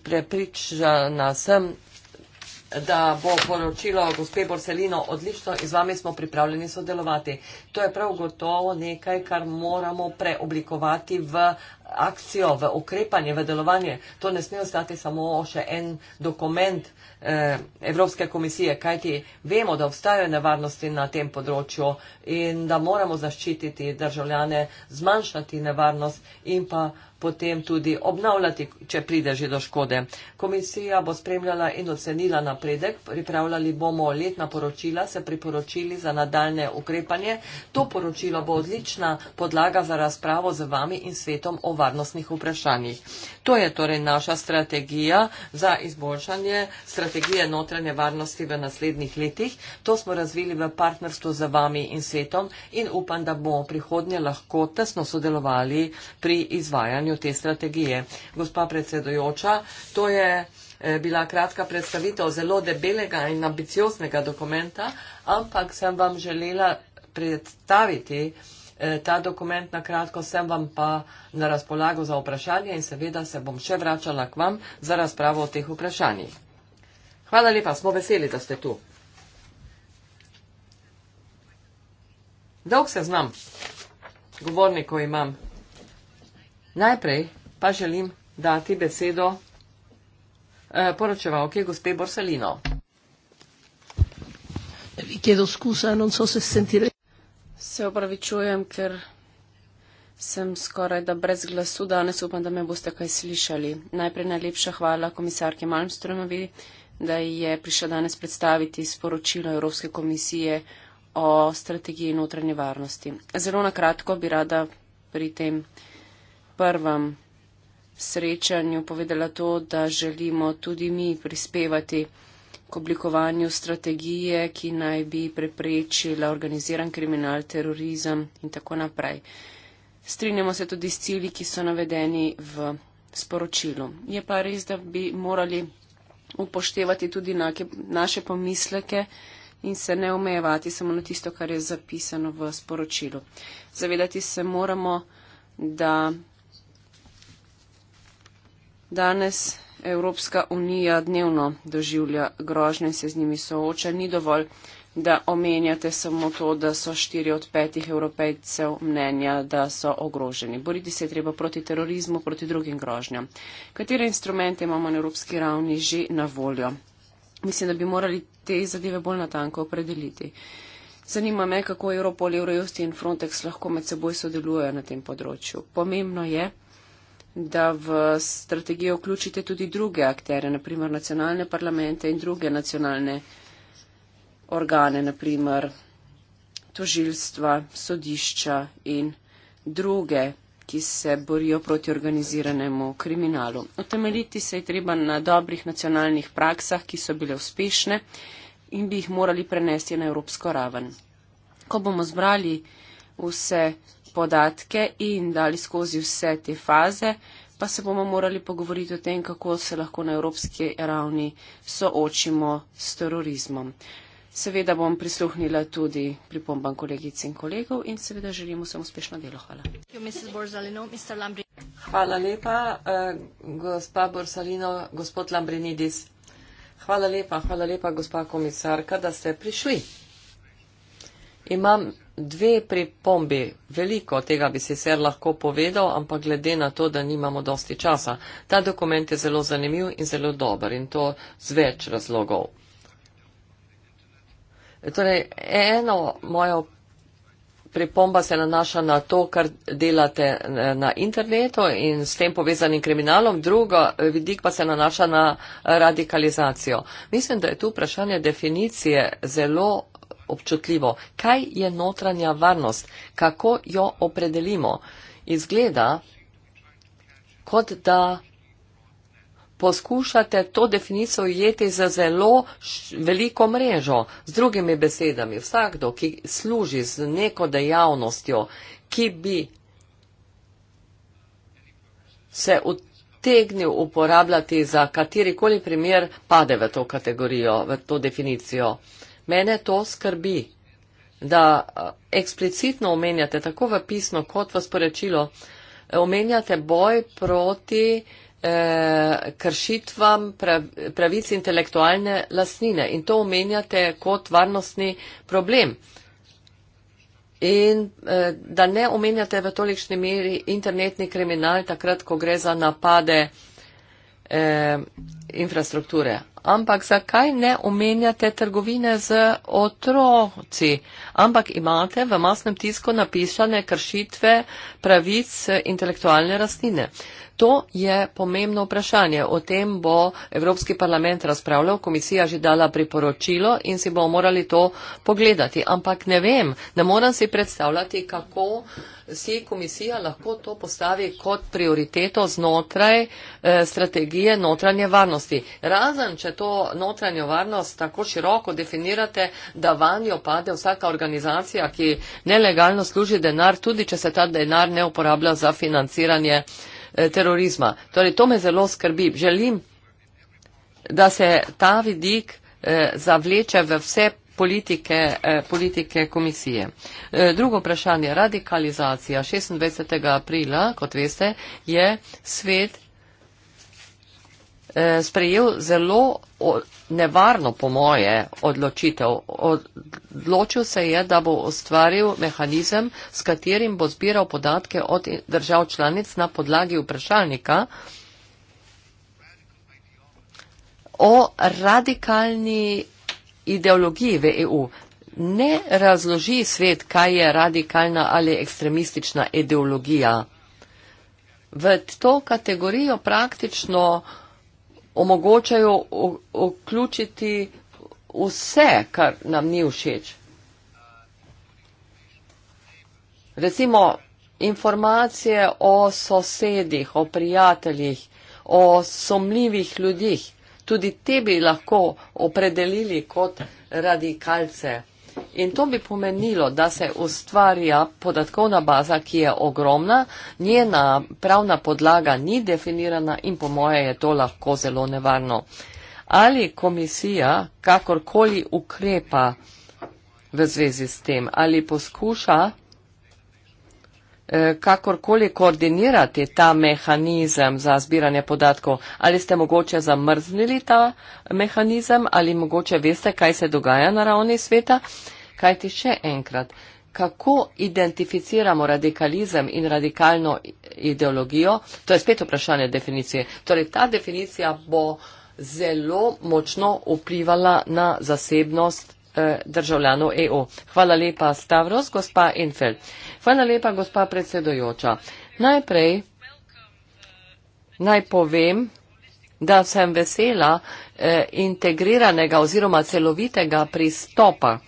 prepričana sem, da bo poročilo gospe Borselino odlično in z vami smo pripravljeni sodelovati. To je prav gotovo nekaj, kar moramo preoblikovati v akcijo, v ukrepanje, v delovanje. To ne sme ostati samo še en dokument eh, Evropske komisije, kajti vemo, da obstajajo nevarnosti na tem področju in da moramo zaščititi državljane, zmanjšati nevarnost in pa potem tudi obnavljati, če pride že do škode. Komisija bo spremljala in ocenila napredek, pripravljali bomo letna poročila, se priporočili za nadaljne ukrepanje. To poročilo bo odlična podlaga za razpravo z vami in svetom o varnostnih vprašanjih. To je torej naša strategija za izboljšanje strategije notranje varnosti v naslednjih letih. To smo razvili v partnerstvu z vami in svetom in upam, da bomo prihodnje lahko tesno sodelovali pri izvajanju te strategije. Gospa predsedojoča, to je eh, bila kratka predstavitev zelo debelega in ambicioznega dokumenta, ampak sem vam želela predstaviti eh, ta dokument na kratko, sem vam pa na razpolago za vprašanje in seveda se bom še vračala k vam za razpravo o teh vprašanjih. Hvala lepa, smo veseli, da ste tu. Dolg se znam, govorniko imam. Najprej pa želim dati besedo eh, poročevalke gospe Borsalino. Vi kjedo skusa, non so se sentire se opravičujem, ker sem skoraj da brez glasu danes, upam, da me boste kaj slišali. Najprej najlepša hvala komisarki Malmstromovi, da je prišla danes predstaviti sporočilo Evropske komisije o strategiji notranje varnosti. Zelo na kratko bi rada pri tem prvem srečanju povedala to, da želimo tudi mi prispevati k oblikovanju strategije, ki naj bi preprečila organiziran kriminal, terorizem in tako naprej. Strinjamo se tudi s cilji, ki so navedeni v sporočilu. Je pa res, da bi morali upoštevati tudi naše pomisleke in se ne omejevati samo na tisto, kar je zapisano v sporočilu. Zavedati se moramo, da danes Evropska unija dnevno doživlja grožne, se z njimi sooča, ni dovolj, da omenjate samo to, da so štiri od petih evropejcev mnenja, da so ogroženi. Boriti se je treba proti terorizmu, proti drugim grožnjam. Katere instrumente imamo na evropski ravni že na voljo? Mislim, da bi morali te zadeve bolj natanko opredeliti. Zanima me, kako Europol, Eurojust in Frontex lahko med seboj sodelujejo na tem področju. Pomembno je, da v strategijo vključite tudi druge akterje, naprimer nacionalne parlamente in druge nacionalne organe, naprimer tožilstva, sodišča in druge, ki se borijo proti organiziranemu kriminalu. Otemeliti se je treba na dobrih nacionalnih praksah, ki so bile uspešne in bi jih morali prenesti na evropsko raven. Ko bomo zbrali vse podatke in dali skozi vse te faze, pa se bomo morali pogovoriti o tem, kako se lahko na evropski ravni soočimo s terorizmom. Seveda bom prisluhnila tudi pripombam kolegic in kolegov in seveda želim vsem uspešno delo. Hvala. Hvala lepa, eh, gospa Borsalino, gospod Lambrinidis. Hvala lepa, hvala lepa, gospa komisarka, da ste prišli. Imam dve pripombi. Veliko tega bi si sicer lahko povedal, ampak glede na to, da nimamo dosti časa. Ta dokument je zelo zanimiv in zelo dober in to z več razlogov. Torej, eno mojo pripomba se nanaša na to, kar delate na internetu in s tem povezanim kriminalom, drugo vidik pa se nanaša na radikalizacijo. Mislim, da je tu vprašanje definicije zelo občutljivo. Kaj je notranja varnost? Kako jo opredelimo? Izgleda, kot da poskušate to definicijo jeti za zelo veliko mrežo. Z drugimi besedami, vsakdo, ki služi z neko dejavnostjo, ki bi se utegnil uporabljati za katerikoli primer, pade v to kategorijo, v to definicijo. Mene to skrbi, da eksplicitno omenjate, tako v pismo kot v sporočilo, omenjate boj proti eh, kršitvam pravic intelektualne lastnine in to omenjate kot varnostni problem. In eh, da ne omenjate v tolikšni meri internetni kriminal, takrat, ko gre za napade. Eh, infrastrukture. Ampak zakaj ne omenjate trgovine z otroci? Ampak imate v masnem tisku napisane kršitve pravic intelektualne rastline. To je pomembno vprašanje. O tem bo Evropski parlament razpravljal, komisija že dala priporočilo in si bomo morali to pogledati. Ampak ne vem, ne moram si predstavljati, kako si komisija lahko to postavi kot prioriteto znotraj eh, strategije notranje varnosti varnosti, razen če to notranjo varnost tako široko definirate, da vanjo pade vsaka organizacija, ki nelegalno služi denar, tudi če se ta denar ne uporablja za financiranje eh, terorizma. Torej, to me zelo skrbi. Želim, da se ta vidik eh, zavleče v vse politike, eh, politike komisije. Drugo vprašanje, radikalizacija 26. aprila, kot veste, je svet Eh, sprejel zelo nevarno, po moje, odločitev. Odločil se je, da bo ustvaril mehanizem, s katerim bo zbiral podatke od držav članic na podlagi vprašalnika o radikalni ideologiji v EU. Ne razloži svet, kaj je radikalna ali ekstremistična ideologija. V to kategorijo praktično omogočajo vključiti vse, kar nam ni všeč. Recimo informacije o sosedih, o prijateljih, o somljivih ljudih. Tudi te bi lahko opredelili kot radikalce. In to bi pomenilo, da se ustvarja podatkovna baza, ki je ogromna, njena pravna podlaga ni definirana in po moje je to lahko zelo nevarno. Ali komisija kakorkoli ukrepa v zvezi s tem, ali poskuša Eh, kakorkoli koordinirati ta mehanizem za zbiranje podatkov? Ali ste mogoče zamrznili ta mehanizem ali mogoče veste, kaj se dogaja na ravni sveta? Kaj ti še enkrat? Kako identificiramo radikalizem in radikalno ideologijo? To je spet vprašanje definicije. Torej, ta definicija bo zelo močno vplivala na zasebnost Eh, državljanov EU. Hvala lepa, Stavros, gospa Infeld. Hvala lepa, gospa predsedojoča. Najprej naj povem, da sem vesela eh, integriranega oziroma celovitega pristopa eh,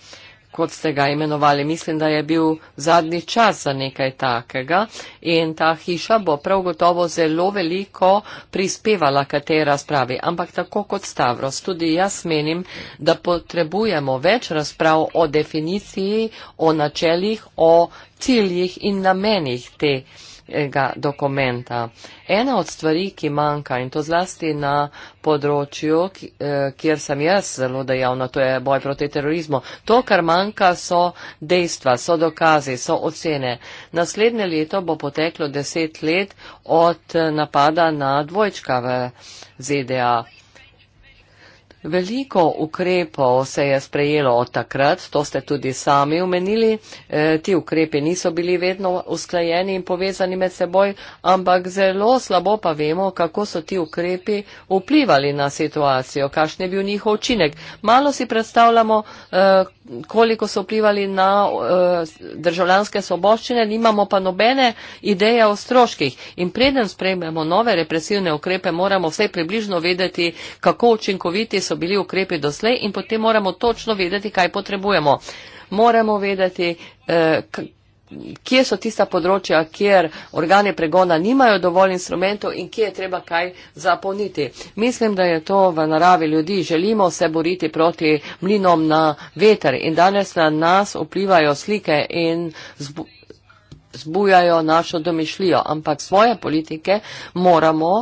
kot ste ga imenovali. Mislim, da je bil zadnji čas za nekaj takega in ta hiša bo prav gotovo zelo veliko prispevala k tej razpravi. Ampak tako kot Stavros, tudi jaz menim, da potrebujemo več razprav o definiciji, o načeljih, o ciljih in namenih te strateškega dokumenta. Ena od stvari, ki manjka in to zlasti na področju, eh, kjer sem jaz zelo dejavna, to je boj proti terorizmu. To, kar manjka, so dejstva, so dokazi, so ocene. Naslednje leto bo poteklo deset let od napada na dvojčka v ZDA. Veliko ukrepov se je sprejelo od takrat, to ste tudi sami omenili. E, ti ukrepi niso bili vedno usklajeni in povezani med seboj, ampak zelo slabo pa vemo, kako so ti ukrepi vplivali na situacijo, kakšen je bil njihov učinek. Malo si predstavljamo, e, koliko so vplivali na e, državljanske soboščine, nimamo pa nobene ideje o stroških. In preden sprejmemo nove represivne ukrepe, moramo vse približno vedeti, kako učinkoviti so so bili ukrepi doslej in potem moramo točno vedeti, kaj potrebujemo. Moramo vedeti, eh, kje so tista področja, kjer organe pregona nimajo dovolj instrumentov in kje je treba kaj zapolniti. Mislim, da je to v naravi ljudi. Želimo se boriti proti mlinom na veter in danes na nas vplivajo slike in zbujajo našo domišljijo, ampak svoje politike moramo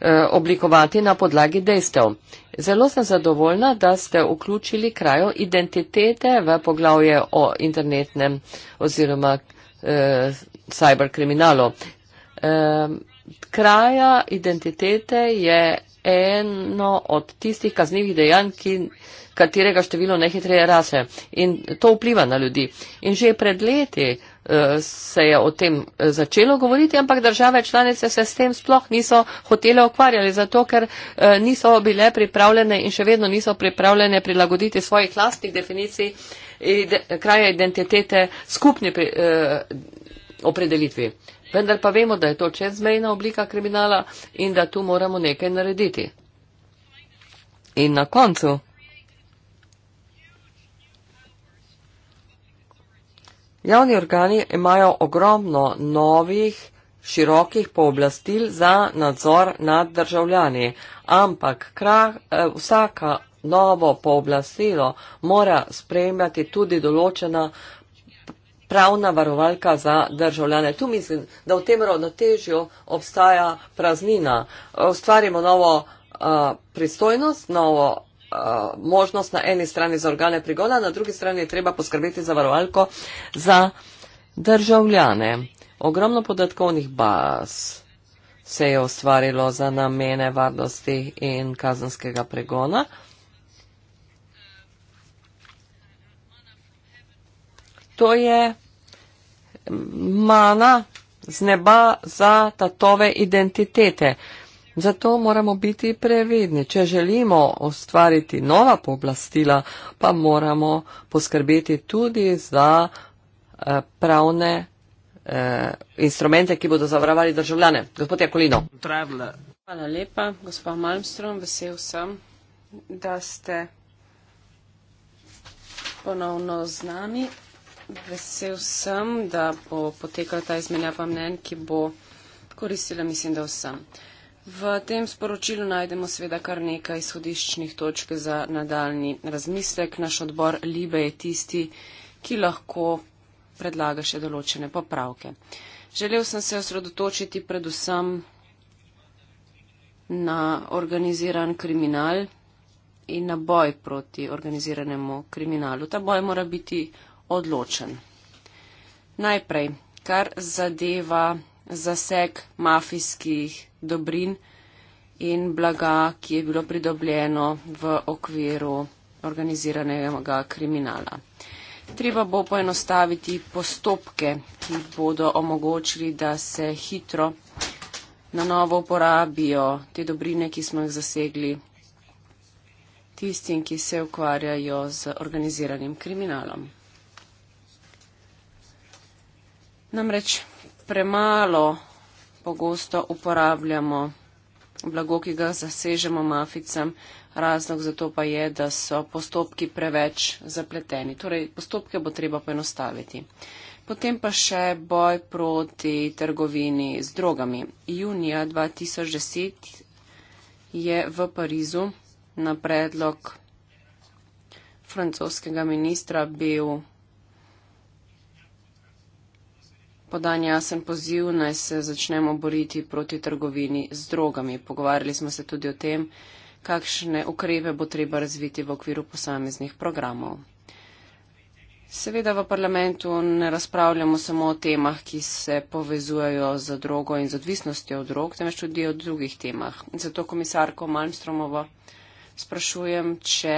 eh, oblikovati na podlagi dejstev. Zelo sem zadovoljna, da ste vključili krajo identitete v poglavje o internetnem oziroma eh, cyberkriminalu. Eh, kraja identitete je eno od tistih kaznivih dejanj, ki, katerega število najhitreje raše in to vpliva na ljudi. In že pred leti Eh, se je o tem eh, začelo govoriti, ampak države članice se s tem sploh niso hotele okvarjali, zato ker eh, niso bile pripravljene in še vedno niso pripravljene prilagoditi svojih lastnih definicij kraja identitete skupni pri, eh, opredelitvi. Vendar pa vemo, da je to čezmejna oblika kriminala in da tu moramo nekaj narediti. In na koncu. Javni organi imajo ogromno novih, širokih pooblastil za nadzor nad državljani, ampak krah, eh, vsaka novo pooblastilo mora spremljati tudi določena pravna varovalka za državljane. Tu mislim, da v tem ravnotežju obstaja praznina. Ustvarimo novo uh, pristojnost, novo Eh, možnost na eni strani za organe prigona, na drugi strani je treba poskrbeti za varovalko za državljane. Ogromno podatkovnih baz se je ustvarilo za namene varnosti in kazanskega pregona. To je mana z neba za tatove identitete. Zato moramo biti previdni. Če želimo ustvariti nova pooblastila, pa moramo poskrbeti tudi za eh, pravne eh, instrumente, ki bodo zavarovali državljane. Gospod Jakolino. Hvala lepa, gospod Malmström. Vesel sem, da ste ponovno z nami. Vesel sem, da bo potekala ta izmenjava mnen, ki bo koristila, mislim, da vsem. Uh, V tem sporočilu najdemo seveda kar nekaj izhodiščnih točk za nadaljni razmislek. Naš odbor Libe je tisti, ki lahko predlaga še določene popravke. Želel sem se osredotočiti predvsem na organiziran kriminal in na boj proti organiziranemu kriminalu. Ta boj mora biti odločen. Najprej, kar zadeva zaseg mafijskih dobrin in blaga, ki je bilo pridobljeno v okviru organiziranega kriminala. Treba bo poenostaviti postopke, ki bodo omogočili, da se hitro na novo uporabijo te dobrine, ki smo jih zasegli tistim, ki se ukvarjajo z organiziranim kriminalom. Namreč premalo pogosto uporabljamo blago, ki ga zasežemo maficam. Razlog za to pa je, da so postopki preveč zapleteni. Torej, postopke bo treba poenostaviti. Potem pa še boj proti trgovini z drogami. Junija 2010 je v Parizu na predlog francoskega ministra bil podan jasen poziv, naj se začnemo boriti proti trgovini z drogami. Pogovarjali smo se tudi o tem, kakšne ukrepe bo treba razviti v okviru posameznih programov. Seveda v parlamentu ne razpravljamo samo o temah, ki se povezujejo z drogo in z odvisnostjo od drog, temveč tudi o drugih temah. Zato komisarko Malmstromovo sprašujem, če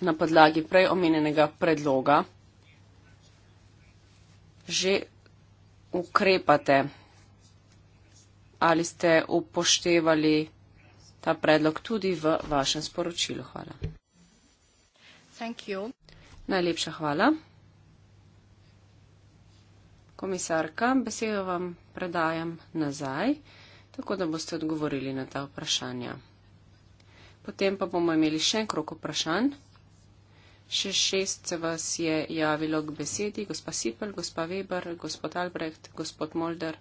na podlagi prej omenjenega predloga že ukrepate? Ali ste upoštevali ta predlog tudi v vašem sporočilu? Hvala. Najlepša hvala. Komisarka, besedo vam predajam nazaj, tako da boste odgovorili na ta vprašanja. Potem pa bomo imeli še en krok vprašanj. Še šest se vas je javilo k besedi. Gospa Sipel, gospa Weber, gospod Albrecht, gospod Molder,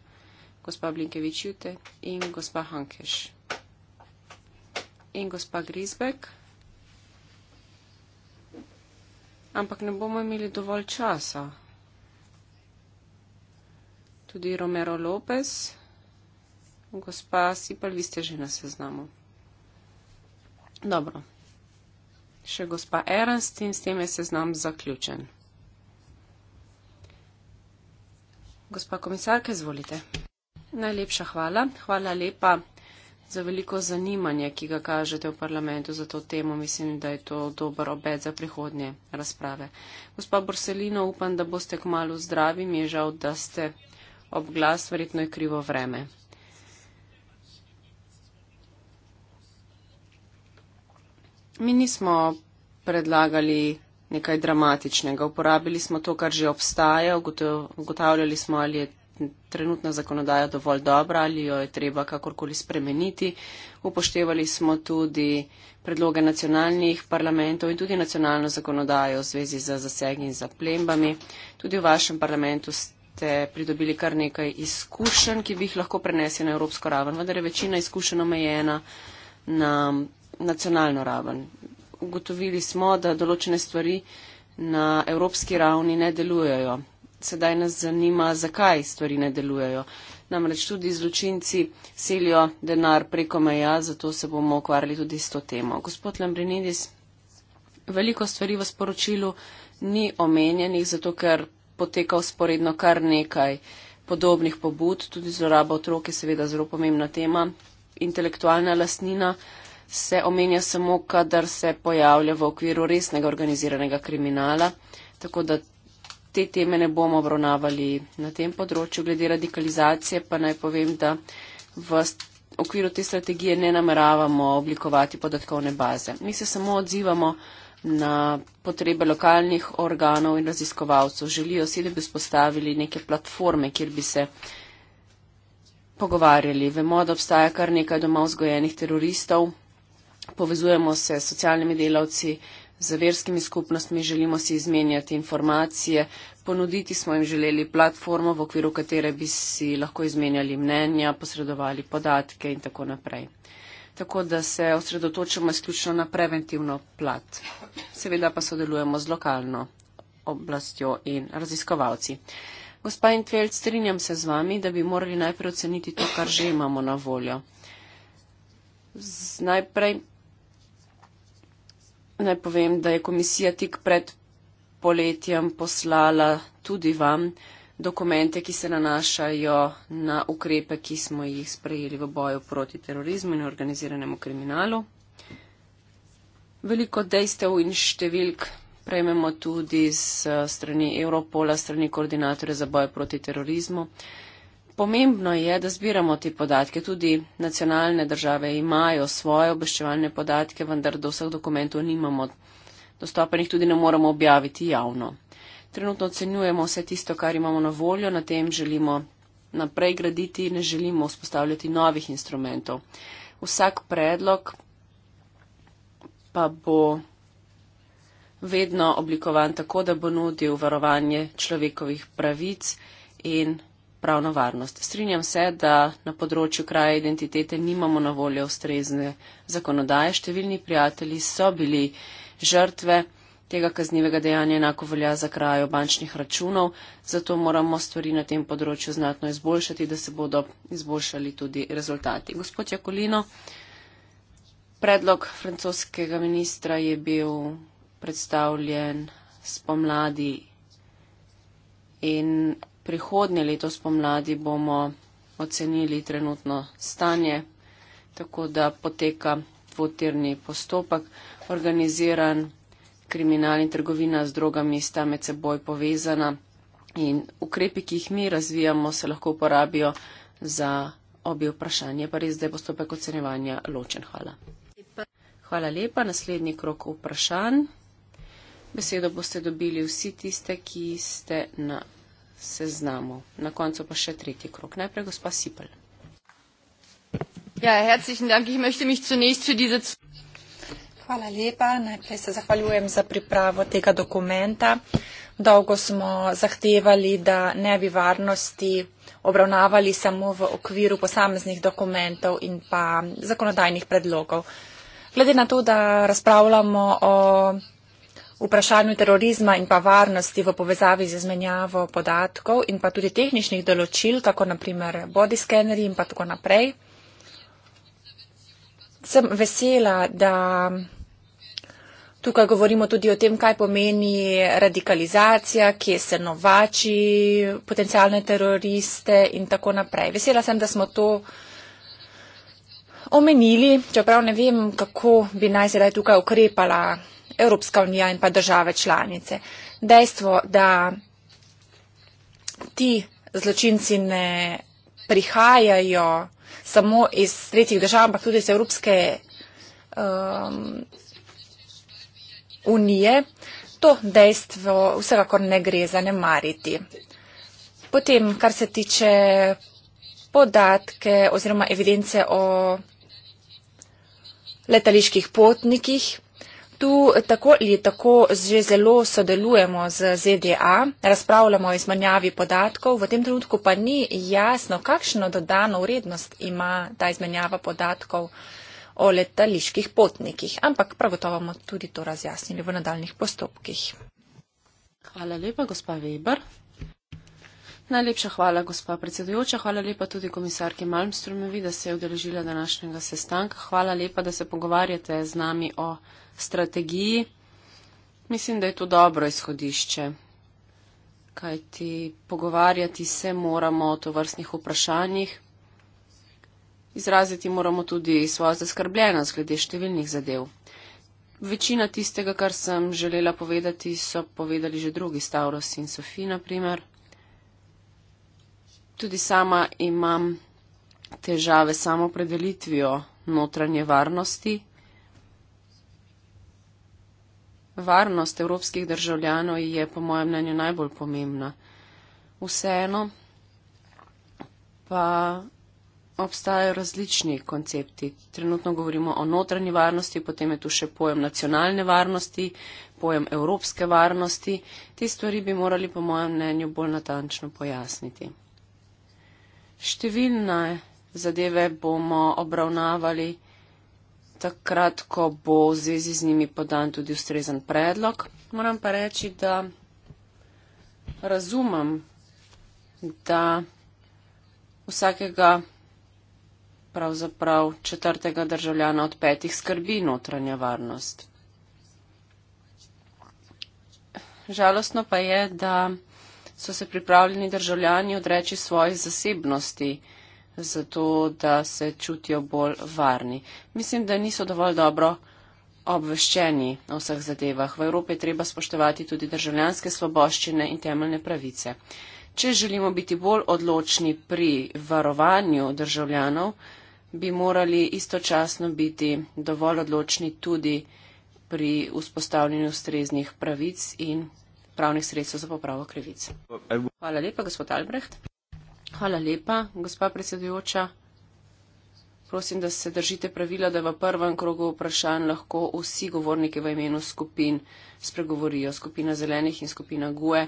gospa Blinkevič Jute in gospa Hankeš. In gospa Grisbek. Ampak ne bomo imeli dovolj časa. Tudi Romero Lopez. Gospa Sipel, vi ste že na seznamu. Dobro, še gospa Ernst in s tem je seznam zaključen. Gospa komisarka, izvolite. Najlepša hvala. Hvala lepa za veliko zanimanje, ki ga kažete v parlamentu za to temo. Mislim, da je to dober obet za prihodnje razprave. Gospa Borselino, upam, da boste kmalo zdravi. Mi je žal, da ste ob glas, verjetno je krivo vreme. Mi nismo predlagali nekaj dramatičnega. Uporabili smo to, kar že obstaja, ugotavljali smo, ali je trenutna zakonodaja dovolj dobra ali jo je treba kakorkoli spremeniti. Upoštevali smo tudi predloge nacionalnih parlamentov in tudi nacionalno zakonodajo v zvezi z zasegi in zaplembami. Tudi v vašem parlamentu ste pridobili kar nekaj izkušenj, ki bi jih lahko prenesli na evropsko raven, vendar je večina izkušenj omejena na nacionalno raven. Ugotovili smo, da določene stvari na evropski ravni ne delujejo. Sedaj nas zanima, zakaj stvari ne delujejo. Namreč tudi zločinci selijo denar preko meja, zato se bomo ukvarjali tudi s to temo. Gospod Lambrinidis, veliko stvari v sporočilu ni omenjenih, zato ker poteka usporedno kar nekaj podobnih pobud, tudi zloraba otroke, seveda zelo pomembna tema, intelektualna lasnina se omenja samo, kadar se pojavlja v okviru resnega organiziranega kriminala, tako da te teme ne bomo obravnavali na tem področju. Glede radikalizacije pa naj povem, da v okviru te strategije ne nameravamo oblikovati podatkovne baze. Mi se samo odzivamo na potrebe lokalnih organov in raziskovalcev. Želijo si, da bi spostavili neke platforme, kjer bi se pogovarjali. Vemo, da obstaja kar nekaj doma vzgojenih teroristov, povezujemo se s socialnimi delavci, z verskimi skupnostmi, želimo si izmenjati informacije, ponuditi smo jim želeli platformo, v okviru katere bi si lahko izmenjali mnenja, posredovali podatke in tako naprej. Tako da se osredotočamo izključno na preventivno plat. Seveda pa sodelujemo z lokalno oblastjo in raziskovalci. Gospa Intveld, strinjam se z vami, da bi morali najprej oceniti to, kar že imamo na voljo. Z najprej Naj povem, da je komisija tik pred poletjem poslala tudi vam dokumente, ki se nanašajo na ukrepe, ki smo jih sprejeli v boju proti terorizmu in organiziranemu kriminalu. Veliko dejstev in številk prejmemo tudi z strani Europola, strani koordinatorja za boj proti terorizmu. Uh, Pomembno je, da zbiramo te podatke. Tudi nacionalne države imajo svoje obveščevalne podatke, vendar do vseh dokumentov nimamo dostopa in jih tudi ne moremo objaviti javno. Trenutno ocenjujemo vse tisto, kar imamo na voljo, na tem želimo naprej graditi in ne želimo vzpostavljati novih instrumentov. Vsak predlog pa bo vedno oblikovan tako, da bo nudil varovanje človekovih pravic in pravno varnost. Strinjam se, da na področju kraja identitete nimamo na voljo ustrezne zakonodaje. Številni prijatelji so bili žrtve tega kaznivega dejanja, enako velja za krajo bančnih računov, zato moramo stvari na tem področju znatno izboljšati, da se bodo izboljšali tudi rezultati. Gospod Jakolino, predlog francoskega ministra je bil predstavljen spomladi. In prihodnje leto spomladi bomo ocenili trenutno stanje, tako da poteka dvotirni postopek. Organiziran kriminal in trgovina z drogami sta med seboj povezana in ukrepi, ki jih mi razvijamo, se lahko uporabijo za obi vprašanje. Pa res, da je postopek ocenevanja ločen. Hvala. Hvala lepa. Naslednji krok vprašanj. Besedo boste dobili vsi tiste, ki ste na seznamu. Na koncu pa še tretji krok. Najprej gospa Sipel. Ja, herzlichen Dank. Ich möchte mich zunächst für diese. Hvala lepa. Najprej se zahvaljujem za pripravo tega dokumenta. Dolgo smo zahtevali, da ne bi varnosti obravnavali samo v okviru posameznih dokumentov in pa zakonodajnih predlogov. Glede na to, da razpravljamo o vprašanju terorizma in pa varnosti v povezavi z izmenjavo podatkov in pa tudi tehničnih določil, kako naprimer body skeneri in pa tako naprej. Sem vesela, da tukaj govorimo tudi o tem, kaj pomeni radikalizacija, kje se novači potencijalne teroriste in tako naprej. Vesela sem, da smo to omenili, čeprav ne vem, kako bi naj sedaj tukaj ukrepala. Evropska unija in pa države članice. Dejstvo, da ti zločinci ne prihajajo samo iz tretjih držav, ampak tudi iz Evropske um, unije, to dejstvo vsekakor ne gre zanemariti. Potem, kar se tiče podatke oziroma evidence o letaliških potnikih, tu tako ali tako že zelo sodelujemo z ZDA, razpravljamo o izmenjavi podatkov, v tem trenutku pa ni jasno, kakšno dodano vrednost ima ta izmenjava podatkov o letaliških potnikih, ampak prav gotovo bomo tudi to razjasnili v nadaljnih postopkih. Hvala lepa, gospa Weber. Najlepša hvala, gospa predsedujoča. Hvala lepa tudi komisarki Malmstromovi, da se je udeležila današnjega sestanka. Hvala lepa, da se pogovarjate z nami o strategiji, mislim, da je to dobro izhodišče. Kaj ti pogovarjati se moramo o tovrstnih vprašanjih, izraziti moramo tudi svojo zaskrbljenost glede številnih zadev. Večina tistega, kar sem želela povedati, so povedali že drugi Stavros in Sofi, naprimer. Tudi sama imam težave s samopredelitvijo notranje varnosti Varnost evropskih državljanov je po mojem mnenju najbolj pomembna. Vseeno pa obstajajo različni koncepti. Trenutno govorimo o notranji varnosti, potem je tu še pojem nacionalne varnosti, pojem evropske varnosti. Te stvari bi morali po mojem mnenju bolj natančno pojasniti. Številne zadeve bomo obravnavali takrat, ko bo v zvezi z njimi podan tudi ustrezen predlog. Moram pa reči, da razumem, da vsakega pravzaprav četrtega državljana od petih skrbi notranja varnost. Žalostno pa je, da so se pripravljeni državljani odreči svoji zasebnosti zato da se čutijo bolj varni. Mislim, da niso dovolj dobro obveščeni o vseh zadevah. V Evropi je treba spoštovati tudi državljanske svoboščine in temeljne pravice. Če želimo biti bolj odločni pri varovanju državljanov, bi morali istočasno biti dovolj odločni tudi pri vzpostavljanju ustreznih pravic in pravnih sredstev za popravo krivic. Hvala lepa, gospod Albrecht. Hvala lepa, gospa predsedujoča. Prosim, da se držite pravila, da v prvem krogu vprašanj lahko vsi govorniki v imenu skupin spregovorijo. Skupina zelenih in skupina GUE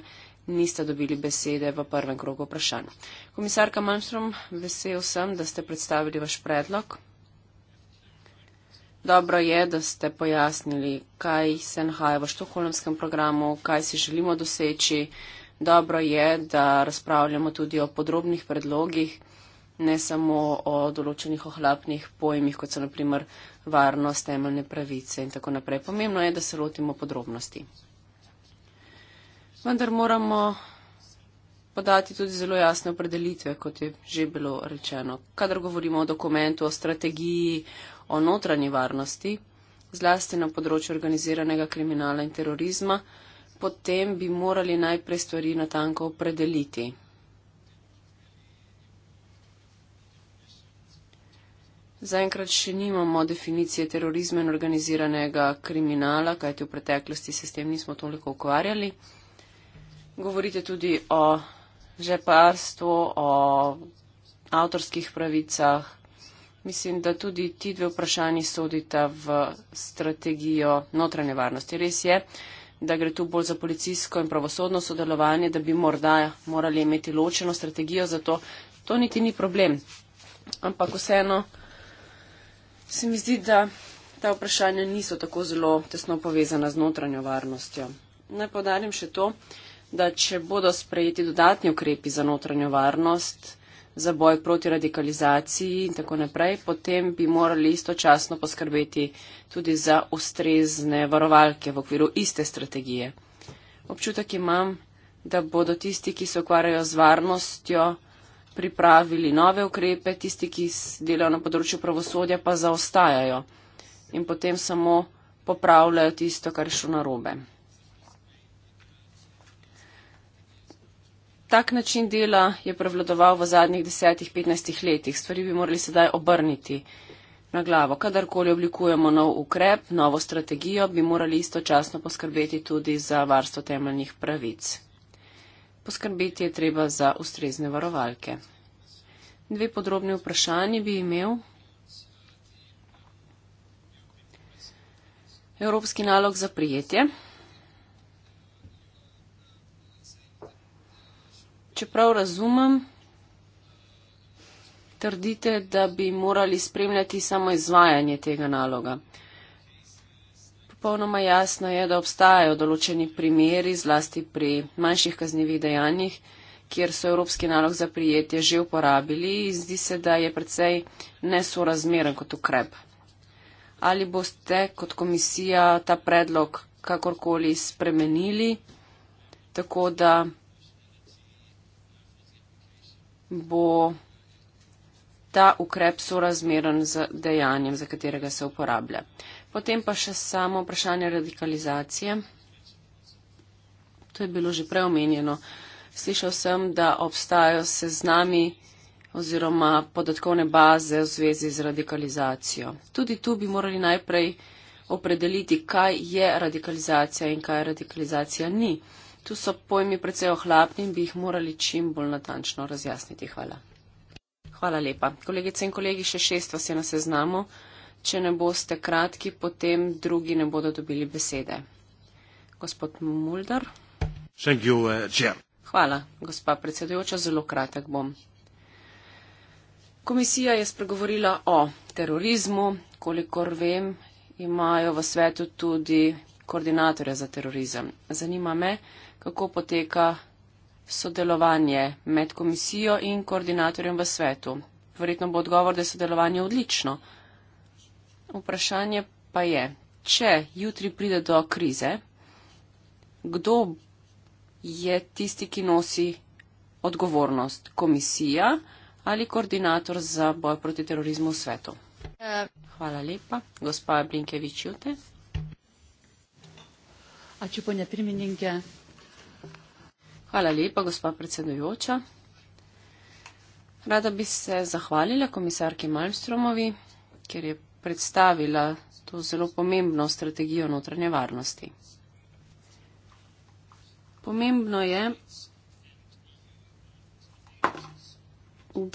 nista dobili besede v prvem krogu vprašanj. Komisarka Manstrom, vesel sem, da ste predstavili vaš predlog. Dobro je, da ste pojasnili, kaj se nahaja v štokholmskem programu, kaj si želimo doseči. Uh, dobro je, da razpravljamo tudi o podrobnih predlogih, ne samo o določenih ohlapnih pojmih, kot so naprimer varnost, temeljne pravice in tako naprej. Pomembno je, da se lotimo podrobnosti. Vendar moramo podati tudi zelo jasne opredelitve, kot je že bilo rečeno. Kadar govorimo o dokumentu, o strategiji, o notranji varnosti, zlasti na področju organiziranega kriminala in terorizma, potem bi morali najprej stvari natanko opredeliti. Zaenkrat še nimamo definicije terorizma in organiziranega kriminala, kajti v preteklosti se s tem nismo toliko ukvarjali. Govorite tudi o žeparstvu, o avtorskih pravicah. Mislim, da tudi ti dve vprašanji sodita v strategijo notranje varnosti. Res je, da gre tu bolj za policijsko in pravosodno sodelovanje, da bi morda morali imeti ločeno strategijo za to. To niti ni problem. Ampak vseeno se mi zdi, da ta vprašanja niso tako zelo tesno povezana z notranjo varnostjo. Naj podarim še to, da če bodo sprejeti dodatni ukrepi za notranjo varnost, za boj proti radikalizaciji in tako naprej, potem bi morali istočasno poskrbeti tudi za ustrezne varovalke v okviru iste strategije. Občutek imam, da bodo tisti, ki se ukvarjajo z varnostjo, pripravili nove ukrepe, tisti, ki delajo na področju pravosodja, pa zaostajajo in potem samo popravljajo tisto, kar je šlo narobe. tak način dela je prevladoval v zadnjih 10-15 letih. Stvari bi morali sedaj obrniti na glavo. Kadarkoli oblikujemo nov ukrep, novo strategijo, bi morali istočasno poskrbeti tudi za varstvo temeljnih pravic. Poskrbeti je treba za ustrezne varovalke. Dve podrobni vprašanji bi imel. Evropski nalog za prijetje. čeprav razumem, trdite, da bi morali spremljati samo izvajanje tega naloga. Popolnoma jasno je, da obstajajo določeni primeri, zlasti pri manjših kaznjivih dejanjih, kjer so evropski nalog za prijetje že uporabili in zdi se, da je predvsej nesorazmeren kot ukrep. Ali boste kot komisija ta predlog kakorkoli spremenili, tako da bo ta ukrep sorazmeren z dejanjem, za katerega se uporablja. Potem pa še samo vprašanje radikalizacije. To je bilo že preomenjeno. Slišal sem, da obstajajo seznami oziroma podatkovne baze v zvezi z radikalizacijo. Tudi tu bi morali najprej opredeliti, kaj je radikalizacija in kaj radikalizacija ni. Tu so pojmi precej ohlapni in bi jih morali čim bolj natančno razjasniti. Hvala. Hvala lepa. Kolegice in kolegi, še šest vas je na seznamu. Če ne boste kratki, potem drugi ne bodo dobili besede. Gospod Mulder. You, uh, Hvala, gospa predsedujoča, zelo kratek bom. Komisija je spregovorila o terorizmu. Kolikor vem, imajo v svetu tudi koordinatorja za terorizem. Zanima me, kako poteka sodelovanje med komisijo in koordinatorjem v svetu. Verjetno bo odgovor, da je sodelovanje odlično. Vprašanje pa je, če jutri pride do krize, kdo je tisti, ki nosi odgovornost? Komisija ali koordinator za boj proti terorizmu v svetu? Hvala lepa. Gospa Blinkevič, jute. Ačiū, ponė pirmininkė. Hvala lepa, gospa predsedujoča. Rada bi se zahvalila komisarki Malmstromovi, ker je predstavila to zelo pomembno strategijo notranje varnosti. Pomembno je,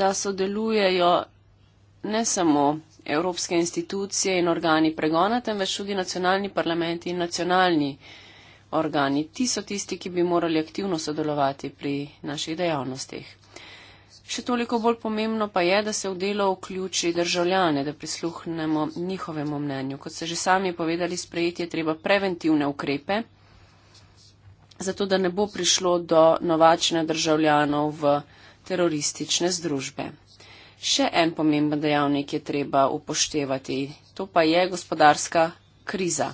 da sodelujejo ne samo evropske institucije in organi pregona, temveč tudi nacionalni parlamenti in nacionalni parlamenti organi. Ti so tisti, ki bi morali aktivno sodelovati pri naših dejavnostih. Še toliko bolj pomembno pa je, da se v delo vključi državljane, da prisluhnemo njihovemu mnenju. Kot ste že sami povedali, sprejeti je treba preventivne ukrepe, zato da ne bo prišlo do novačne državljanov v teroristične združbe. Še en pomemben dejavnik je treba upoštevati, to pa je gospodarska kriza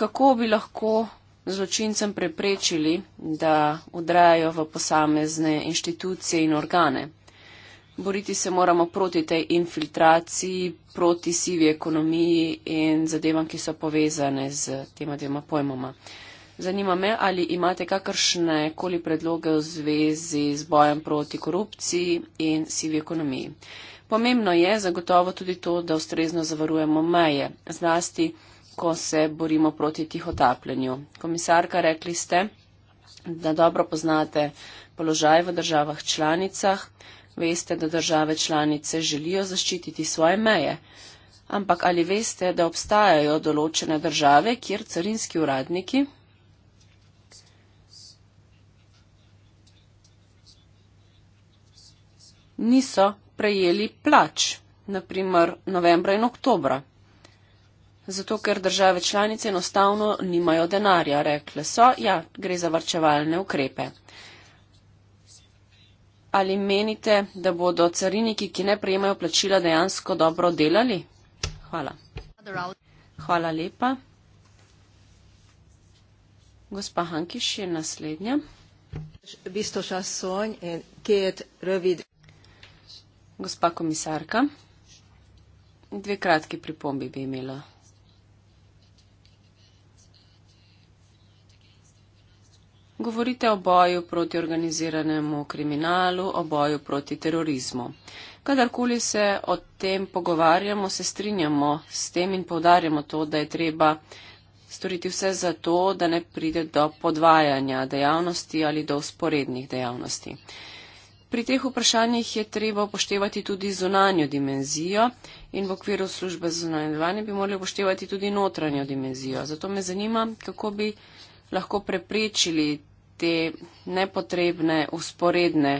kako bi lahko zločincem preprečili, da udrajajo v posamezne inštitucije in organe. Boriti se moramo proti tej infiltraciji, proti sivi ekonomiji in zadevam, ki so povezane z tema dvema pojmoma. Zanima me, ali imate kakršne koli predloge v zvezi z bojem proti korupciji in sivi ekonomiji. Pomembno je zagotovo tudi to, da ustrezno zavarujemo meje, zlasti ko se borimo proti tihotapljenju. Komisarka, rekli ste, da dobro poznate položaj v državah članicah, veste, da države članice želijo zaščititi svoje meje, ampak ali veste, da obstajajo določene države, kjer carinski uradniki niso prejeli plač, naprimer novembra in oktobra zato ker države članice enostavno nimajo denarja. Rekle so, ja, gre za varčevalne ukrepe. Ali menite, da bodo cariniki, ki ne prejemajo plačila, dejansko dobro delali? Hvala. Hvala lepa. Gospa Hankiš je naslednja. Gospa komisarka, dve kratki pripombi bi imela. Govorite o boju proti organiziranemu kriminalu, o boju proti terorizmu. Kadarkoli se o tem pogovarjamo, se strinjamo s tem in povdarjamo to, da je treba storiti vse za to, da ne pride do podvajanja dejavnosti ali do usporednih dejavnosti. Pri teh vprašanjih je treba upoštevati tudi zunanjo dimenzijo in v okviru službe za zunanje bi morali upoštevati tudi notranjo dimenzijo. Zato me zanima, kako bi lahko preprečili te nepotrebne usporedne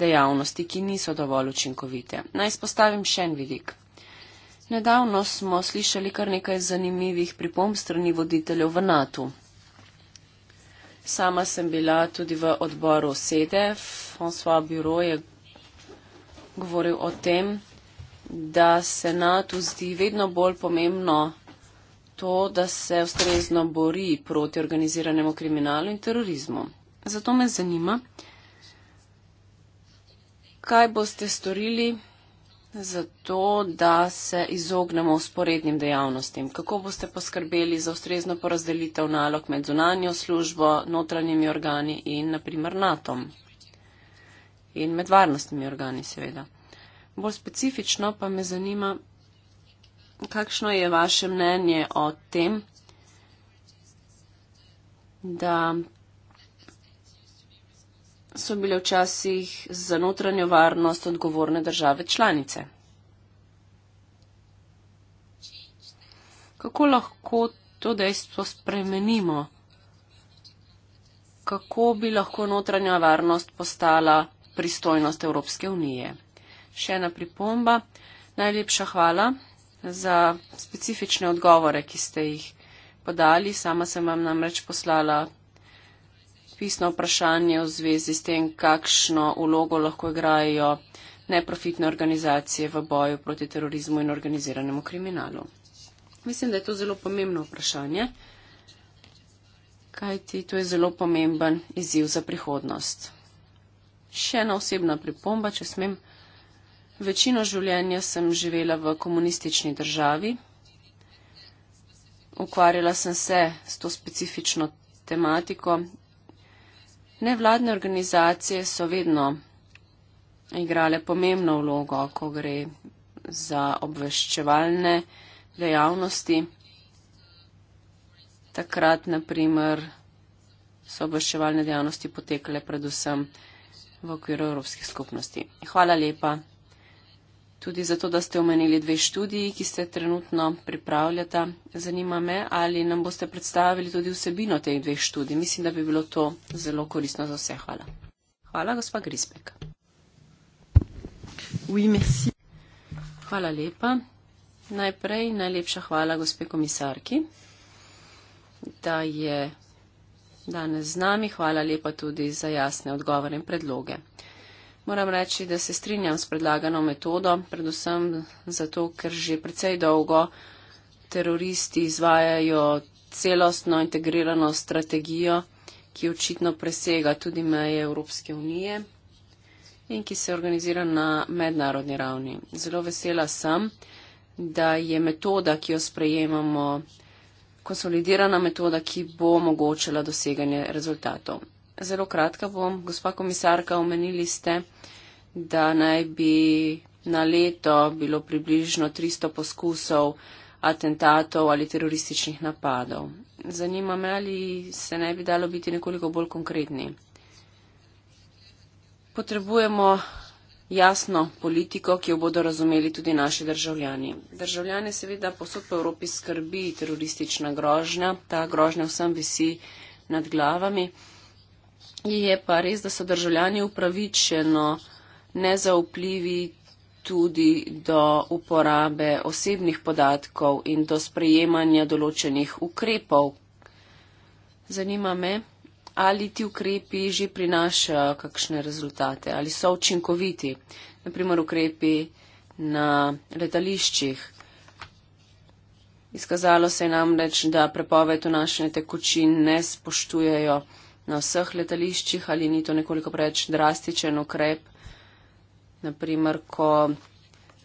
dejavnosti, ki niso dovolj učinkovite. Naj spostavim še en vidik. Nedavno smo slišali kar nekaj zanimivih pripomb strani voditeljev v NATO. Sama sem bila tudi v odboru sede, François Bureau je govoril o tem, da se NATO zdi vedno bolj pomembno to, da se ustrezno bori proti organiziranemu kriminalu in terorizmu. Zato me zanima, kaj boste storili za to, da se izognemo usporednim dejavnostim. Kako boste poskrbeli za ustrezno porazdelitev nalog med zunanjo službo, notranjimi organi in naprimer NATO in med varnostnimi organi seveda. Bolj specifično pa me zanima, kakšno je vaše mnenje o tem, da so bile včasih za notranjo varnost odgovorne države članice. Kako lahko to dejstvo spremenimo? Kako bi lahko notranja varnost postala pristojnost Evropske unije? Še ena pripomba. Najlepša hvala za specifične odgovore, ki ste jih podali. Sama sem vam namreč poslala pisno vprašanje v zvezi s tem, kakšno ulogo lahko igrajo neprofitne organizacije v boju proti terorizmu in organiziranemu kriminalu. Mislim, da je to zelo pomembno vprašanje, kajti to je zelo pomemben izziv za prihodnost. Še ena osebna pripomba, če smem. Večino življenja sem živela v komunistični državi. Ukvarjala sem se s to specifično tematiko Nevladne organizacije so vedno igrale pomembno vlogo, ko gre za obveščevalne dejavnosti. Takrat, naprimer, so obveščevalne dejavnosti potekale predvsem v okviru evropskih skupnosti. Hvala lepa. Tudi zato, da ste omenili dve študiji, ki ste trenutno pripravljata. Zanima me, ali nam boste predstavili tudi vsebino teh dveh študij. Mislim, da bi bilo to zelo koristno za vse. Hvala. Hvala, gospa Grisbek. Oui, hvala lepa. Najprej najlepša hvala gospe komisarki, da je danes z nami. Hvala lepa tudi za jasne odgovore in predloge. Moram reči, da se strinjam s predlagano metodo, predvsem zato, ker že precej dolgo teroristi izvajajo celostno integrirano strategijo, ki očitno presega tudi meje Evropske unije in ki se organizira na mednarodni ravni. Zelo vesela sem, da je metoda, ki jo sprejemamo, konsolidirana metoda, ki bo omogočila doseganje rezultatov zelo kratka bom. Gospa komisarka, omenili ste, da naj bi na leto bilo približno 300 poskusov atentatov ali terorističnih napadov. Zanima me, ali se ne bi dalo biti nekoliko bolj konkretni. Potrebujemo jasno politiko, ki jo bodo razumeli tudi naši državljani. Državljane seveda posod po Evropi skrbi teroristična grožnja, ta grožnja vsem visi nad glavami. Je pa res, da so državljani upravičeno nezaupljivi tudi do uporabe osebnih podatkov in do sprejemanja določenih ukrepov. Zanima me, ali ti ukrepi že prinašajo kakšne rezultate, ali so učinkoviti, naprimer ukrepi na letališčih. Izkazalo se je namreč, da prepoved vnašanja tekočin ne spoštujejo na vseh letališčih ali ni to nekoliko preveč drastičen ukrep, naprimer, ko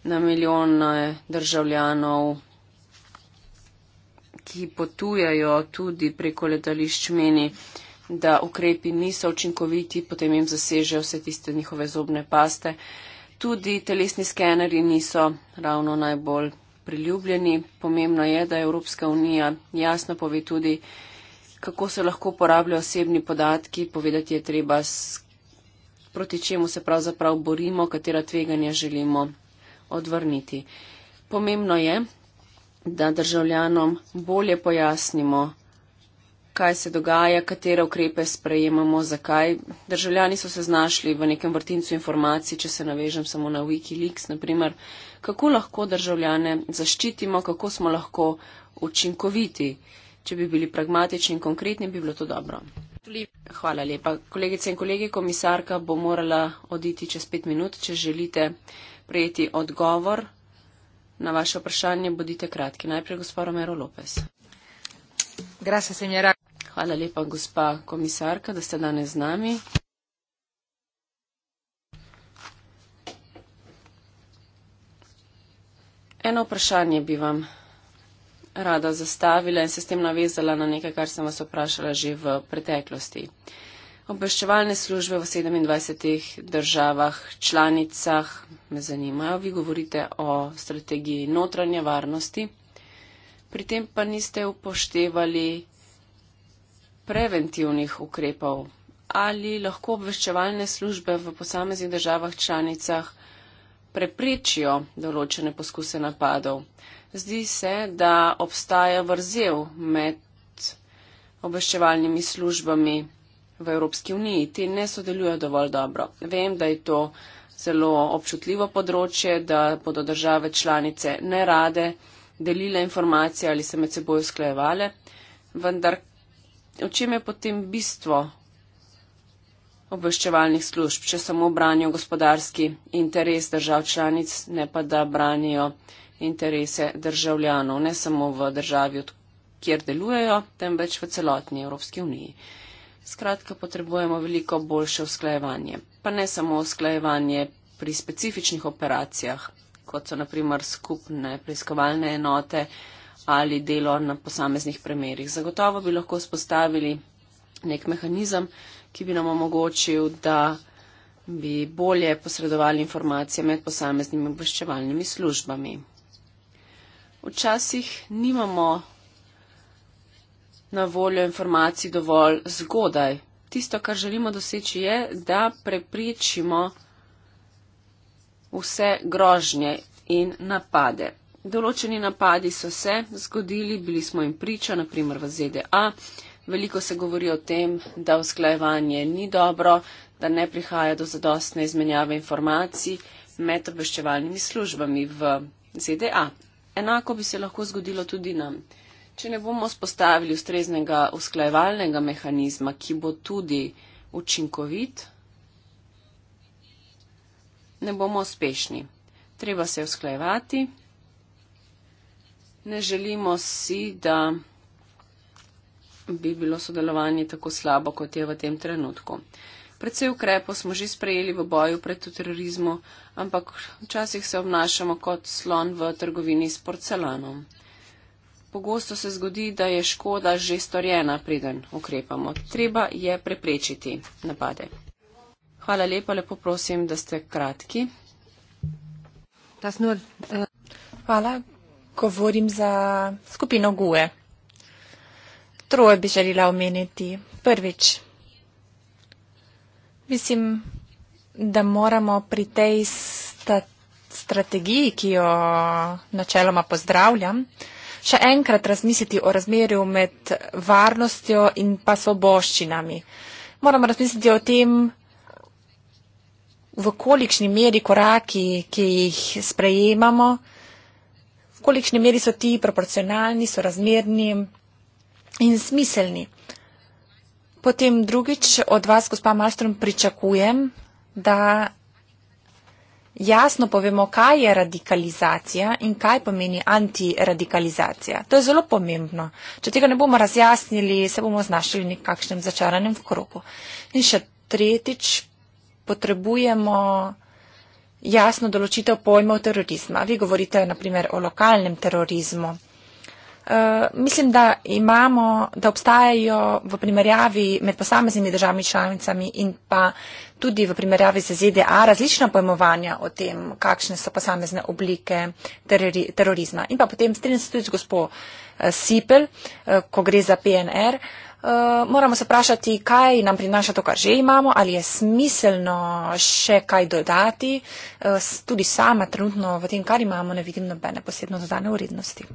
na milijone državljanov, ki potujajo tudi preko letališč, meni, da ukrepi niso učinkoviti, potem jim zasežejo vse tiste njihove zobne paste. Tudi telesni skeneri niso ravno najbolj priljubljeni. Pomembno je, da Evropska unija jasno pove tudi, kako se lahko uporabljajo osebni podatki, povedati je treba, proti čemu se pravzaprav borimo, katera tveganja želimo odvrniti. Pomembno je, da državljanom bolje pojasnimo, kaj se dogaja, katere ukrepe sprejemamo, zakaj. Državljani so se znašli v nekem vrtincu informacij, če se navežem samo na Wikileaks, naprimer, kako lahko državljane zaščitimo, kako smo lahko učinkoviti. Če bi bili pragmatični in konkretni, bi bilo to dobro. Hvala lepa. Kolegice in kolege, komisarka bo morala oditi čez pet minut. Če želite prejeti odgovor na vaše vprašanje, bodite kratki. Najprej gospod Romero Lopez. Hvala lepa, gospa komisarka, da ste danes z nami. Eno vprašanje bi vam rada zastavila in se s tem navezala na nekaj, kar sem vas vprašala že v preteklosti. Obveščevalne službe v 27 državah, članicah, me zanimajo, vi govorite o strategiji notranje varnosti, pri tem pa niste upoštevali preventivnih ukrepov. Ali lahko obveščevalne službe v posameznih državah članicah preprečijo določene poskuse napadov. Zdi se, da obstaja vrzel med obveščevalnimi službami v Evropski uniji. Ti ne sodelujo dovolj dobro. Vem, da je to zelo občutljivo področje, da bodo države članice nerade delile informacije ali se med seboj usklajevale, vendar o čem je potem bistvo obveščevalnih služb, če samo branijo gospodarski interes držav članic, ne pa da branijo interese državljanov, ne samo v državi, kjer delujejo, temveč v celotni Evropski uniji. Skratka, potrebujemo veliko boljše usklajevanje, pa ne samo usklajevanje pri specifičnih operacijah, kot so naprimer skupne preiskovalne enote ali delo na posameznih primerjih. Zagotovo bi lahko spostavili nek mehanizem, ki bi nam omogočil, da bi bolje posredovali informacije med posameznimi obveščevalnimi službami. Včasih nimamo na voljo informacij dovolj zgodaj. Tisto, kar želimo doseči, je, da prepričimo vse grožnje in napade. Določeni napadi so se zgodili, bili smo jim priča, naprimer v ZDA, Veliko se govori o tem, da usklajevanje ni dobro, da ne prihaja do zadostne izmenjave informacij med obveščevalnimi službami v ZDA. Enako bi se lahko zgodilo tudi nam. Če ne bomo spostavili ustreznega usklajevalnega mehanizma, ki bo tudi učinkovit, ne bomo uspešni. Treba se usklajevati. Ne želimo si, da bi bilo sodelovanje tako slabo, kot je v tem trenutku. Predvsej ukrepo smo že sprejeli v boju preto terorizmu, ampak včasih se obnašamo kot slon v trgovini s porcelanom. Pogosto se zgodi, da je škoda že storjena, preden ukrepamo. Treba je preprečiti napade. Hvala lepa, lepo prosim, da ste kratki. Hvala, govorim za skupino GUE troje bi želela omeniti. Prvič, mislim, da moramo pri tej sta strategiji, ki jo načeloma pozdravljam, še enkrat razmisliti o razmerju med varnostjo in pa svoboščinami. Moramo razmisliti o tem, v kolikšni meri koraki, ki jih sprejemamo, v kolikšni meri so ti proporcionalni, so razmerni in smiselni. Potem drugič od vas, gospa Malstrom, pričakujem, da jasno povemo, kaj je radikalizacija in kaj pomeni antiradikalizacija. To je zelo pomembno. Če tega ne bomo razjasnili, se bomo znašli v nekakšnem začaranem krogu. In še tretjič, potrebujemo jasno določitev pojmov terorizma. Vi govorite naprimer o lokalnem terorizmu. Eh, mislim, da imamo, da obstajajo v primerjavi med posameznimi državami članicami in pa tudi v primerjavi z ZDA različna pojmovanja o tem, kakšne so posamezne oblike terori, terorizma. In pa potem strinjam se tudi z gospod eh, Sipel, eh, ko gre za PNR. Moramo se vprašati, kaj nam prinaša to, kar že imamo, ali je smiselno še kaj dodati. Tudi sama trenutno v tem, kar imamo, ne vidim nobene posebno dodane vrednosti.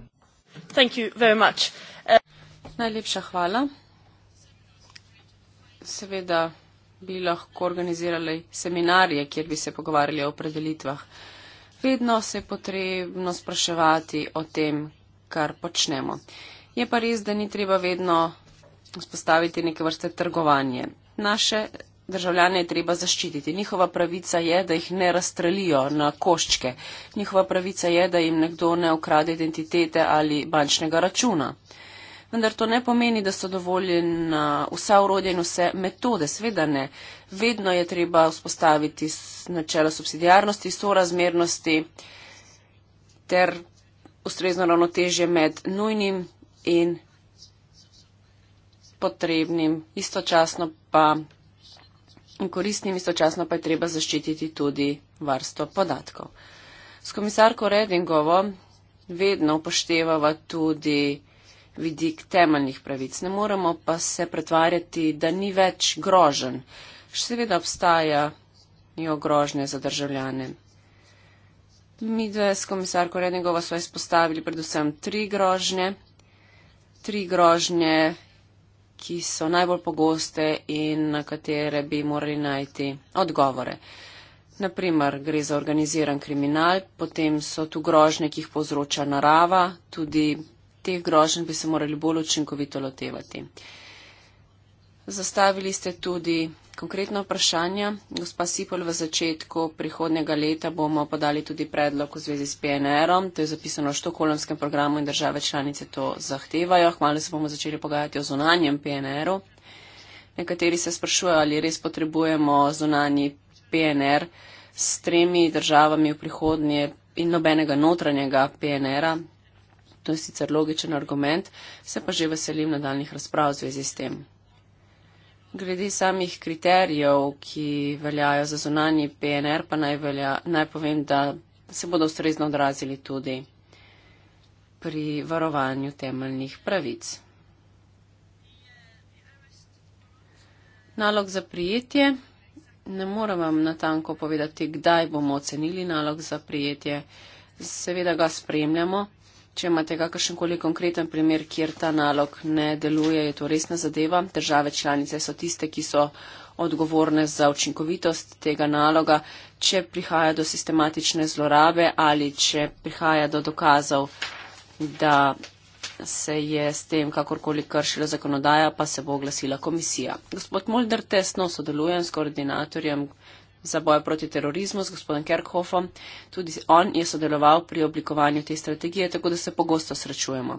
Uh, Najlepša hvala. Seveda bi lahko organizirali seminarje, kjer bi se pogovarjali o opredelitvah. Vedno se je potrebno spraševati o tem, kar počnemo. Je pa res, da ni treba vedno spostaviti neke vrste trgovanje. Naše državljane je treba zaščititi. Njihova pravica je, da jih ne razstrelijo na koščke. Njihova pravica je, da jim nekdo ne ukrade identitete ali bančnega računa. Vendar to ne pomeni, da so dovoljene vsa urodja in vse metode, sveda ne. Vedno je treba vzpostaviti načelo subsidijarnosti, sorazmernosti ter ustrezno ravnotežje med nujnim in potrebnim, istočasno pa koristnim, istočasno pa je treba zaščititi tudi varstvo podatkov. S komisarko Redingovo vedno upoštevava tudi vidik temeljnih pravic. Ne moremo pa se pretvarjati, da ni več grožen. Še seveda obstaja njo grožnje za državljane. Mi dve s komisarko Redingova so izpostavili predvsem tri grožnje. Tri grožnje ki so najbolj pogoste in na katere bi morali najti odgovore. Naprimer, gre za organiziran kriminal, potem so tu grožnje, ki jih povzroča narava, tudi teh grožen bi se morali bolj učinkovito lotevati. Zastavili ste tudi konkretno vprašanje. Gospa Sipol, v začetku prihodnega leta bomo podali tudi predlog v zvezi s PNR-om. To je zapisano v štokolomskem programu in države članice to zahtevajo. Hvala, da se bomo začeli pogajati o zunanjem PNR-u. Nekateri se sprašujejo, ali res potrebujemo zunanji PNR s tremi državami v prihodnje in nobenega notranjega PNR-a. To je sicer logičen argument, se pa že veselim nadaljnih razprav v zvezi s tem. Glede samih kriterijev, ki veljajo za zunani PNR, pa naj, velja, naj povem, da se bodo ustrezno odrazili tudi pri varovanju temeljnih pravic. Nalog za prijetje. Ne morem vam natanko povedati, kdaj bomo ocenili nalog za prijetje. Seveda ga spremljamo. Če imate kakršen koli konkreten primer, kjer ta nalog ne deluje, je to resna zadeva. Države članice so tiste, ki so odgovorne za učinkovitost tega naloga. Če prihaja do sistematične zlorabe ali če prihaja do dokazov, da se je s tem kakorkoli kršila zakonodaja, pa se bo oglasila komisija. Gospod Mulder tesno sodelujem s koordinatorjem za boj proti terorizmu z gospodom Kerkhofom. Tudi on je sodeloval pri oblikovanju te strategije, tako da se pogosto srečujemo.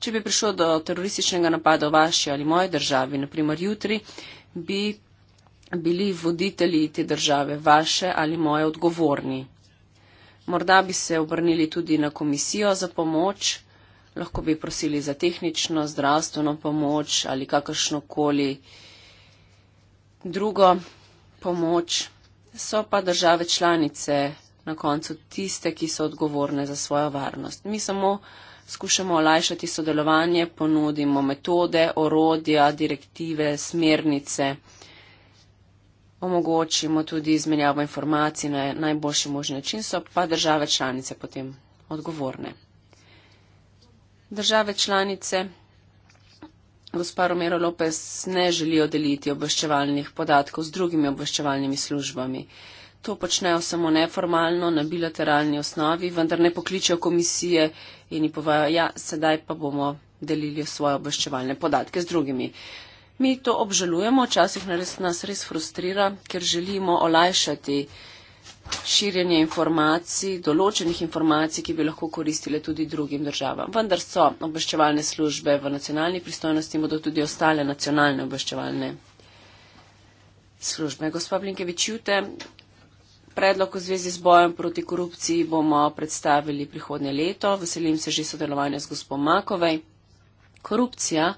Če bi prišlo do terorističnega napada v vaši ali moji državi, naprimer jutri, bi bili voditelji te države vaše ali moje odgovorni. Morda bi se obrnili tudi na komisijo za pomoč, lahko bi prosili za tehnično, zdravstveno pomoč ali kakršnokoli drugo pomoč so pa države članice na koncu tiste, ki so odgovorne za svojo varnost. Mi samo skušamo olajšati sodelovanje, ponudimo metode, orodja, direktive, smernice, omogočimo tudi izmenjavo informacij na najboljši možni način, so pa države članice potem odgovorne. Države članice gospa Romero Lopez ne želi deliti obveščevalnih podatkov z drugimi obveščevalnimi službami. To počnejo samo neformalno, na bilateralni osnovi, vendar ne pokličejo komisije in ji povajo, ja, sedaj pa bomo delili svoje obveščevalne podatke z drugimi. Mi to obžalujemo, včasih nas res frustrira, ker želimo olajšati širjenje informacij, določenih informacij, ki bi lahko koristile tudi drugim državam. Vendar so obveščevalne službe v nacionalni pristojnosti in bodo tudi ostale nacionalne obveščevalne službe. Gospa Blinkevič Jute, predlog v zvezi z bojem proti korupciji bomo predstavili prihodnje leto. Veselim se že sodelovanja z gospo Makovej. Korupcija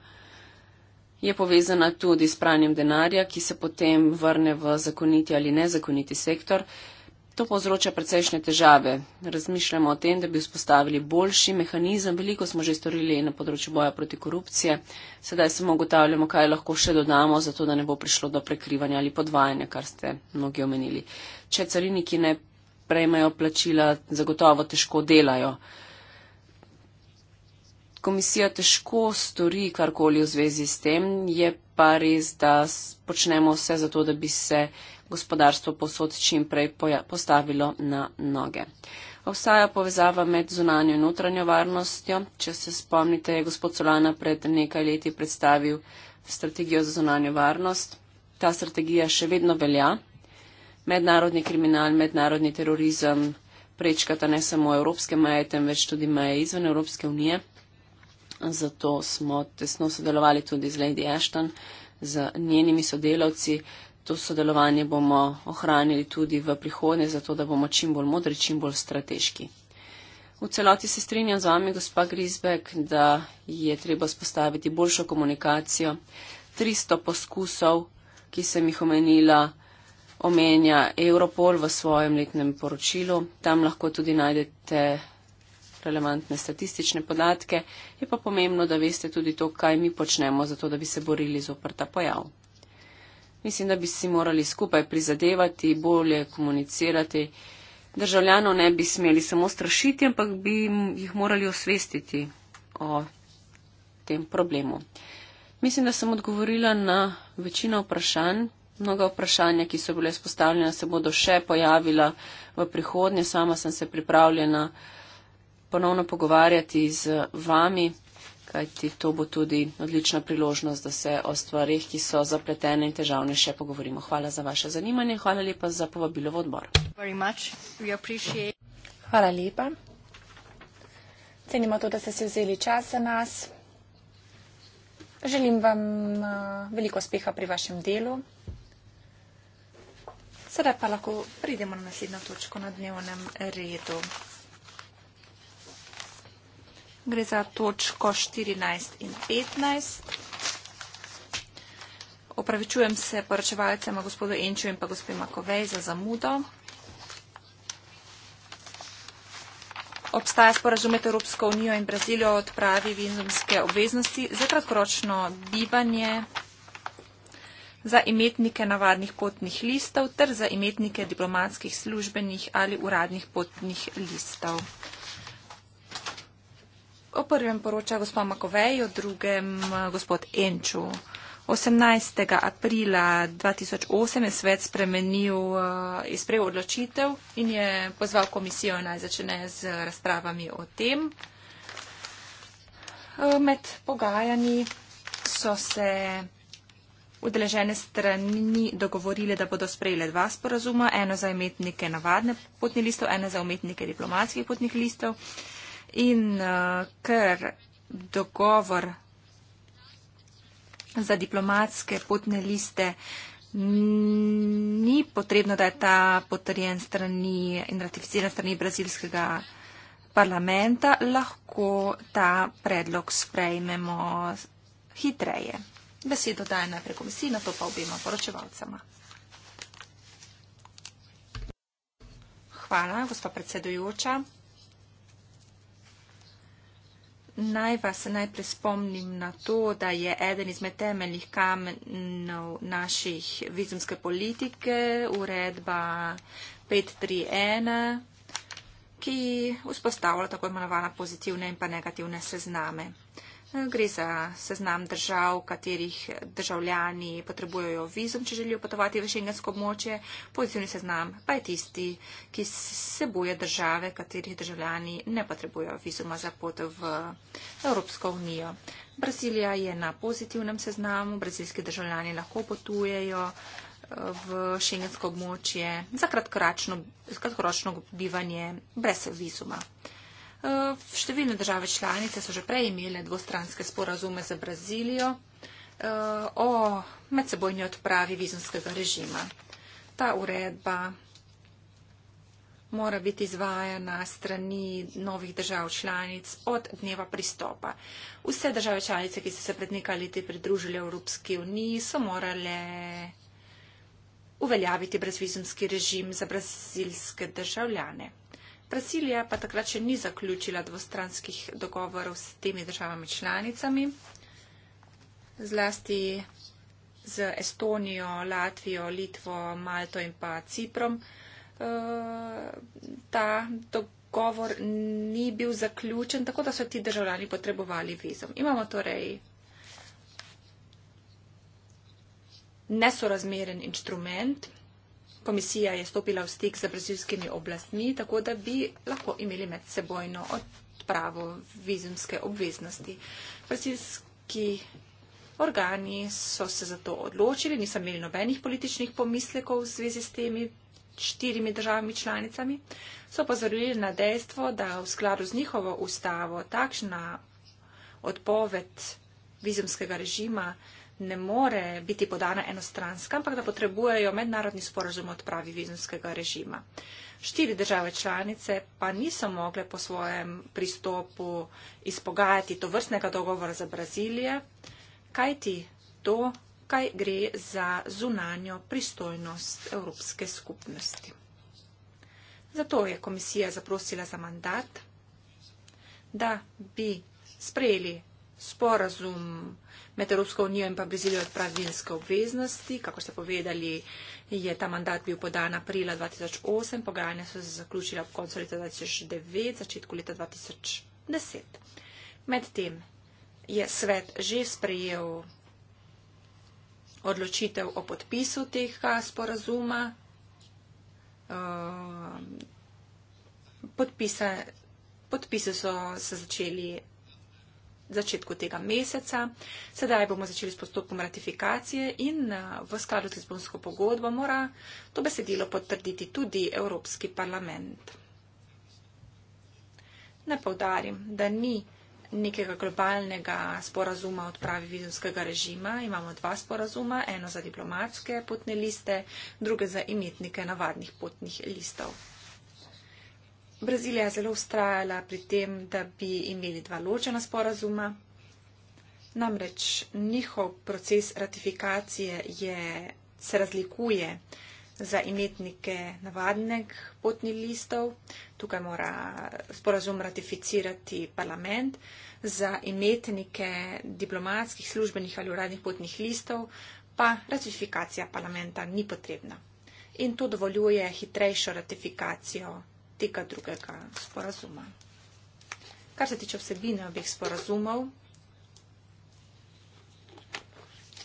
je povezana tudi s pranjem denarja, ki se potem vrne v zakoniti ali nezakoniti sektor. To povzroča precejšnje težave. Razmišljamo o tem, da bi vzpostavili boljši mehanizem. Veliko smo že storili na področju boja proti korupcije. Sedaj samo ugotavljamo, kaj lahko še dodamo, zato da ne bo prišlo do prekrivanja ali podvajanja, kar ste mnogi omenili. Če cariniki ne prejmejo plačila, zagotovo težko delajo. Komisija težko stori karkoli v zvezi s tem, je pa res, da počnemo vse zato, da bi se gospodarstvo posod čim prej postavilo na noge. Obstaja povezava med zunanjo in notranjo varnostjo. Če se spomnite, je gospod Solana pred nekaj leti predstavil strategijo za zunanjo varnost. Ta strategija še vedno velja. Mednarodni kriminal, mednarodni terorizem prečkata ne samo evropske meje, temveč tudi meje izven Evropske unije. Zato smo tesno sodelovali tudi z Lady Ashton, z njenimi sodelavci. To sodelovanje bomo ohranili tudi v prihodnje, zato da bomo čim bolj modri, čim bolj strateški. V celoti se strinjam z vami, gospa Grisbek, da je treba spostaviti boljšo komunikacijo. 300 poskusov, ki sem jih omenila, omenja Europol v svojem letnem poročilu. Tam lahko tudi najdete relevantne statistične podatke. Je pa pomembno, da veste tudi to, kaj mi počnemo, zato da bi se borili z oprta pojav. Mislim, da bi si morali skupaj prizadevati, bolje komunicirati. Državljano ne bi smeli samo strašiti, ampak bi jih morali osvestiti o tem problemu. Mislim, da sem odgovorila na večino vprašanj. Mnoga vprašanja, ki so bile spostavljena, se bodo še pojavila v prihodnje. Sama sem se pripravljena ponovno pogovarjati z vami kajti to bo tudi odlična priložnost, da se o stvarih, ki so zapletene in težavne, še pogovorimo. Hvala za vaše zanimanje, hvala lepa za povabilo v odbor. Hvala lepa. Cenimo to, da ste si vzeli čas za nas. Želim vam eh, veliko uspeha pri vašem delu. Sedaj pa lahko pridemo na naslednjo točko na dnevnem redu gre za točko 14 in 15. Opravičujem se poračevalcema gospodu Enču in pa gospe Makovej za zamudo. Obstaja sporazum med Evropsko unijo in Brazilijo odpravi vizumske obveznosti za kratkoročno bivanje za imetnike navadnih potnih listov ter za imetnike diplomatskih službenih ali uradnih potnih listov. O prvem poroča gospod Makovej, o drugem eh, gospod Enču. 18. aprila 2008 je svet spremenil uh, eh, iz prej odločitev in je pozval komisijo naj začne z razpravami o tem. Uh, med pogajanji so se udeležene strani dogovorile, da bodo sprejele dva sporazuma, eno za imetnike navadne potnih listov, eno za imetnike diplomatskih potnih listov. Uh, in uh, ker dogovor za diplomatske potne liste ni potrebno, da je ta potrjen strani in ratificiran strani brazilskega parlamenta, lahko ta predlog sprejmemo hitreje. Besedo daje najprej komisiji, na to pa obema poročevalcama. Hvala, gospod predsedujoča. Naj vas najprej spomnim na to, da je eden izmed temeljnih kamenov naših vizumske politike uredba 531, ki vzpostavlja tako imenovana pozitivne in pa negativne sezname. Gre za seznam držav, katerih državljani potrebujejo vizum, če želijo potovati v šengensko območje. Pozitivni seznam pa je tisti, ki sebuje države, katerih državljani ne potrebujejo vizuma za pot v Evropsko unijo. Brazilija je na pozitivnem seznamu, brazilski državljani lahko potujejo eh, v šengensko območje za kratkoročno, kratkoročno bivanje brez vizuma. Eh, številne države članice so že prej imele dvostranske sporazume za Brazilijo eh, o medsebojni odpravi vizumskega režima. Ta uredba mora biti izvajana strani novih držav članic od dneva pristopa. Vse države članice, ki so se pred nekaj leti pridružili Evropski uniji, so morale uveljaviti brezvizumski režim za brazilske državljane. Brazilija pa takrat še ni zaključila dvostranskih dogovorov s temi državami članicami, zlasti z Estonijo, Latvijo, Litvo, Malto in pa Ciprom. Eh, ta dogovor ni bil zaključen, tako da so ti državljani potrebovali vizum. Imamo torej nesorazmeren inštrument Komisija je stopila v stik z brazilskimi oblastmi, tako da bi lahko imeli medsebojno odpravo vizumske obveznosti. Brazilski organi so se za to odločili, niso imeli nobenih političnih pomislekov v zvezi s temi štirimi državami članicami. So pozorili na dejstvo, da v skladu z njihovo ustavo takšna odpoved vizumskega režima ne more biti podana enostranska, ampak da potrebujejo mednarodni sporazum o odpravi vizumskega režima. Štiri države članice pa niso mogle po svojem pristopu izpogajati to vrstnega dogovora za Brazilije, kaj ti to, kaj gre za zunanjo pristojnost Evropske skupnosti. Zato je komisija zaprosila za mandat, da bi sprejeli sporazum med Evropsko unijo in pa Brazilijo odpravinske obveznosti. Kako ste povedali, je ta mandat bil podan aprila 2008, pogajanja so se zaključila ob koncu leta 2009, začetku leta 2010. Medtem je svet že sprejel odločitev o podpisu tega sporazuma. Ehm, podpise, podpise so se začeli začetku tega meseca. Sedaj bomo začeli s postopkom ratifikacije in eh, v skladu z izbonsko pogodbo mora to besedilo potrditi tudi Evropski parlament. Ne povdarim, da ni nekega globalnega sporazuma odpravi vizumskega režima. Imamo dva sporazuma, eno za diplomatske potne liste, druge za imetnike navadnih potnih listov. Brazilija je zelo ustrajala pri tem, da bi imeli dva ločena sporazuma. Namreč njihov proces ratifikacije je, se razlikuje za imetnike navadnih potnih listov. Tukaj mora sporazum ratificirati parlament. Za imetnike diplomatskih, službenih ali uradnih potnih listov pa ratifikacija parlamenta ni potrebna. In to dovoljuje hitrejšo ratifikacijo tega drugega sporazuma. Kar se tiče vsebine obih sporazumov,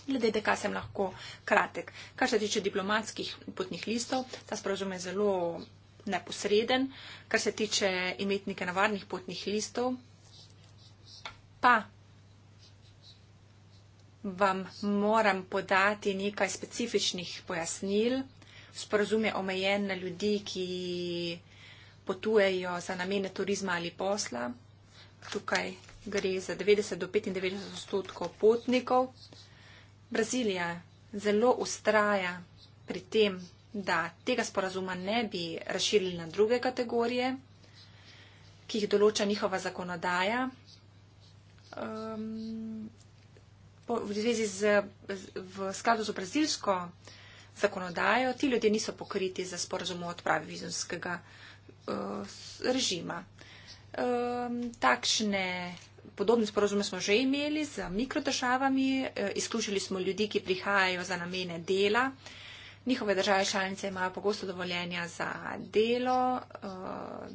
glede tega sem lahko kratek. Kar se tiče diplomatskih potnih listov, ta sporazum je zelo neposreden. Kar se tiče imetnike navadnih potnih listov, pa vam moram podati nekaj specifičnih pojasnil. Sporazum je omejen na ljudi, ki potujejo za namene turizma ali posla. Tukaj gre za 90 do 95 odstotkov potnikov. Brazilija zelo ustraja pri tem, da tega sporazuma ne bi razširili na druge kategorije, ki jih določa njihova zakonodaja. Um, v zvezi z, v skladu z brazilsko zakonodajo, ti ljudje niso pokriti za sporazum o odpravi vizumskega uh, režima. Um, takšne podobne sporozume smo že imeli z mikrodržavami, uh, izključili smo ljudi, ki prihajajo za namene dela. Njihove države članice imajo pogosto dovoljenja za delo, uh,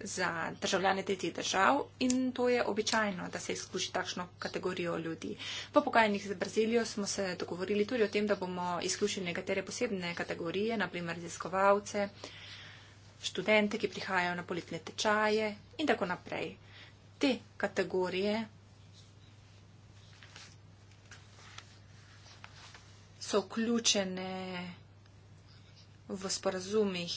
za državljane tretjih držav in to je običajno, da se izključi takšno kategorijo ljudi. Po pogajanjih z Brazilijo smo se dogovorili tudi o tem, da bomo izključili nekatere posebne kategorije, naprimer raziskovalce. Uh, študente, ki prihajajo na poletne tečaje in tako naprej. Te kategorije so vključene v sporazumih,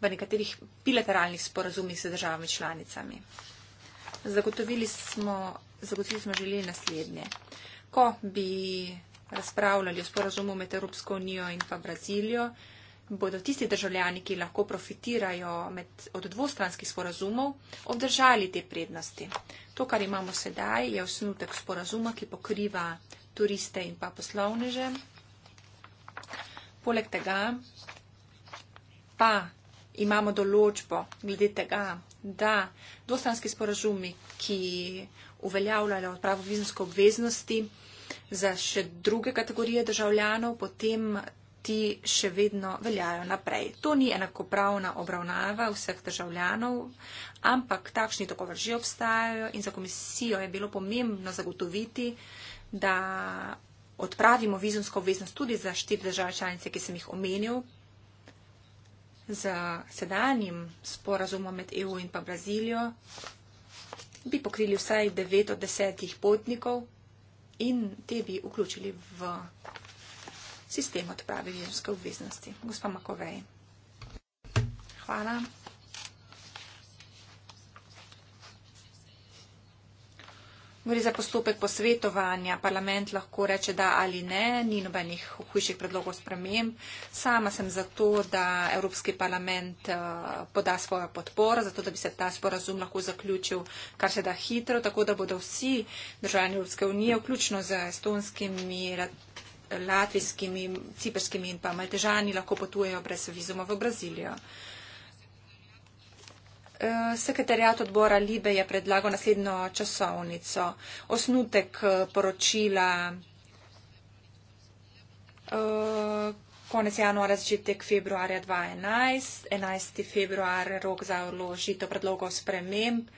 v nekaterih bilateralnih sporazumih s državami članicami. Zagotovili smo, zagotovili smo želeli naslednje. Ko bi razpravljali o sporazumu med Evropsko unijo in pa Brazilijo, bodo tisti državljani, ki lahko profitirajo med, od dvostranskih sporazumov, obdržali te prednosti. To, kar imamo sedaj, je osnutek sporazuma, ki pokriva turiste in pa poslovneže. Poleg tega pa imamo določbo glede tega, da dvostranski sporazumi, ki uveljavljajo pravo vizumsko obveznosti za še druge kategorije državljanov, potem ti še vedno veljajo naprej. To ni enakopravna obravnava vseh državljanov, ampak takšni dogovor že obstajajo in za komisijo je bilo pomembno zagotoviti, da odpravimo vizumsko obveznost tudi za štiri države članice, ki sem jih omenil. Z sedanjim sporazumom med EU in pa Brazilijo bi pokrili vsaj 9 od 10 potnikov in te bi vključili v sistem odprave vizumske obveznosti. Gospa Makovej. Hvala. Gori za postopek posvetovanja. Parlament lahko reče da ali ne. Ni nobenih hujših predlogov sprememb. Sama sem zato, da Evropski parlament eh, poda svojo podporo, zato da bi se ta sporazum lahko zaključil kar se da hitro, tako da bodo vsi državljani Evropske unije, vključno z estonskimi latvijskimi, ciperskimi in pa maltežani lahko potujejo brez vizuma v Brazilijo. E, Sekretarjat odbora Libe je predlagal naslednjo časovnico. Osnutek e, poročila e, konec januarja, začetek februarja 2011, 11. februar, rok za odložitev predlogov sprememb,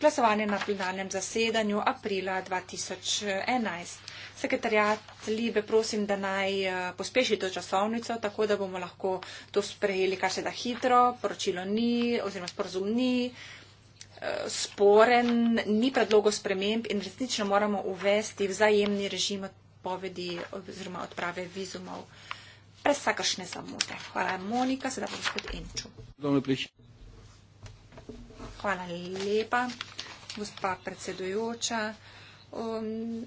glasovanje na plenarnem zasedanju aprila 2011 sekretarjat Libe prosim, da naj eh, pospeši to časovnico, tako da bomo lahko to sprejeli kar se da hitro. Poročilo ni oziroma sporozum ni eh, sporen, ni predlogo sprememb in resnično moramo uvesti vzajemni režim odpovedi oziroma odprave vizumov. Prez vsakašne zamude. Hvala, Monika, sedaj pa gospod Enču. Hvala lepa, gospa predsedujoča. Um,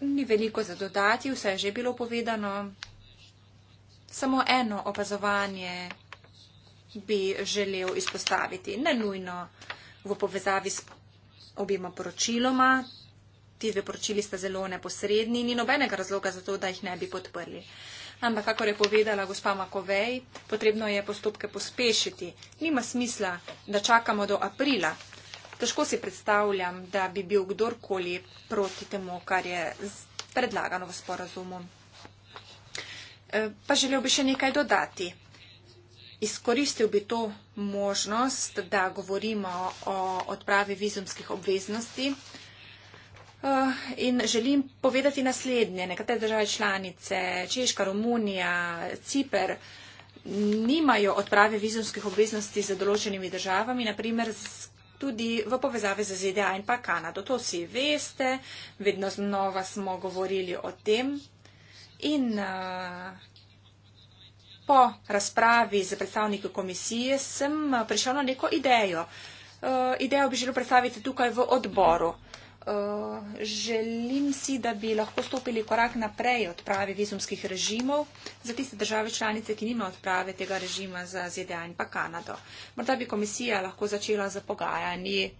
Ni veliko za dodati, vse je že bilo povedano. Samo eno opazovanje bi želel izpostaviti, ne nujno v povezavi s objema poročiloma. Ti dve poročili sta zelo neposredni, ni nobenega razloga za to, da jih ne bi podprli. Ampak, kako je povedala gospa Makovej, potrebno je postopke pospešiti. Nima smisla, da čakamo do aprila, Težko si predstavljam, da bi bil kdorkoli proti temu, kar je predlagano v sporazumu. E, pa želel bi še nekaj dodati. Izkoristil bi to možnost, da govorimo o odpravi vizumskih obveznosti. E, in želim povedati naslednje. Nekatere države članice, Češka, Romunija, Ciper, nimajo odprave vizumskih obveznosti z določenimi državami, naprimer z tudi v povezavi z ZDA in pa Kanado. To vsi veste, vedno znova smo govorili o tem. In uh, po razpravi z predstavniki komisije sem eh, prišel na neko idejo. Uh, idejo bi želel predstaviti tukaj v odboru. Uh, Eh, želim si, da bi lahko stopili korak naprej odprave vizumskih režimov za tiste države članice, ki nima odprave tega režima za ZDA in pa Kanado. Morda bi komisija lahko začela za pogajanji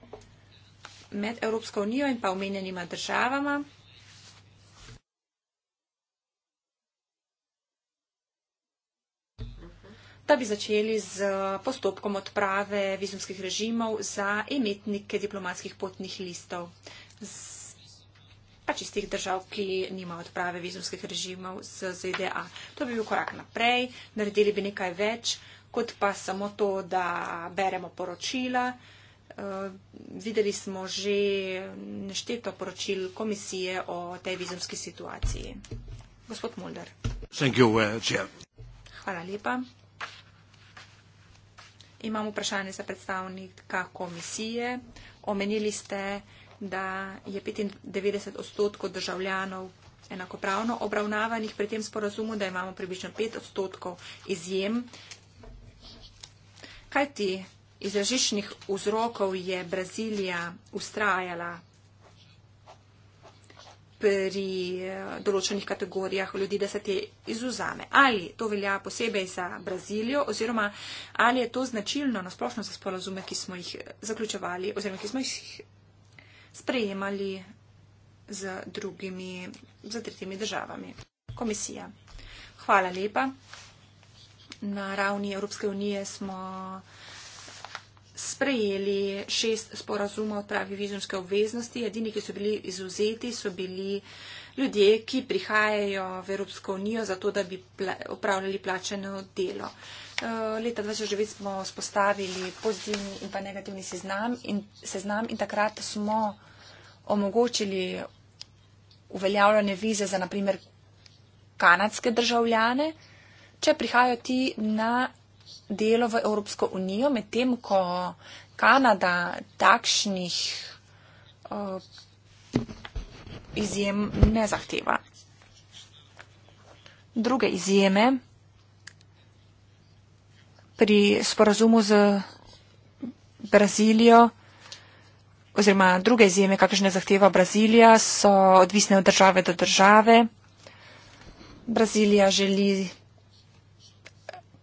med Evropsko unijo in pa omenjenima državama. da bi začeli z postopkom odprave vizumskih režimov za imetnike diplomatskih potnih listov z, pač iz tih držav, ki nimajo odprave vizumskih režimov z ZDA. To bi bil korak naprej, naredili bi nekaj več, kot pa samo to, da beremo poročila. Uh, videli smo že nešteto poročil komisije o tej vizumski situaciji. Gospod Mulder. You, uh, Hvala lepa. Imamo vprašanje za predstavnika komisije. Omenili ste, da je 95 odstotkov državljanov enakopravno obravnavanih pri tem sporazumu, da imamo približno 5 odstotkov izjem. Kaj ti iz različnih vzrokov je Brazilija ustrajala pri eh, določenih kategorijah ljudi, da se te izuzame? Ali to velja posebej za Brazilijo oziroma ali je to značilno nasplošno za sporazume, ki smo jih eh, zaključevali oziroma ki smo jih sprejemali z drugimi, z tretjimi državami. Komisija. Hvala lepa. Na ravni Evropske unije smo sprejeli šest sporazumov o odpravi vizumske obveznosti. Edini, ki so bili izuzeti, so bili ljudje, ki prihajajo v Evropsko unijo zato, da bi pla opravljali plačeno delo. Eh, leta 2009 smo spostavili pozitivni in pa negativni seznam in, seznam in takrat smo omogočili uveljavljanje vize za naprimer kanadske državljane, če prihajajo ti na delo v Evropsko unijo, medtem ko Kanada takšnih uh, izjem ne zahteva. Druge izjeme pri sporazumu z Brazilijo oziroma druge izjeme, kakšne zahteva Brazilija, so odvisne od države do države. Brazilija želi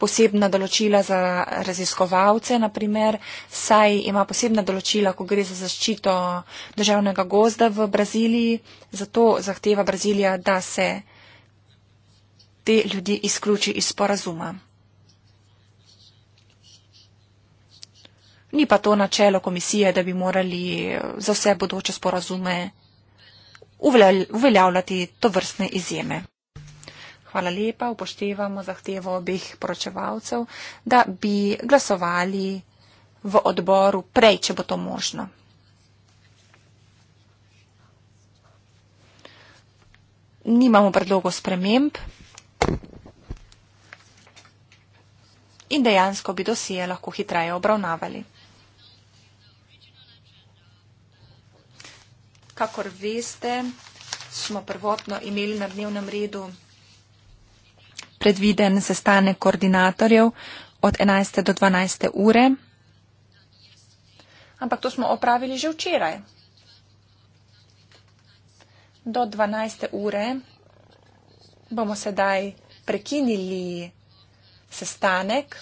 posebna določila za raziskovalce, naprimer, saj ima posebna določila, ko gre za zaščito državnega gozda v Braziliji, zato zahteva Brazilija, da se te ljudi izključi iz sporazuma. Ni pa to načelo komisije, da bi morali eh, za vse bodoče sporazume uveljavljati to vrstne izjeme. Hvala lepa, upoštevamo zahtevo obeh poročevalcev, da bi glasovali v odboru prej, če bo to možno. Nimamo predlogov sprememb in dejansko bi dosije lahko hitreje obravnavali. Kakor veste, smo prvotno imeli na dnevnem redu predviden sestanek koordinatorjev od 11. do 12. ure, ampak to smo opravili že včeraj. Do 12. ure bomo sedaj prekinili sestanek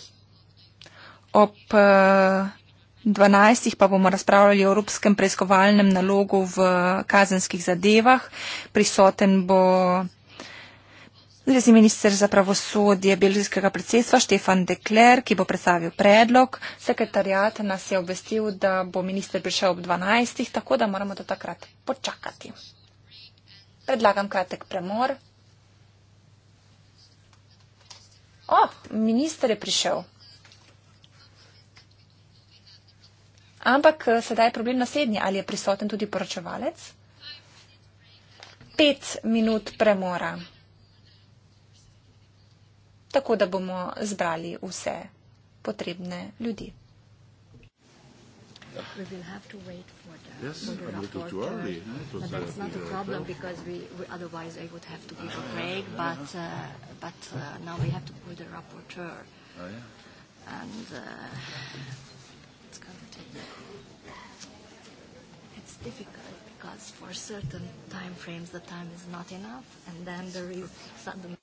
ob eh, 12. pa bomo razpravljali o Evropskem preiskovalnem nalogu v kazenskih zadevah. Prisoten bo zvezdni minister za pravosodje belgijskega predsedstva Štefan Dekler, ki bo predstavil predlog. Sekretarjat nas je obvestil, da bo minister prišel ob 12. tako da moramo do takrat počakati. Predlagam kratek premor. O, oh, minister je prišel. Ampak eh, sedaj je problem naslednji, ali je prisoten tudi poročevalec? Pet minut premora, tako da bomo zbrali vse potrebne ljudi. Yes, It's difficult because for certain time frames the time is not enough and then there is suddenly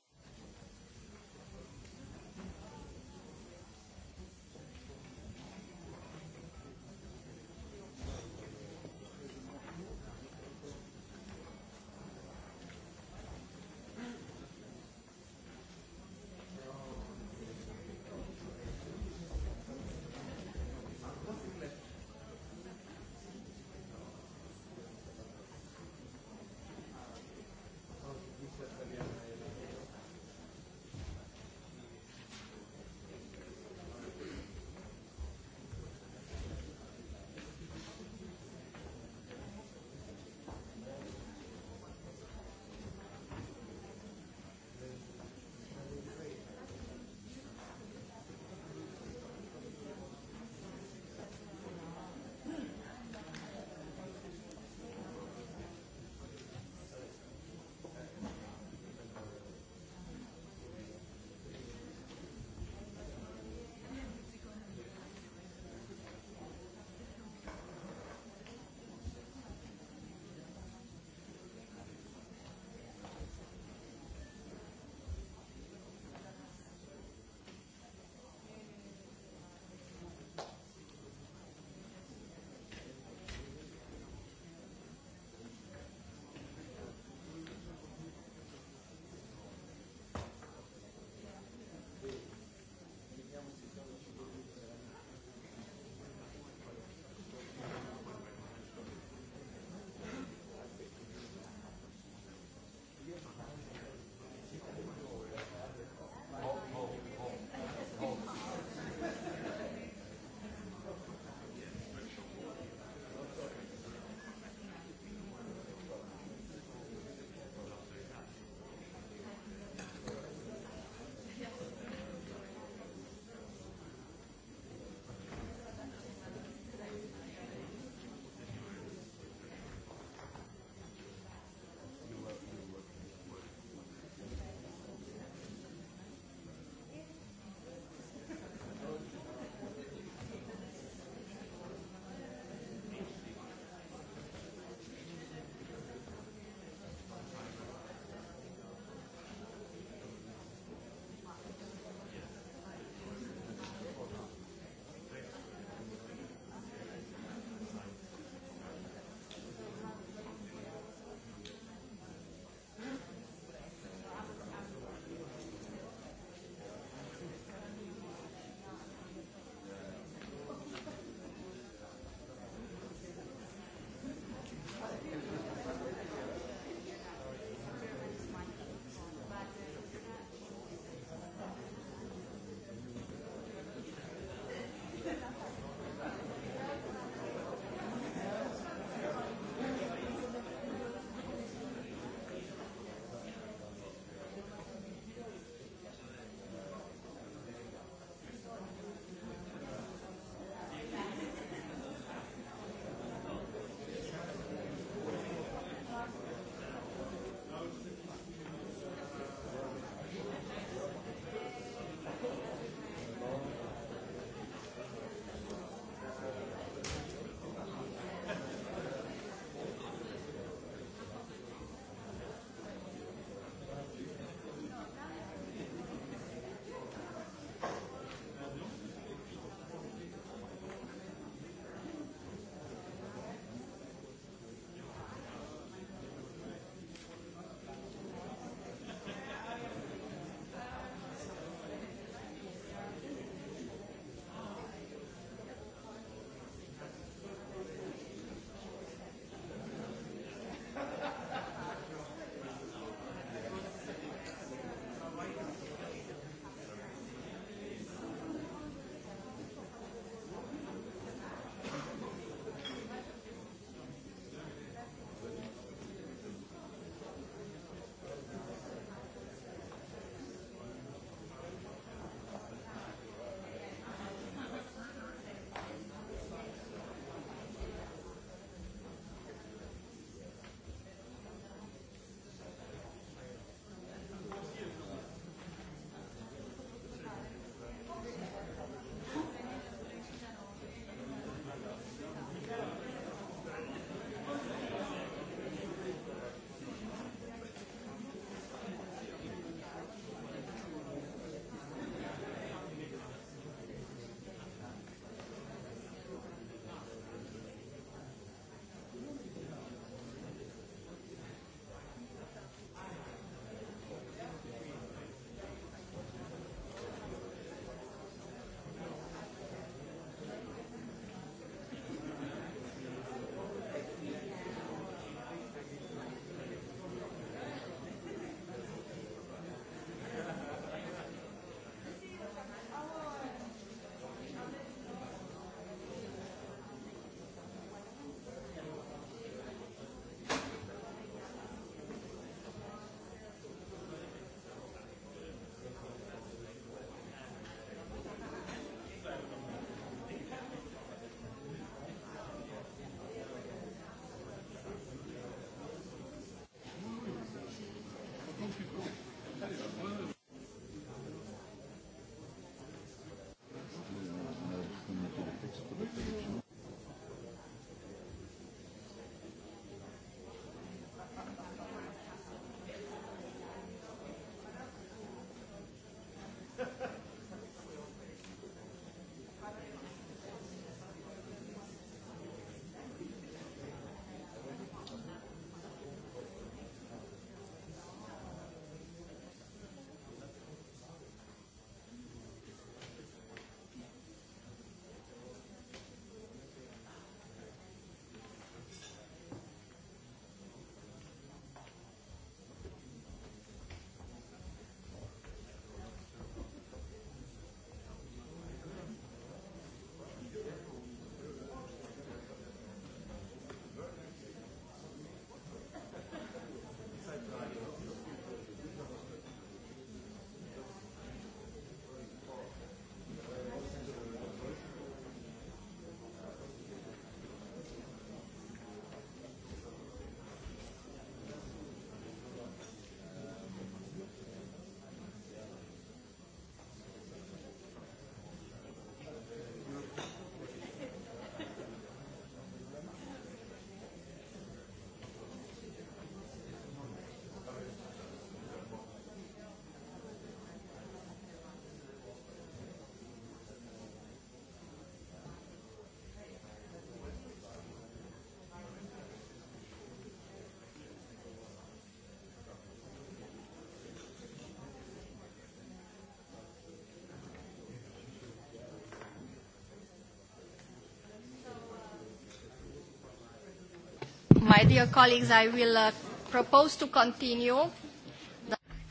dear colleagues, I will uh, propose to continue.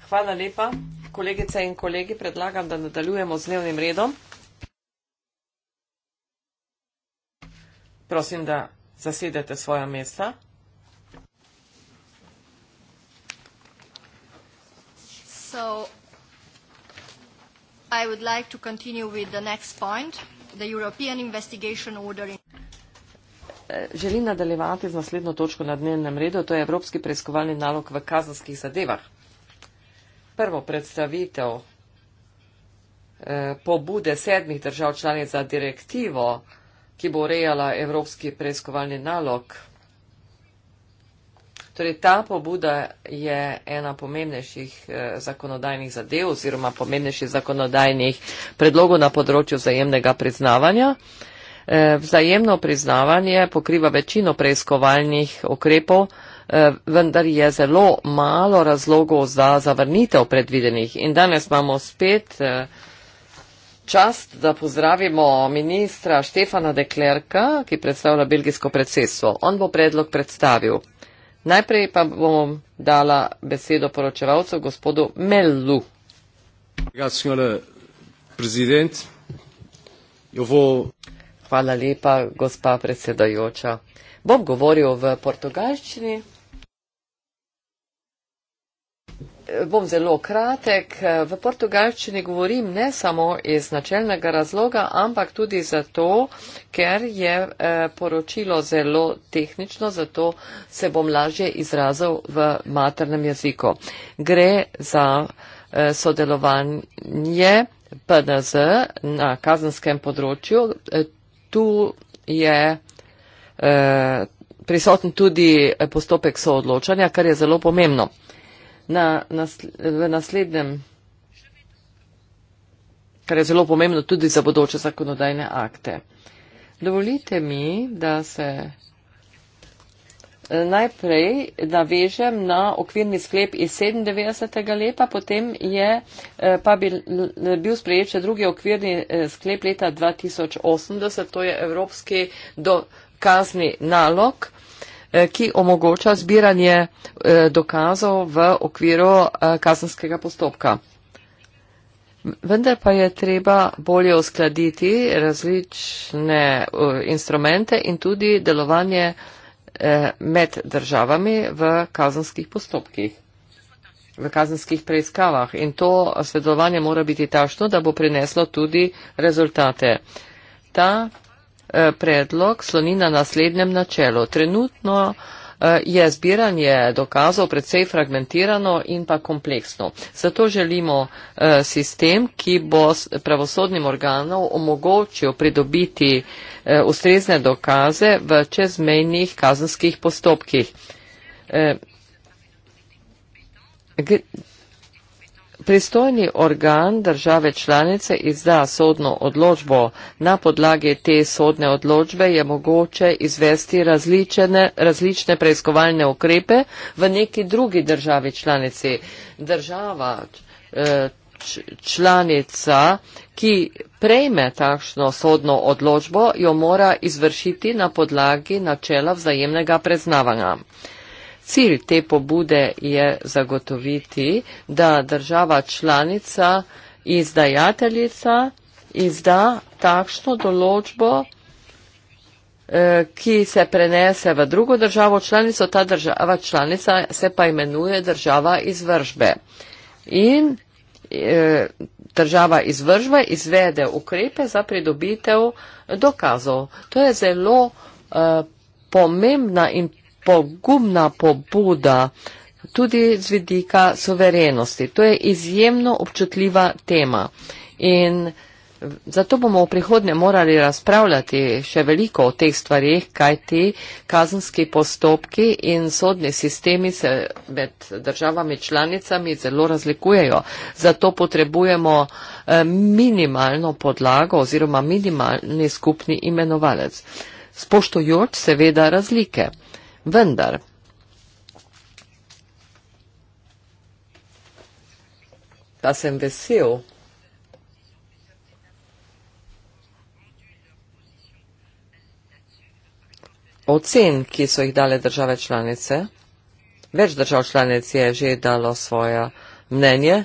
Hvala lepa. Kolegice in kolegi, predlagam, da nadaljujemo z dnevnim redom. Prosim, da zasedete svoja mesta. So, I would like to continue with the next point, the European Investigation Order in Želim nadaljevati z naslednjo točko na dnevnem redu, to je Evropski preiskovalni nalog v kazanskih zadevah. Prvo predstavitev eh, pobude sedmih držav članic za direktivo, ki bo urejala Evropski preiskovalni nalog. Torej, ta pobuda je ena pomembnejših eh, zakonodajnih zadev oziroma pomembnejših zakonodajnih predlogov na področju vzajemnega priznavanja. Eh, vzajemno priznavanje pokriva večino preiskovalnih ukrepov, eh, vendar je zelo malo razlogov za zavrnitev predvidenih. In danes imamo spet eh, čast, da pozdravimo ministra Štefana Deklerka, ki predstavlja belgijsko predsedstvo. On bo predlog predstavil. Najprej pa bom dala besedo poročevalcu gospodu Mellu. Gospod predsednik, jo bo. Hvala lepa, gospa predsedajoča. Bom govoril v portugalščini. Bom zelo kratek. V portugalščini govorim ne samo iz načelnega razloga, ampak tudi zato, ker je eh, poročilo zelo tehnično, zato se bom lažje izrazil v maternem jeziku. Gre za eh, sodelovanje PNZ na kazenskem področju eh, tu je eh, prisoten tudi postopek soodločanja, kar je zelo pomembno. Na, nas, v naslednjem, kar je zelo pomembno tudi za bodoče zakonodajne akte. Dovolite mi, da se najprej navežem na okvirni sklep iz 97. leta, potem je eh, pa bil, eh, bil sprejet še drugi okvirni eh, sklep leta 2080, to je evropski dokazni nalog, ki omogoča zbiranje dokazov v okviru kazanskega postopka. Vendar pa je treba bolje uskladiti različne instrumente in tudi delovanje uh, Eh, med državami v kazanskih postopkih, v kazanskih preiskavah. In to svedovanje mora biti tašno, da bo prineslo tudi rezultate. Ta eh, predlog sloni na naslednjem načelu. Trenutno eh, je zbiranje dokazov predvsej fragmentirano in pa kompleksno. Zato želimo sistem, ki bo pravosodnim organom omogočil pridobiti Eh, ustrezne dokaze v čezmejnih kazanskih postopkih. Eh, Pristojni organ države članice izda sodno odločbo. Na podlagi te sodne odločbe je mogoče izvesti različne, različne preiskovalne ukrepe v neki drugi državi članici. Država eh, članica, ki prejme takšno sodno odločbo, jo mora izvršiti na podlagi načela vzajemnega preznavanja. Cilj te pobude je zagotoviti, da država članica izdajateljica izda takšno določbo, eh, ki se prenese v drugo državo članico, ta država članica se pa imenuje država izvržbe. In Eh, država izvržva izvede ukrepe za pridobitev dokazov. To je zelo eh, pomembna in pogumna pobuda tudi z vidika suverenosti. To je izjemno občutljiva tema. In Zato bomo v prihodnje morali razpravljati še veliko o teh stvarih, kaj ti kazenski postopki in sodni sistemi se med državami članicami zelo razlikujejo. Zato potrebujemo eh, minimalno podlago oziroma minimalni skupni imenovalec. Spoštojoč seveda razlike. Vendar. Pa sem vesel, ocen, ki so jih dale države članice. Več držav članic je že dalo svoje mnenje.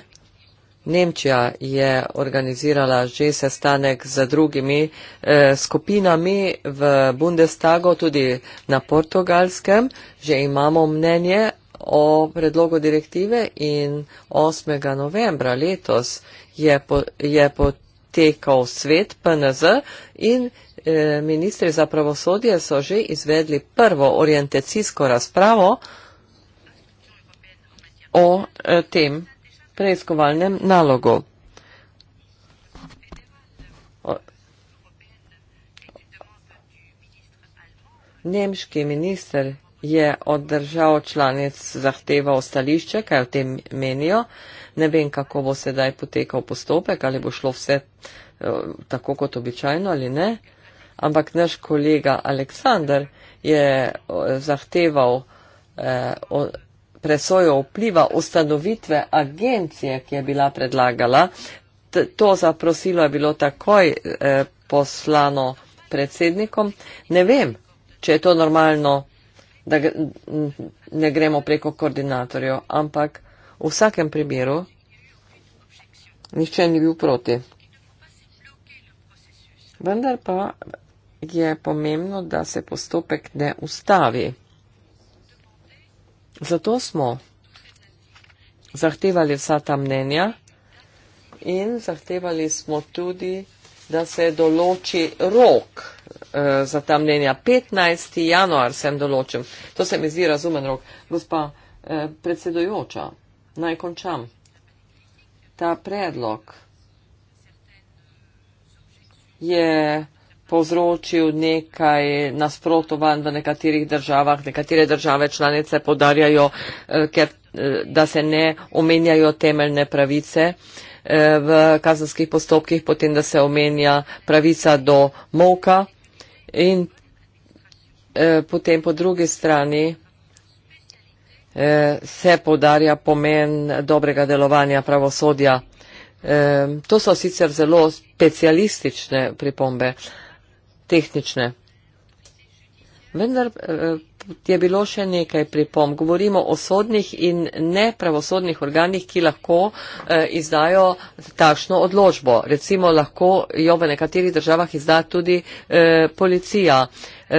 Nemčija je organizirala že sestanek z drugimi eh, skupinami v Bundestagu, tudi na portugalskem. Že imamo mnenje o predlogu direktive in 8. novembra letos je, po, je potekal svet PNZ in Eh, ministri za pravosodje so že izvedli prvo orientacijsko razpravo o eh, tem preiskovalnem nalogu. Nemški minister je od držav članic zahteval stališče, kaj o tem menijo. Ne vem, kako bo sedaj potekal postopek, ali bo šlo vse eh, tako kot običajno ali ne ampak naš kolega Aleksandr je zahteval eh, o, presojo vpliva ustanovitve agencije, ki je bila predlagala. T to zaprosilo je bilo takoj eh, poslano predsednikom. Ne vem, če je to normalno, da ne gremo preko koordinatorjev, ampak v vsakem primeru nišče ni bil proti. Vendar pa je pomembno, da se postopek ne ustavi. Zato smo zahtevali vsa ta mnenja in zahtevali smo tudi, da se določi rok e, za ta mnenja. 15. januar sem določil. To se mi zdi razumen rok. Gospa e, eh, predsedojoča, naj končam. Ta predlog je povzročil nekaj nasprotovanj v nekaterih državah. Nekatere države članice podarjajo, eh, ker, eh, da se ne omenjajo temeljne pravice eh, v kazenskih postopkih, potem da se omenja pravica do moka in potem po drugi strani se podarja pomen dobrega delovanja pravosodja. To so sicer zelo specialistične pripombe, tehnične. Vendar eh, je bilo še nekaj pripom. Govorimo o sodnih in nepravosodnih organih, ki lahko eh, izdajo takšno odložbo. Recimo lahko jo v nekaterih državah izda tudi eh, policija.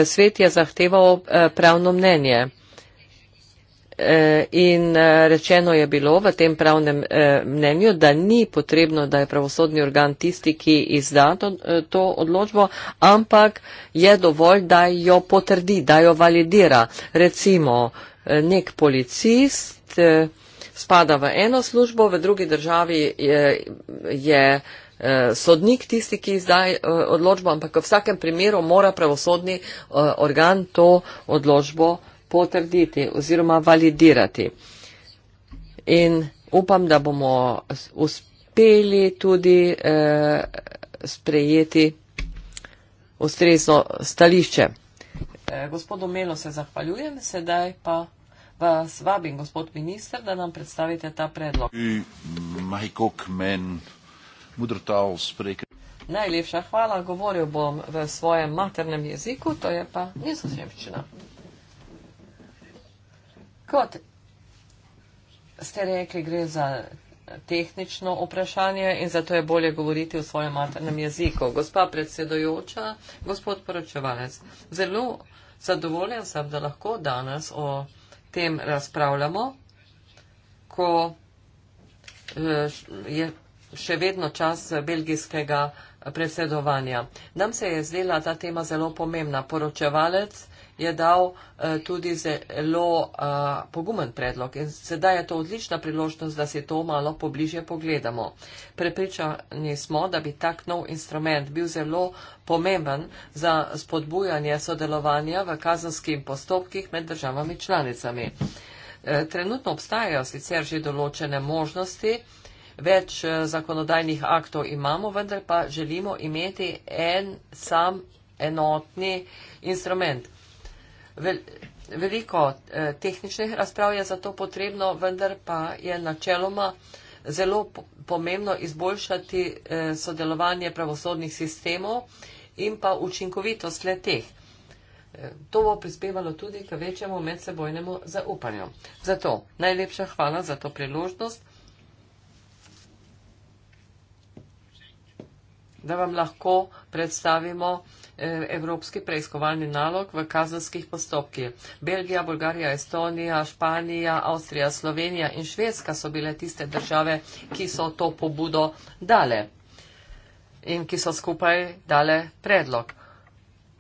Svet je zahteval pravno mnenje. E, in e, rečeno je bilo v tem pravnem e, mnenju, da ni potrebno, da je pravosodni organ tisti, ki izda to, to odločbo, ampak je dovolj, da jo potrdi, da jo validira. Recimo, nek policist spada v eno službo, v drugi državi je. je sodnik tisti, ki izda odločbo, ampak v vsakem primeru mora pravosodni organ to odločbo potrditi oziroma validirati. In upam, da bomo uspeli tudi eh, sprejeti ustrezno stališče. Eh, gospodu Melo se zahvaljujem, sedaj pa vas vabim, gospod minister, da nam predstavite ta predlog. Najlepša hvala, govoril bom v svojem maternem jeziku, to je pa nizozemščina. Kot ste rekli, gre za tehnično vprašanje in zato je bolje govoriti v svojem maternem jeziku. Gospa predsedojoča, gospod poročevalec, zelo zadovoljen sem, da lahko danes o tem razpravljamo, ko eh, je še vedno čas belgijskega predsedovanja. Nam se je zdela ta tema zelo pomembna. Poročevalec je dal eh, tudi zelo eh, pogumen predlog in sedaj je to odlična priložnost, da si to malo pobliže pogledamo. Prepričani smo, da bi tak nov instrument bil zelo pomemben za spodbujanje sodelovanja v kazanskih postopkih med državami članicami. Eh, trenutno obstajajo sicer že določene možnosti, Več eh, zakonodajnih aktov imamo, vendar pa želimo imeti en sam enotni instrument, vel, veliko eh, tehničnih razprav je za to potrebno, vendar pa je načeloma zelo pomembno izboljšati eh, sodelovanje pravosodnih sistemov in pa učinkovitost le teh. Eh, to bo prispevalo tudi k večjemu medsebojnemu zaupanju. Zato najlepša hvala za to priložnost, da vam lahko predstavimo eh, evropski preiskovalni nalog v kazenskih postopkih. Belgija, Bolgarija, Estonija, Španija, Avstrija, Slovenija in Švedska so bile tiste države, ki so to pobudo dale in ki so skupaj dale predlog.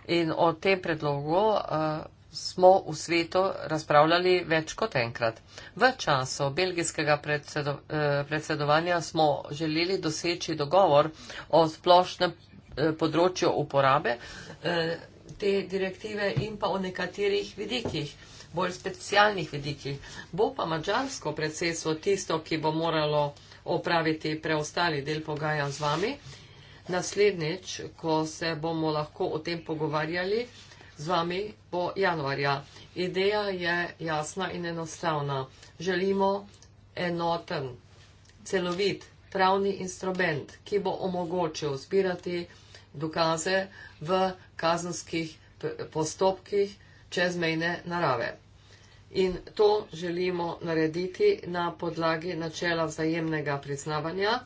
In o tem predlogu eh, smo v svetu razpravljali več kot enkrat. V času belgijskega predsedo, eh, predsedovanja smo želeli doseči dogovor o splošnem Eh, področju uporabe eh, te direktive in pa o nekaterih vidikih, bolj specialnih vidikih. Bo pa mađarsko predsedstvo tisto, ki bo moralo opraviti preostali del pogaja z vami. Naslednjič, ko se bomo lahko o tem pogovarjali z vami, bo januarja. Ideja je jasna in enostavna. Želimo enoten, celovit pravni instrument, ki bo omogočil zbirati dokaze v kazenskih postopkih čezmejne narave. In to želimo narediti na podlagi načela vzajemnega priznavanja,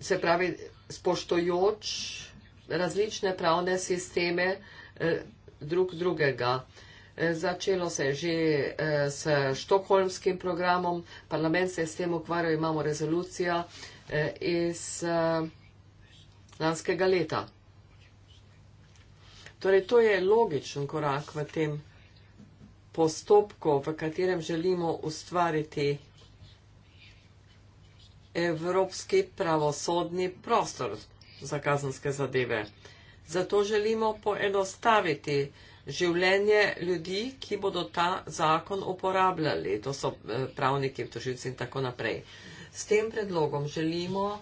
se pravi, spoštojoč različne pravne sisteme eh, drug drugega. Eh, začelo se je že eh, s štokholmskim programom, parlament se je s tem ukvarjal, imamo rezolucija iz lanskega leta. Torej, to je logičen korak v tem postopku, v katerem želimo ustvariti evropski pravosodni prostor za kazenske zadeve. Zato želimo poenostaviti življenje ljudi, ki bodo ta zakon uporabljali. To so eh, pravniki, tožilci in tako naprej. S tem predlogom želimo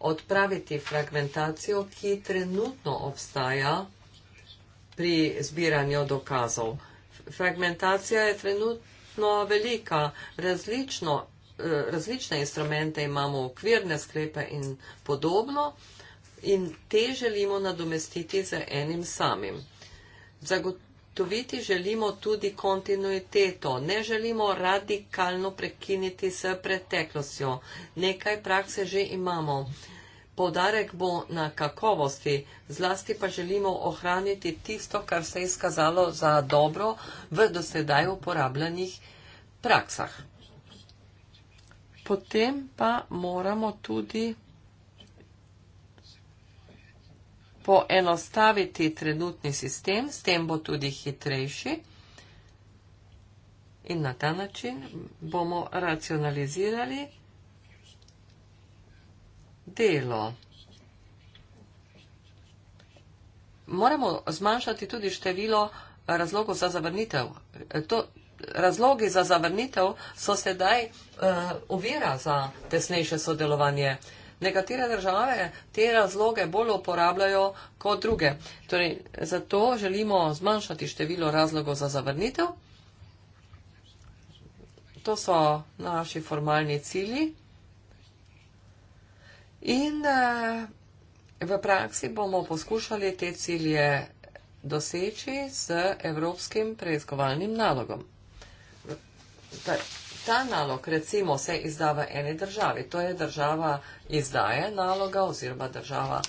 odpraviti fragmentacijo, ki trenutno obstaja pri zbiranju dokazov. Fragmentacija je trenutno velika, različno, eh, različne instrumente imamo, okvirne sklepe in podobno in te želimo nadomestiti z enim samim. Zagotovo Zagotoviti želimo tudi kontinuiteto, ne želimo radikalno prekiniti s preteklostjo. Nekaj prakse že imamo. Podarek bo na kakovosti, zlasti pa želimo ohraniti tisto, kar se je izkazalo za dobro v dosedaj uporabljenih praksah. Potem pa moramo tudi poenostaviti trenutni sistem, s tem bo tudi hitrejši. In na ta način bomo racionalizirali delo. Moramo zmanjšati tudi število razlogov za zavrnitev. To, razlogi za zavrnitev so sedaj uh, eh, uvira za tesnejše sodelovanje. Uh, Nekatere države te razloge bolj uporabljajo kot druge. Torej, zato želimo zmanjšati število razlogov za zavrnitev. To so naši formalni cilji. In eh, v praksi bomo poskušali te cilje doseči z evropskim preiskovalnim nalogom. Torej, ta nalog recimo se izda v eni državi, to je država izdaje naloga oziroma država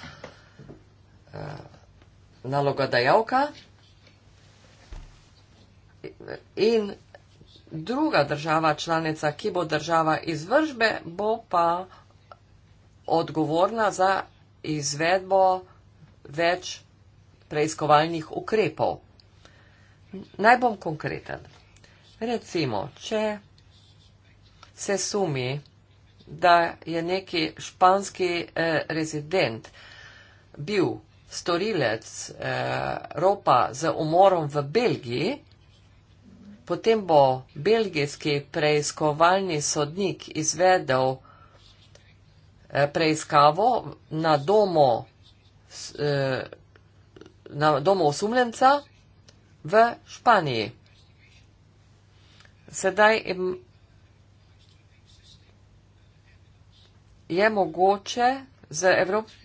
eh, naloga dajavka in druga država članica, ki bo država izvržbe, bo pa odgovorna za izvedbo več preiskovalnih ukrepov. Naj bom konkreten. Recimo, če se sumi, da je neki španski eh, rezident bil storilec eh, ropa z umorom v Belgiji, potem bo belgijski preiskovalni sodnik izvedel eh, preiskavo na domu, eh, na domu osumljenca v Španiji. Sedaj im, je mogoče z Evropsko.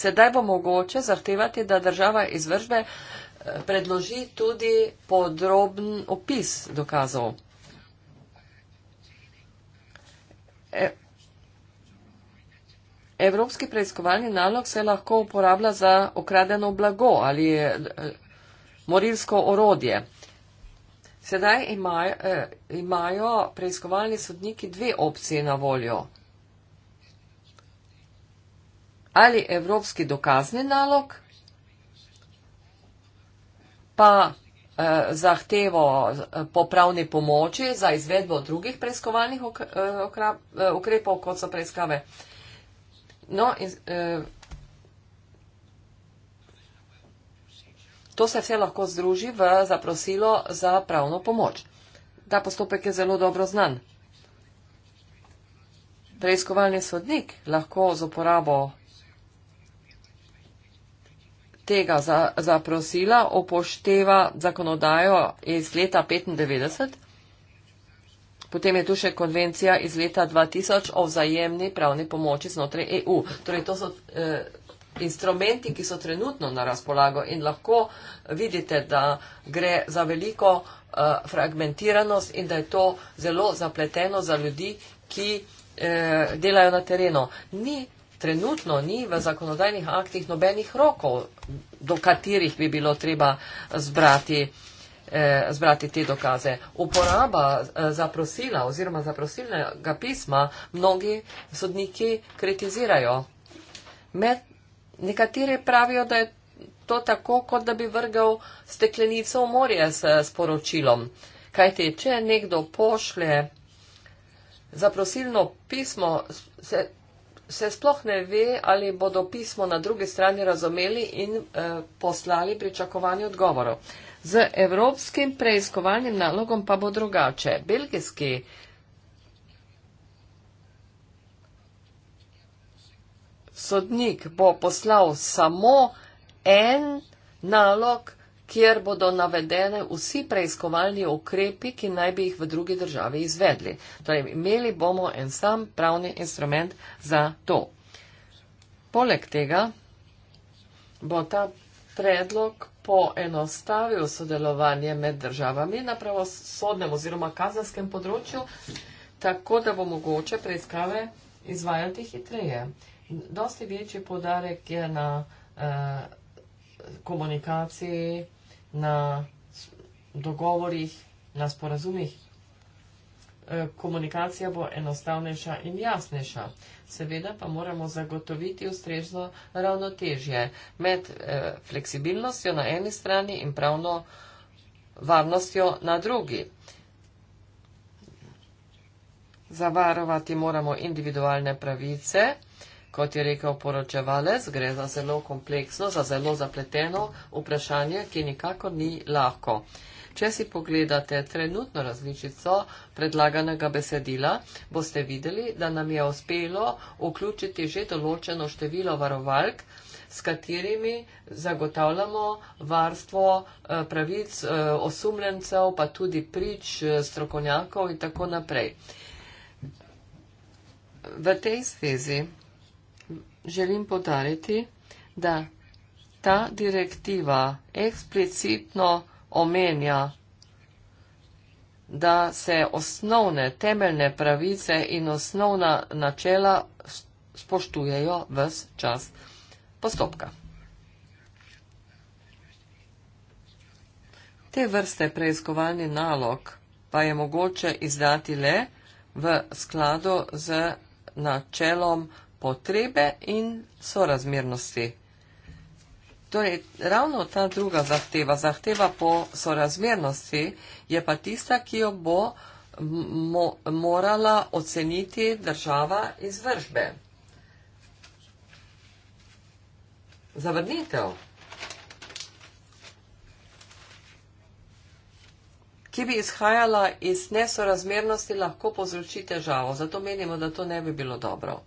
Sedaj bo mogoče zahtevati, da država izvržbe eh, predloži tudi podroben opis dokazov. E, evropski preiskovalni nalog se lahko uporablja za ukradeno blago ali eh, morilsko orodje. Sedaj imajo, eh, imajo preiskovalni sodniki dve opcije na voljo. Ali evropski dokazni nalog, pa eh, zahtevo eh, popravni pomoči za izvedbo drugih preiskovalnih okrepov, eh, eh, kot so preiskave. No, iz, eh, To se vse lahko združi v zaprosilo za pravno pomoč. Ta postopek je zelo dobro znan. Preiskovalni sodnik lahko z uporabo tega zaprosila za upošteva zakonodajo iz leta 95. Potem je tu še konvencija iz leta 2000 o vzajemni pravni pomoči znotraj EU. Torej, to so, eh, instrumenti, ki so trenutno na razpolago in lahko vidite, da gre za veliko uh, fragmentiranost in da je to zelo zapleteno za ljudi, ki uh, delajo na terenu. Ni trenutno, ni v zakonodajnih aktih nobenih rokov, do katerih bi bilo treba zbrati eh, zbrati te dokaze. Uporaba zaprosila oziroma zaprosilnega pisma mnogi sodniki kritizirajo. Med Nekateri pravijo, da je to tako, kot da bi vrgal steklenico v morje s sporočilom. Kajte, če nekdo pošlje zaprosilno pismo, se, se sploh ne ve, ali bodo pismo na drugi strani razumeli in eh, poslali pričakovanje odgovorov. Z evropskim preiskovalnim nalogom pa bo drugače. Belgijski sodnik bo poslal samo en nalog, kjer bodo navedene vsi preiskovalni ukrepi, ki naj bi jih v drugi državi izvedli. Torej, imeli bomo en sam pravni instrument za to. Poleg tega bo ta predlog poenostavil sodelovanje med državami na pravosodnem oziroma kazanskem področju, tako da bo mogoče preiskave izvajati hitreje dosti večji podarek je na eh, komunikaciji, na dogovorih, na sporazumih. Eh, komunikacija bo enostavnejša in jasnejša. Seveda pa moramo zagotoviti ustrezno ravnotežje med eh, fleksibilnostjo na eni strani in pravno varnostjo na drugi. Zavarovati moramo individualne pravice Kot je rekel poročevalec, gre za zelo kompleksno, za zelo zapleteno vprašanje, ki nikakor ni lahko. Če si pogledate trenutno različico predlaganega besedila, boste videli, da nam je uspelo vključiti že določeno število varovalk, s katerimi zagotavljamo varstvo eh, pravic eh, osumljencev, pa tudi prič, eh, strokovnjakov in tako naprej. V tej zvezi želim podariti, da ta direktiva eksplicitno omenja, da se osnovne temeljne pravice in osnovna načela spoštujejo vse čas postopka. Te vrste preiskovalni nalog pa je mogoče izdati le v skladu z načelom potrebe in sorazmernosti. Torej, ravno ta druga zahteva, zahteva po sorazmernosti, je pa tista, ki jo bo mo morala oceniti država izvržbe. Zavrnitev. ki bi izhajala iz nesorazmernosti, lahko povzroči težavo. Zato menimo, da to ne bi bilo dobro.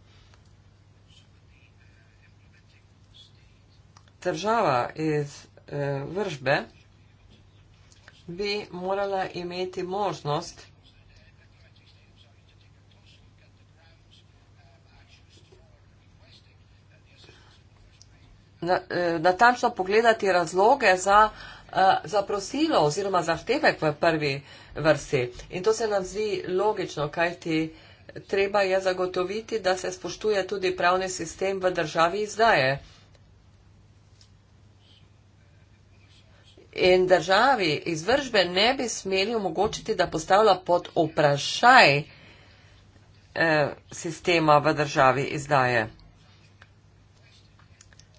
država iz eh, vržbe bi morala imeti možnost eh, natančno na pogledati razloge za, eh, za prosilo oziroma zahtevek v prvi vrsti. In to se nam zdi logično, kajti treba je zagotoviti, da se spoštuje tudi pravni sistem v državi izdaje. In državi izvržbe ne bi smeli omogočiti, da postavlja pod vprašaj eh, sistema v državi izdaje.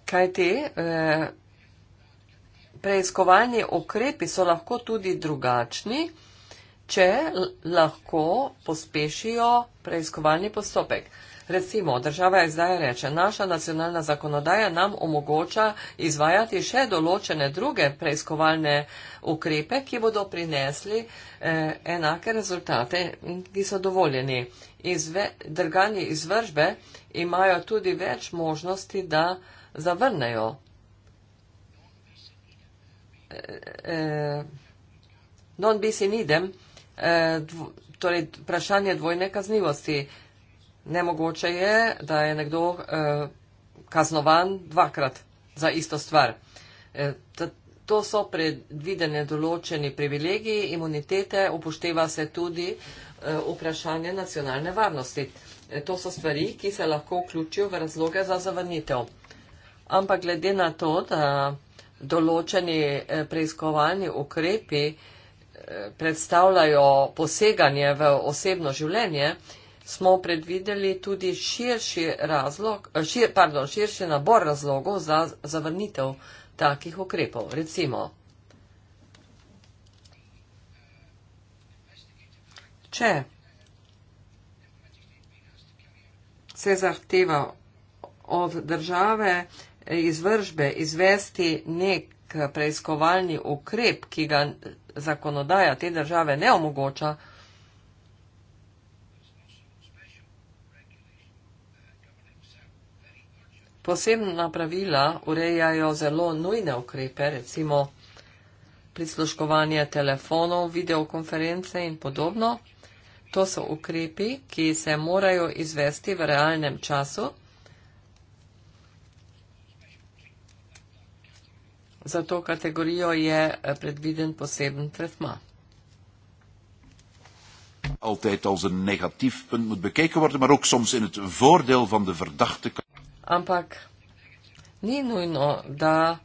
Kaj ti? Eh, preiskovalni ukrepi so lahko tudi drugačni, če lahko pospešijo preiskovalni postopek. Recimo, država izdaja reče, naša nacionalna zakonodaja nam omogoča izvajati še določene druge preiskovalne ukrepe, ki bodo prinesli eh, enake rezultate, ki so dovoljeni. Izve, drgani izvržbe imajo tudi več možnosti, da zavrnejo. Eh, eh non bi si nidem, eh, dv, torej vprašanje dvojne kaznivosti. Nemogoče je, da je nekdo eh, kaznovan dvakrat za isto stvar. Eh, to so predvidene določeni privilegiji, imunitete, upošteva se tudi eh, vprašanje nacionalne varnosti. Eh, to so stvari, ki se lahko vključijo v razloge za zavrnitev. Ampak glede na to, da določeni eh, preiskovalni ukrepi eh, predstavljajo poseganje v osebno življenje, smo predvideli tudi širši, razlog, eh, šir, pardon, širši nabor razlogov za zavrnitev takih ukrepov. Recimo, če se zahteva od države izvržbe izvesti nek preiskovalni ukrep, ki ga zakonodaja te države ne omogoča, Posebna pravila urejajo zelo nujne ukrepe, recimo prisluškovanje telefonov, videokonference in podobno. To so ukrepi, ki se morajo izvesti v realnem času. Za to kategorijo je eh, predviden poseben tretma. Altijd als een negatief punt moet bekeken worden, maar ook soms in het voordeel van de verdachte. Ampak ni nujno, da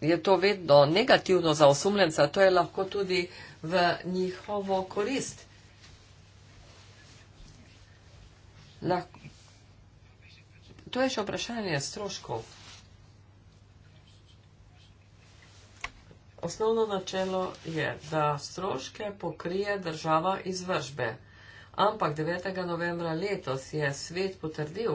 je to vedno negativno za osumljenca, to je lahko tudi v njihovo korist. Lahko To je še vprašanje stroškov. Osnovno načelo je, da stroške pokrije država izvržbe. Ampak 9. novembra letos je svet potrdil,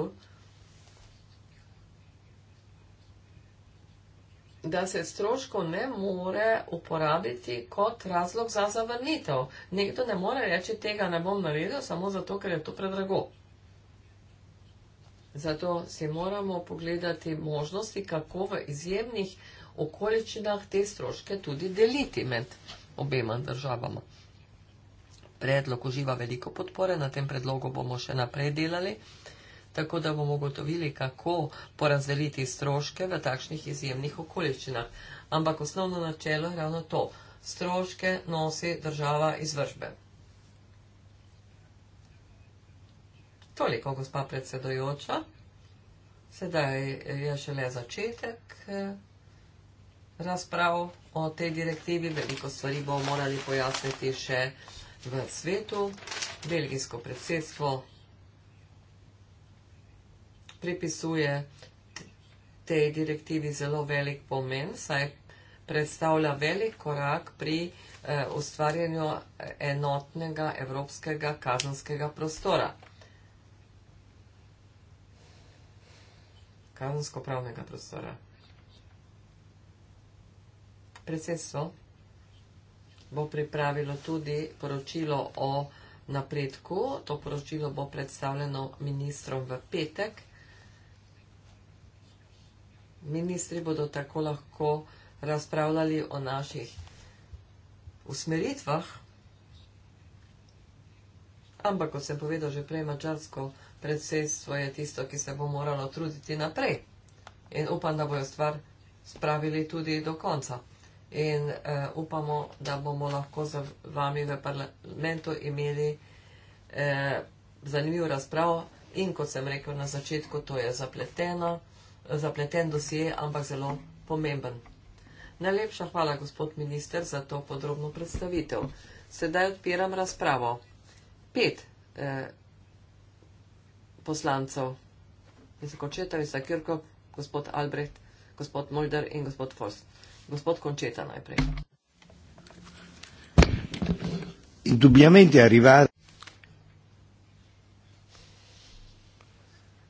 da se stroško ne more uporabiti kot razlog za zavrnitev. Nekdo ne more reči, tega ne bom naredil, samo zato, ker je to predrago. Zato si moramo pogledati možnosti, kako v izjemnih okoličinah te stroške tudi deliti med obema državama predlog uživa veliko podpore, na tem predlogu bomo še naprej delali, tako da bomo ugotovili, kako porazdeliti stroške v takšnih izjemnih okoliščinah. Ampak osnovno načelo je ravno to. Stroške nosi država izvržbe. Toliko, gospa predsedojoča. Sedaj je šele začetek eh, razprav o tej direktivi. Veliko stvari bomo morali pojasniti še v svetu, belgijsko predsedstvo pripisuje tej direktivi zelo velik pomen, saj predstavlja velik korak pri eh, ustvarjanju eh, enotnega evropskega kazanskega prostora. Kazansko-pravnega prostora. Predsedstvo bo pripravilo tudi poročilo o napredku. To poročilo bo predstavljeno ministrom v petek. Ministri bodo tako lahko razpravljali o naših usmeritvah, ampak, kot sem povedal že prej, mačarsko predsedstvo je tisto, ki se bo moralo truditi naprej. In upam, da bojo stvar spravili tudi do konca in uh, upamo, da bomo lahko z vami v parlamentu imeli uh, zanimiv razprav in kot sem rekel na začetku, to je zapleteno, zapleten dosje, ampak zelo pomemben. Najlepša hvala, gospod minister, za to podrobno predstavitev. Sedaj odpiram razpravo. Pet eh, poslancev, gospod Četavi, Sakirko, gospod Albrecht, gospod Mulder in gospod Forst. Gospod Končeta najprej. Indubjamente arrivare.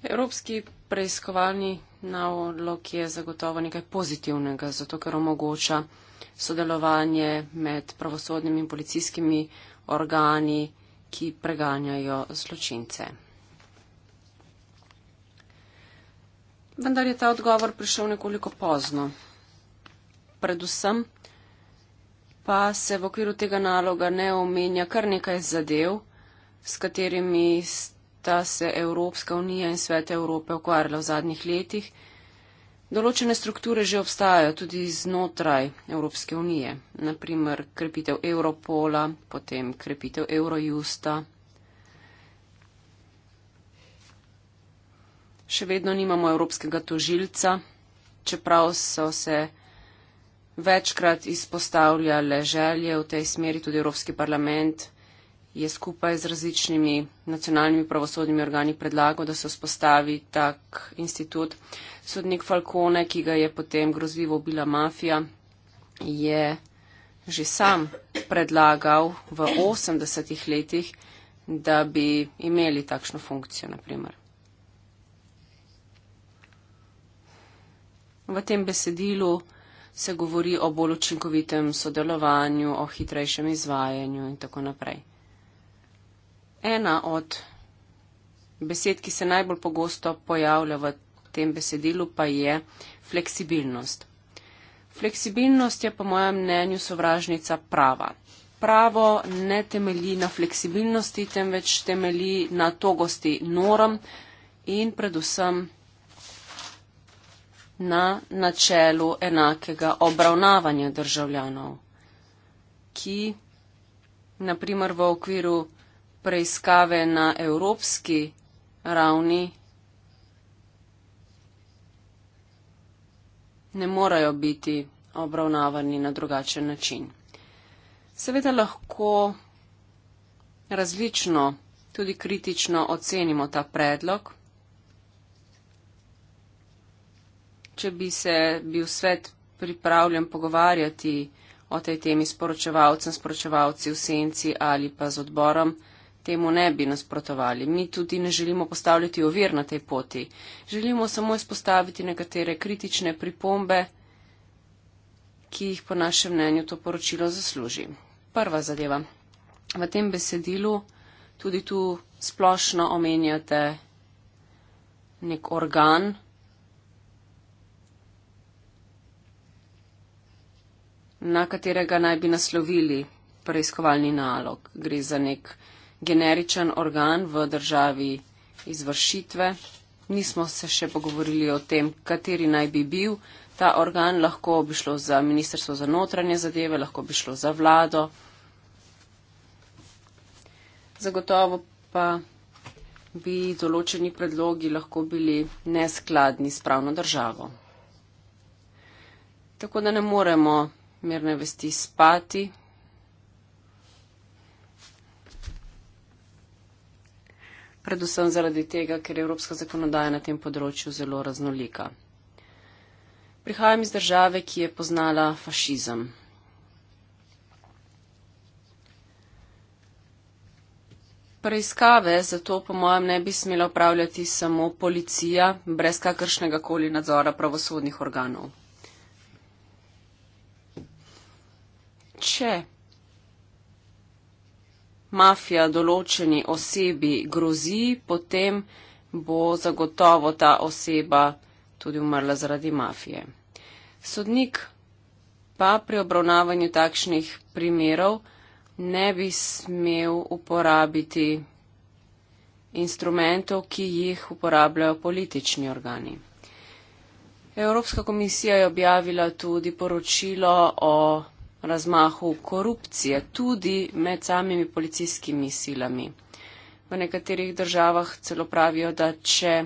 Evropski preiskovalni navlog je zagotovo nekaj pozitivnega, zato ker omogoča sodelovanje med pravosodnimi in policijskimi organi, ki preganjajo zločince. Vendar je ta odgovor prišel nekoliko pozno predvsem pa se v okviru tega naloga ne omenja kar nekaj zadev, s katerimi sta se Evropska unija in Svet Evrope ukvarjala v zadnjih letih. Določene strukture že obstajajo tudi znotraj Evropske unije, naprimer krepitev Europola, potem krepitev Eurojusta. Še vedno nimamo evropskega tožilca, čeprav so se večkrat izpostavlja le želje v tej smeri, tudi Evropski parlament je skupaj z različnimi nacionalnimi pravosodnimi organi predlagal, da se vzpostavi tak institut. Sodnik Falkone, ki ga je potem grozljivo ubila mafija, je že sam predlagal v 80-ih letih, da bi imeli takšno funkcijo, naprimer. V tem besedilu se govori o bolj učinkovitem sodelovanju, o hitrejšem izvajanju in tako naprej. Ena od besed, ki se najbolj pogosto pojavlja v tem besedilu, pa je fleksibilnost. Fleksibilnost je po mojem mnenju sovražnica prava. Pravo ne temelji na fleksibilnosti, temveč temelji na togosti norm in predvsem na načelu enakega obravnavanja državljanov, ki naprimer v okviru preiskave na evropski ravni ne morajo biti obravnavani na drugačen način. Seveda lahko različno, tudi kritično ocenimo ta predlog, če bi se bil svet pripravljen pogovarjati o tej temi s poročevalcem, s poročevalci v senci ali pa z odborom, temu ne bi nasprotovali. Mi tudi ne želimo postavljati ovir na tej poti. Želimo samo izpostaviti nekatere kritične pripombe, ki jih po našem mnenju to poročilo zasluži. Prva zadeva. V tem besedilu tudi tu splošno omenjate nek organ, na katerega naj bi naslovili preiskovalni nalog. Gre za nek generičen organ v državi izvršitve. Nismo se še pogovorili o tem, kateri naj bi bil ta organ. Lahko bi šlo za Ministrstvo za notranje zadeve, lahko bi šlo za vlado. Zagotovo pa bi določeni predlogi lahko bili neskladni s pravno državo. Tako da ne moremo mirne vesti spati. Predvsem zaradi tega, ker je evropska zakonodaja na tem področju zelo raznolika. Prihajam iz države, ki je poznala fašizem. Preiskave za to, po mojem, ne bi smela upravljati samo policija, brez kakršnega koli nadzora pravosodnih organov. če mafija določeni osebi grozi, potem bo zagotovo ta oseba tudi umrla zaradi mafije. Sodnik pa pri obravnavanju takšnih primerov ne bi smel uporabiti instrumentov, ki jih uporabljajo politični organi. Evropska komisija je objavila tudi poročilo o razmahu korupcije tudi med samimi policijskimi silami. V nekaterih državah celo pravijo, da če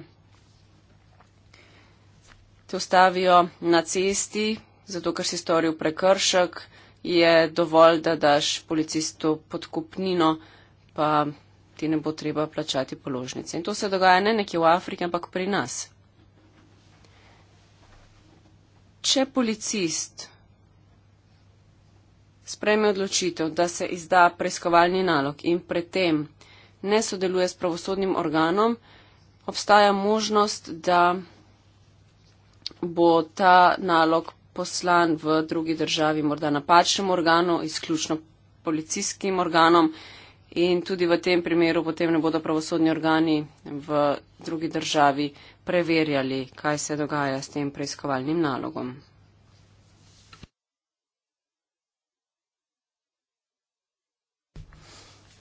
te ustavijo na cesti, zato ker si storil prekršek, je dovolj, da daš policistu podkupnino, pa ti ne bo treba plačati položnice. In to se dogaja ne nekje v Afriki, ampak pri nas. Če policist sprejme odločitev, da se izda preiskovalni nalog in predtem ne sodeluje s pravosodnim organom, obstaja možnost, da bo ta nalog poslan v drugi državi, morda napačnemu organu, izključno policijskim organom in tudi v tem primeru potem ne bodo pravosodni organi v drugi državi preverjali, kaj se dogaja s tem preiskovalnim nalogom.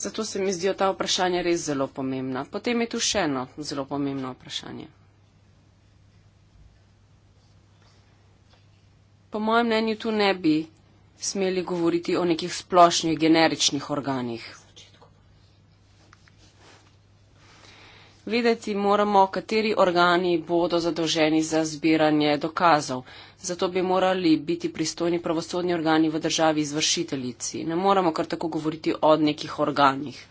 Zato se mi zdijo ta vprašanja res zelo pomembna. Potem je tu še eno zelo pomembno vprašanje. Po mojem mnenju tu ne bi smeli govoriti o nekih splošnih generičnih organih. Vedeti moramo, kateri organi bodo zadolženi za zbiranje dokazov zato bi morali biti pristojni pravosodni organi v državi izvršiteljici. Ne moramo kar tako govoriti o nekih organih.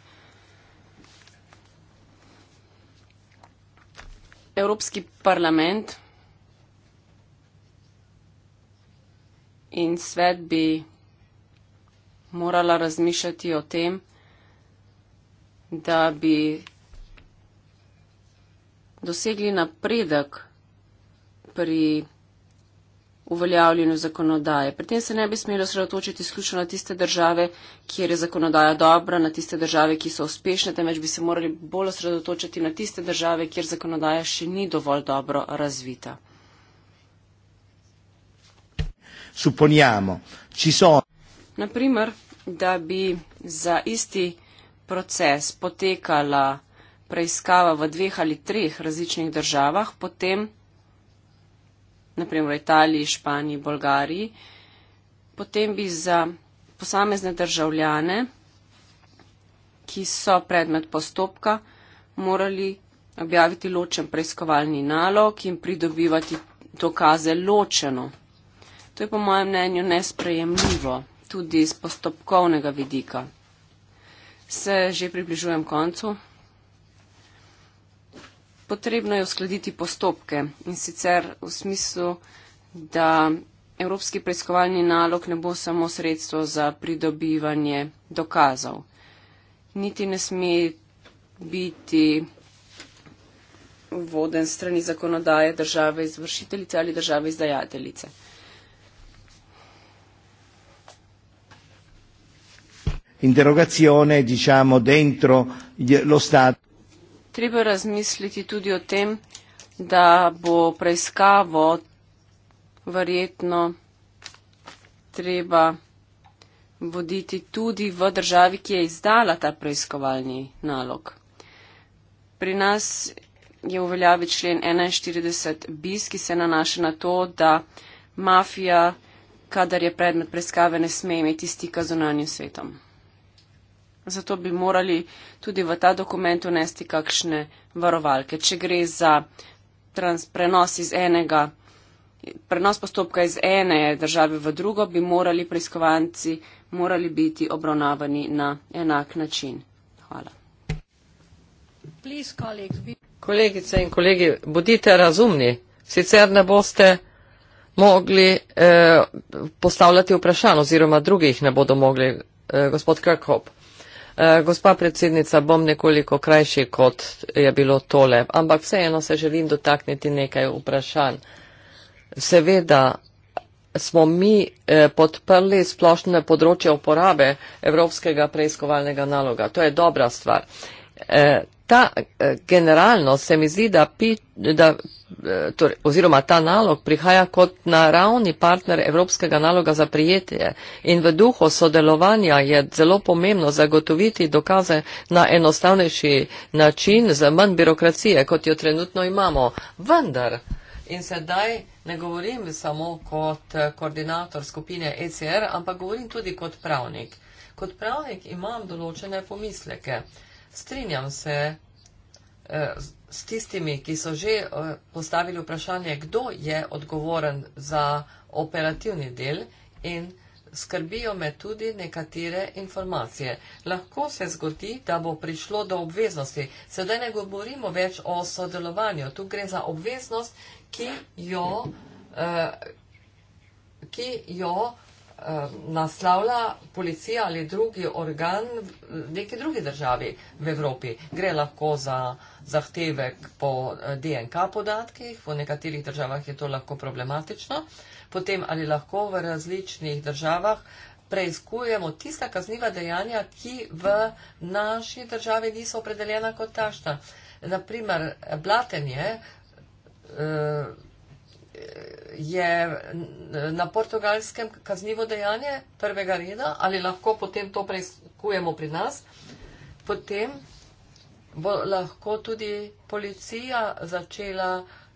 Evropski parlament in svet bi morala razmišljati o tem, da bi dosegli napredek pri uveljavljanju zakonodaje. Pri tem se ne bi smelo sredotočiti izključno na tiste države, kjer je zakonodaja dobra, na tiste države, ki so uspešne, temveč bi se morali bolj sredotočiti na tiste države, kjer zakonodaja še ni dovolj dobro razvita. Naprimer, da bi za isti proces potekala preiskava v dveh ali treh različnih državah, potem naprimer v Italiji, Španiji, Bolgariji, potem bi za posamezne državljane, ki so predmet postopka, morali objaviti ločen preiskovalni nalog in pridobivati dokaze ločeno. To je po mojem mnenju nesprejemljivo, tudi iz postopkovnega vidika. Se že približujem koncu potrebno je uskladiti postopke in sicer v smislu, da Evropski preiskovalni nalog ne bo samo sredstvo za pridobivanje dokazov. Niti ne sme biti voden strani zakonodaje države izvršiteljice ali države izdajateljice. Interrogazione, diciamo, dentro lo Stato treba razmisliti tudi o tem, da bo preiskavo verjetno treba voditi tudi v državi, ki je izdala ta preiskovalni nalog. Pri nas je uveljavi člen 41 bis, ki se nanaša na to, da mafija, kadar je predmet preiskave, ne sme imeti stika z onanjim svetom zato bi morali tudi v ta dokument unesti kakšne varovalke. Če gre za trans, prenos, enega, prenos postopka iz ene države v drugo, bi morali preiskovanci morali biti obravnavani na enak način. Hvala. Kolegice in kolegi, bodite razumni, sicer ne boste mogli eh, postavljati vprašanj oziroma drugih ne bodo mogli. Eh, gospod Krkop. Eh, gospa predsednica, bom nekoliko krajši, kot je bilo tole, ampak vseeno se želim dotakniti nekaj vprašanj. Seveda smo mi eh, podprli splošne področje uporabe Evropskega preiskovalnega naloga. To je dobra stvar. Eh, ta eh, generalno se mi zdi, da, pi, da eh, torej, oziroma ta nalog prihaja kot naravni partner Evropskega naloga za prijetje in v duhu sodelovanja je zelo pomembno zagotoviti dokaze na enostavnejši način z manj birokracije, kot jo trenutno imamo. Vendar in sedaj ne govorim samo kot eh, koordinator skupine ECR, ampak govorim tudi kot pravnik. Kot pravnik imam določene pomisleke strinjam se eh, s tistimi, ki so že eh, postavili vprašanje, kdo je odgovoren za operativni del in skrbijo me tudi nekatere informacije. Lahko se zgodi, da bo prišlo do obveznosti. Sedaj ne govorimo več o sodelovanju. Tu gre za obveznost, ki jo, eh, ki jo Eh, naslavlja policija ali drugi organ v neki drugi državi v Evropi. Gre lahko za zahtevek po eh, DNK podatkih, v nekaterih državah je to lahko problematično. Potem ali lahko v različnih državah preizkujemo tista kazniva dejanja, ki v naši državi niso opredeljena kot tašna. Naprimer, blatenje. Uh, je na portugalskem kaznivo dejanje prvega reda, ali lahko potem to preizkujemo pri nas, potem bo lahko tudi policija začela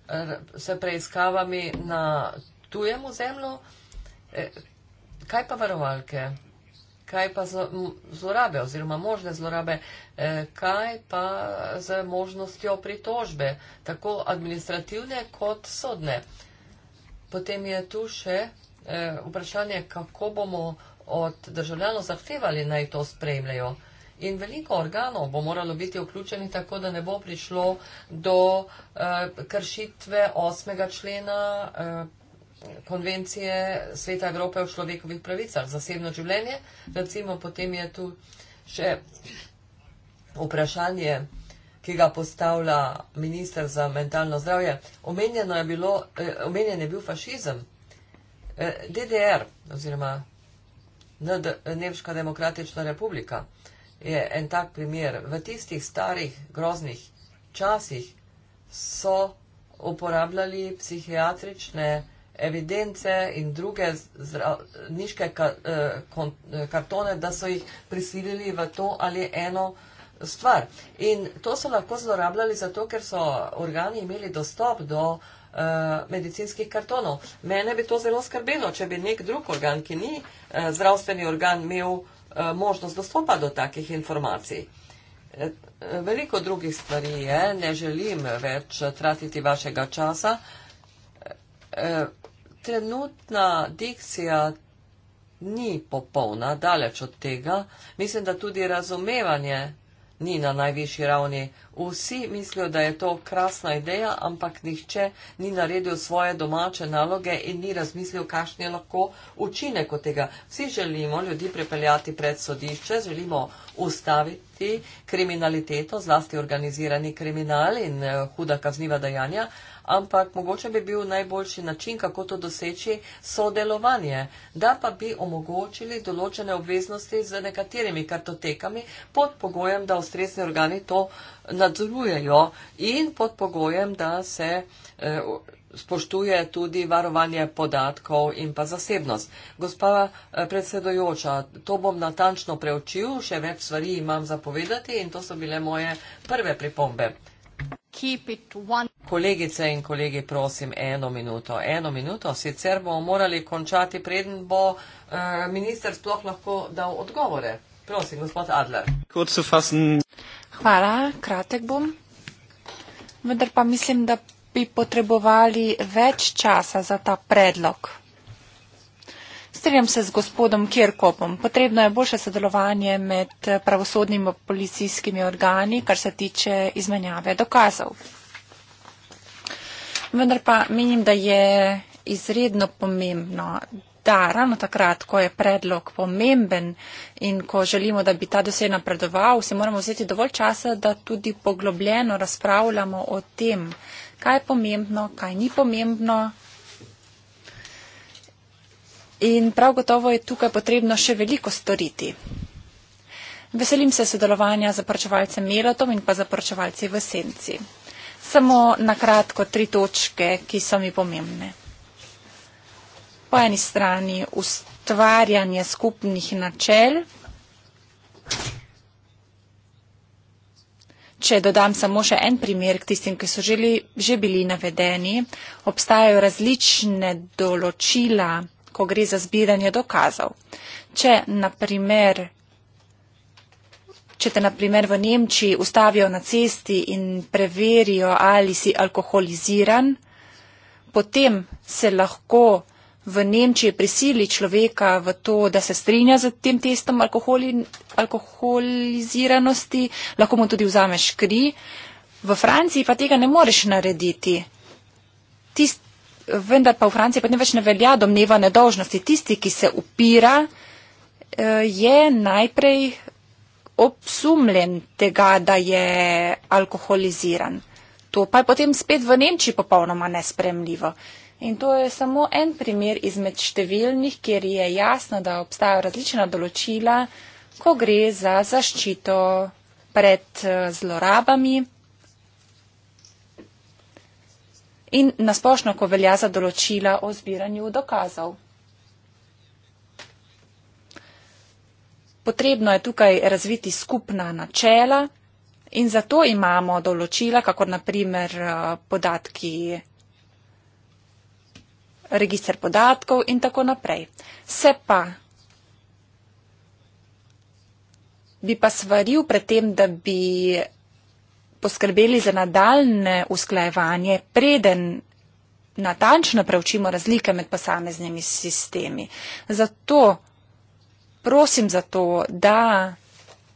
eh, s preiskavami na tujemu zemlju. Eh, kaj pa varovalke? Kaj pa zlorabe oziroma možne zlorabe? Eh, kaj pa z možnostjo pritožbe, tako administrativne kot sodne? Potem je tu še eh, vprašanje, kako bomo od državljanov zahtevali naj to spremljajo. In veliko organov bo moralo biti vključeni tako, da ne bo prišlo do eh, kršitve 8. člena eh, konvencije Sveta Evrope o človekovih pravicah. Zasebno življenje, recimo, potem je tu še vprašanje ki ga postavlja ministr za mentalno zdravje. Omenjeno je bilo, eh, omenjen je bil fašizem. Eh, DDR oziroma ND, Nemška demokratična republika je en tak primer. V tistih starih groznih časih so uporabljali psihiatrične evidence in druge zdravniške eh, eh, kartone, da so jih prisilili v to ali eno stvar. In to so lahko zlorabljali zato, ker so organi imeli dostop do eh, medicinskih kartonov. Mene bi to zelo skrbelo, če bi nek drug organ, ki ni eh, zdravstveni organ, imel eh, možnost dostopa do takih informacij. Veliko drugih stvari je, ne želim več tratiti vašega časa. Trenutna dikcija ni popolna, daleč od tega. Mislim, da tudi razumevanje ni na najvišji ravni. Vsi mislijo, da je to krasna ideja, ampak nihče ni naredil svoje domače naloge in ni razmislil, kakšen je lahko učinek od tega. Vsi želimo ljudi pripeljati pred sodišče, želimo ustaviti kriminaliteto, zlasti organizirani kriminal in eh, huda kazniva dejanja, ampak mogoče bi bil najboljši način, kako to doseči, sodelovanje, da pa bi omogočili določene obveznosti z nekaterimi kartotekami pod pogojem, da ustrezni organi to nadzorujejo in pod pogojem, da se eh, spoštuje tudi varovanje podatkov in pa zasebnost. Gospa eh, predsedojoča, to bom natančno preučil, še več stvari imam zapovedati in to so bile moje prve pripombe. Kolegice in kolegi, prosim, eno minuto. Eno minuto, sicer bomo morali končati, preden bo uh, minister sploh lahko dal odgovore. Prosim, gospod Adler. Hvala, kratek bom. Vendar pa mislim, da bi potrebovali več časa za ta predlog. Strenjam se z gospodom Kirkopom. Potrebno je boljše sodelovanje med pravosodnimi in policijskimi organi, kar se tiče izmenjave dokazov. Vendar pa menim, da je izredno pomembno, da ravno takrat, ko je predlog pomemben in ko želimo, da bi ta dosej napredoval, si moramo vzeti dovolj časa, da tudi poglobljeno razpravljamo o tem, kaj je pomembno, kaj ni pomembno, In prav gotovo je tukaj potrebno še veliko storiti. Veselim se sodelovanja z zaporčevalcem Melotom in pa zaporčevalci v Senci. Samo na kratko tri točke, ki so mi pomembne. Po eni strani ustvarjanje skupnih načel. Če dodam samo še en primer k tistim, ki so želi, že bili navedeni, obstajajo različne določila ko gre za zbiranje dokazov. Če, naprimer, če te, na primer, v Nemčiji ustavijo na cesti in preverijo, ali si alkoholiziran, potem se lahko v Nemčiji prisili človeka v to, da se strinja z tem testom alkoholi, alkoholiziranosti, lahko mu tudi vzameš kri. V Franciji pa tega ne moreš narediti. Tist, vendar pa v Franciji potem več ne velja domneva nedolžnosti. Tisti, ki se upira, eh, je najprej obsumljen tega, da je alkoholiziran. To pa je potem spet v Nemčiji popolnoma nespremljivo. In to je samo en primer izmed številnih, kjer je jasno, da obstajajo različna določila, ko gre za zaščito pred eh, zlorabami. in nasplošno, ko velja za določila o zbiranju dokazov. Potrebno je tukaj razviti skupna načela in zato imamo določila, kako naprimer eh, podatki, registr podatkov in tako naprej. Se pa bi pa svaril pred tem, da bi poskrbeli za nadaljne usklajevanje, preden natančno preučimo razlike med posameznimi sistemi. Zato prosim za to, da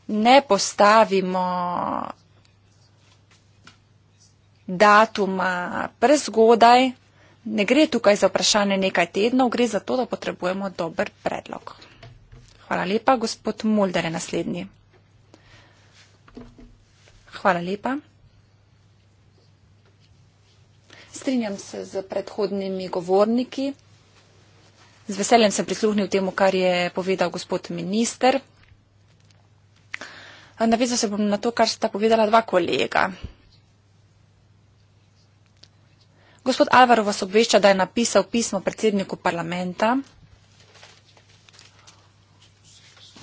ne postavimo datuma prezgodaj. Ne gre tukaj za vprašanje nekaj tednov, gre za to, da potrebujemo dober predlog. Hvala lepa, gospod Mulder je naslednji. Hvala lepa. Strinjam se z predhodnimi govorniki. Z veseljem sem prisluhnil temu, kar je povedal gospod minister. Navezal se bom na to, kar sta povedala dva kolega. Gospod Alvaro vas obvešča, da je napisal pismo predsedniku parlamenta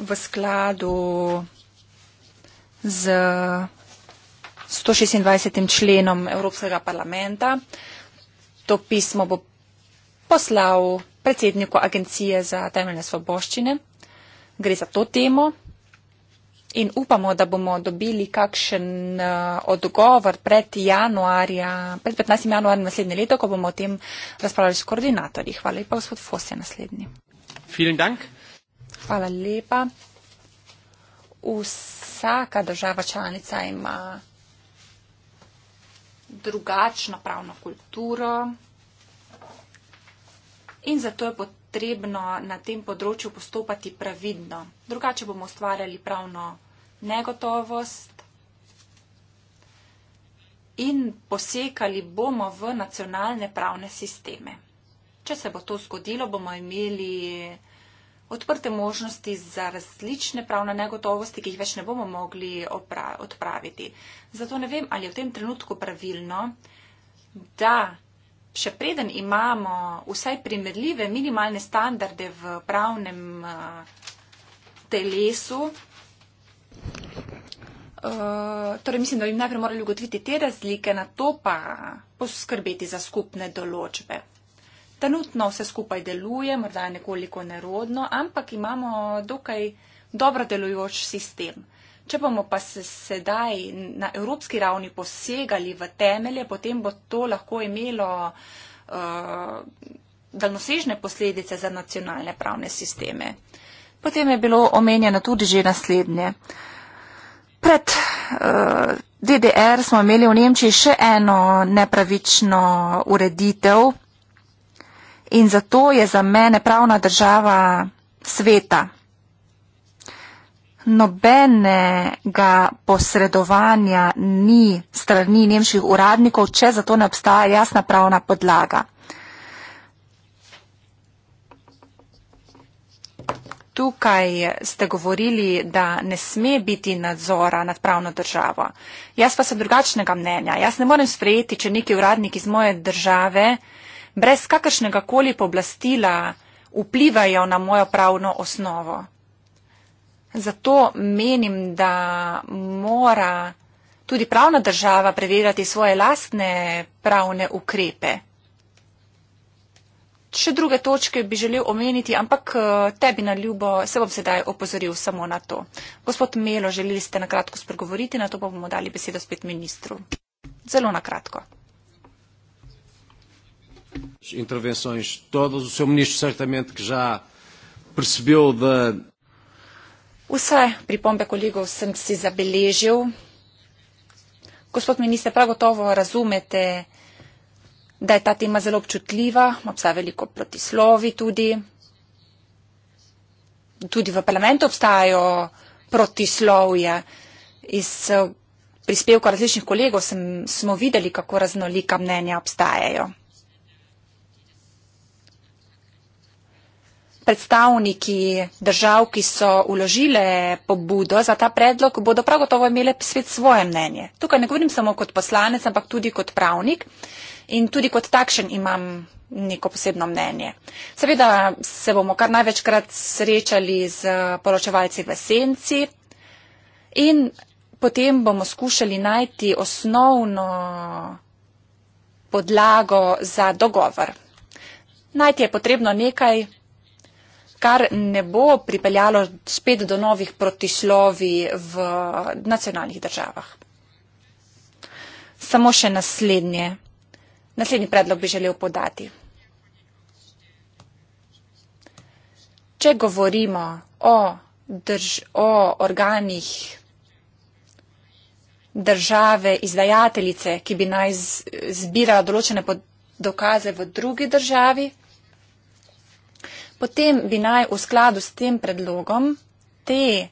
v skladu z 126. členom Evropskega parlamenta. To pismo bo poslal predsedniku Agencije za temeljne svoboščine. Gre za to temo in upamo, da bomo dobili kakšen eh, odgovor pred, januarja, pred 15. januarjem naslednje leto, ko bomo o tem razpravljali s koordinatorji. Hvala lepa, gospod Fosse, naslednji. Hvala lepa. Vsaka država članica ima drugačno pravno kulturo in zato je potrebno na tem področju postopati pravidno. Drugače bomo ustvarjali pravno negotovost in posekali bomo v nacionalne pravne sisteme. Če se bo to zgodilo, bomo imeli odprte možnosti za različne pravne negotovosti, ki jih več ne bomo mogli odpraviti. Zato ne vem, ali je v tem trenutku pravilno, da še preden imamo vsaj primerljive minimalne standarde v pravnem telesu, Uh, torej, mislim, da bi najprej morali ugotoviti te razlike, na to pa poskrbeti za skupne določbe. Trenutno vse skupaj deluje, morda je nekoliko nerodno, ampak imamo dokaj dobro delujoč sistem. Če bomo pa se sedaj na evropski ravni posegali v temelje, potem bo to lahko imelo uh, daljnosežne posledice za nacionalne pravne sisteme. Potem je bilo omenjeno tudi že naslednje. Pred uh, eh, DDR smo imeli v Nemčiji še eno nepravično ureditev in zato je za mene pravna država sveta. Nobenega posredovanja ni strani nemških uradnikov, če za to ne obstaja jasna pravna podlaga. Tukaj ste govorili, da ne sme biti nadzora nad pravno državo. Jaz pa sem drugačnega mnenja. Jaz ne morem sprejeti, če neki uradnik iz moje države uh, brez kakršnega koli poblastila vplivajo na mojo pravno osnovo. Zato menim, da mora tudi pravna država preverjati svoje lastne pravne ukrepe. Še druge točke bi želel omeniti, ampak eh, tebi na ljubo se bom sedaj opozoril samo na to. Gospod Melo, želeli ste na kratko spregovoriti, na to pa bomo dali besedo spet ministru. Zelo na kratko. As intervenções todas, o seu ministro certamente que já percebeu da. Vse pripombe kolegov sem si zabeležil. Gospod minister, prav gotovo razumete, da je ta tema zelo občutljiva, obstaja veliko protislovi tudi. Tudi v parlamentu obstajajo protislovje. Iz eh, prispevka različnih kolegov sem, smo videli, kako raznolika mnenja obstajajo. predstavniki držav, ki so uložile pobudo za ta predlog, bodo prav gotovo imele svet svoje mnenje. Tukaj ne govorim samo kot poslanec, ampak tudi kot pravnik in tudi kot takšen imam neko posebno mnenje. Seveda se bomo kar največkrat srečali z poročevalci v senci in potem bomo skušali najti osnovno podlago za dogovor. Najti je potrebno nekaj, kar ne bo pripeljalo spet do novih protislovi v nacionalnih državah. Samo še naslednje. Naslednji predlog bi želel podati. Če govorimo o, drž, o organih države izdajateljice, ki bi naj zbirala določene dokaze v drugi državi, potem bi naj v skladu s tem predlogom te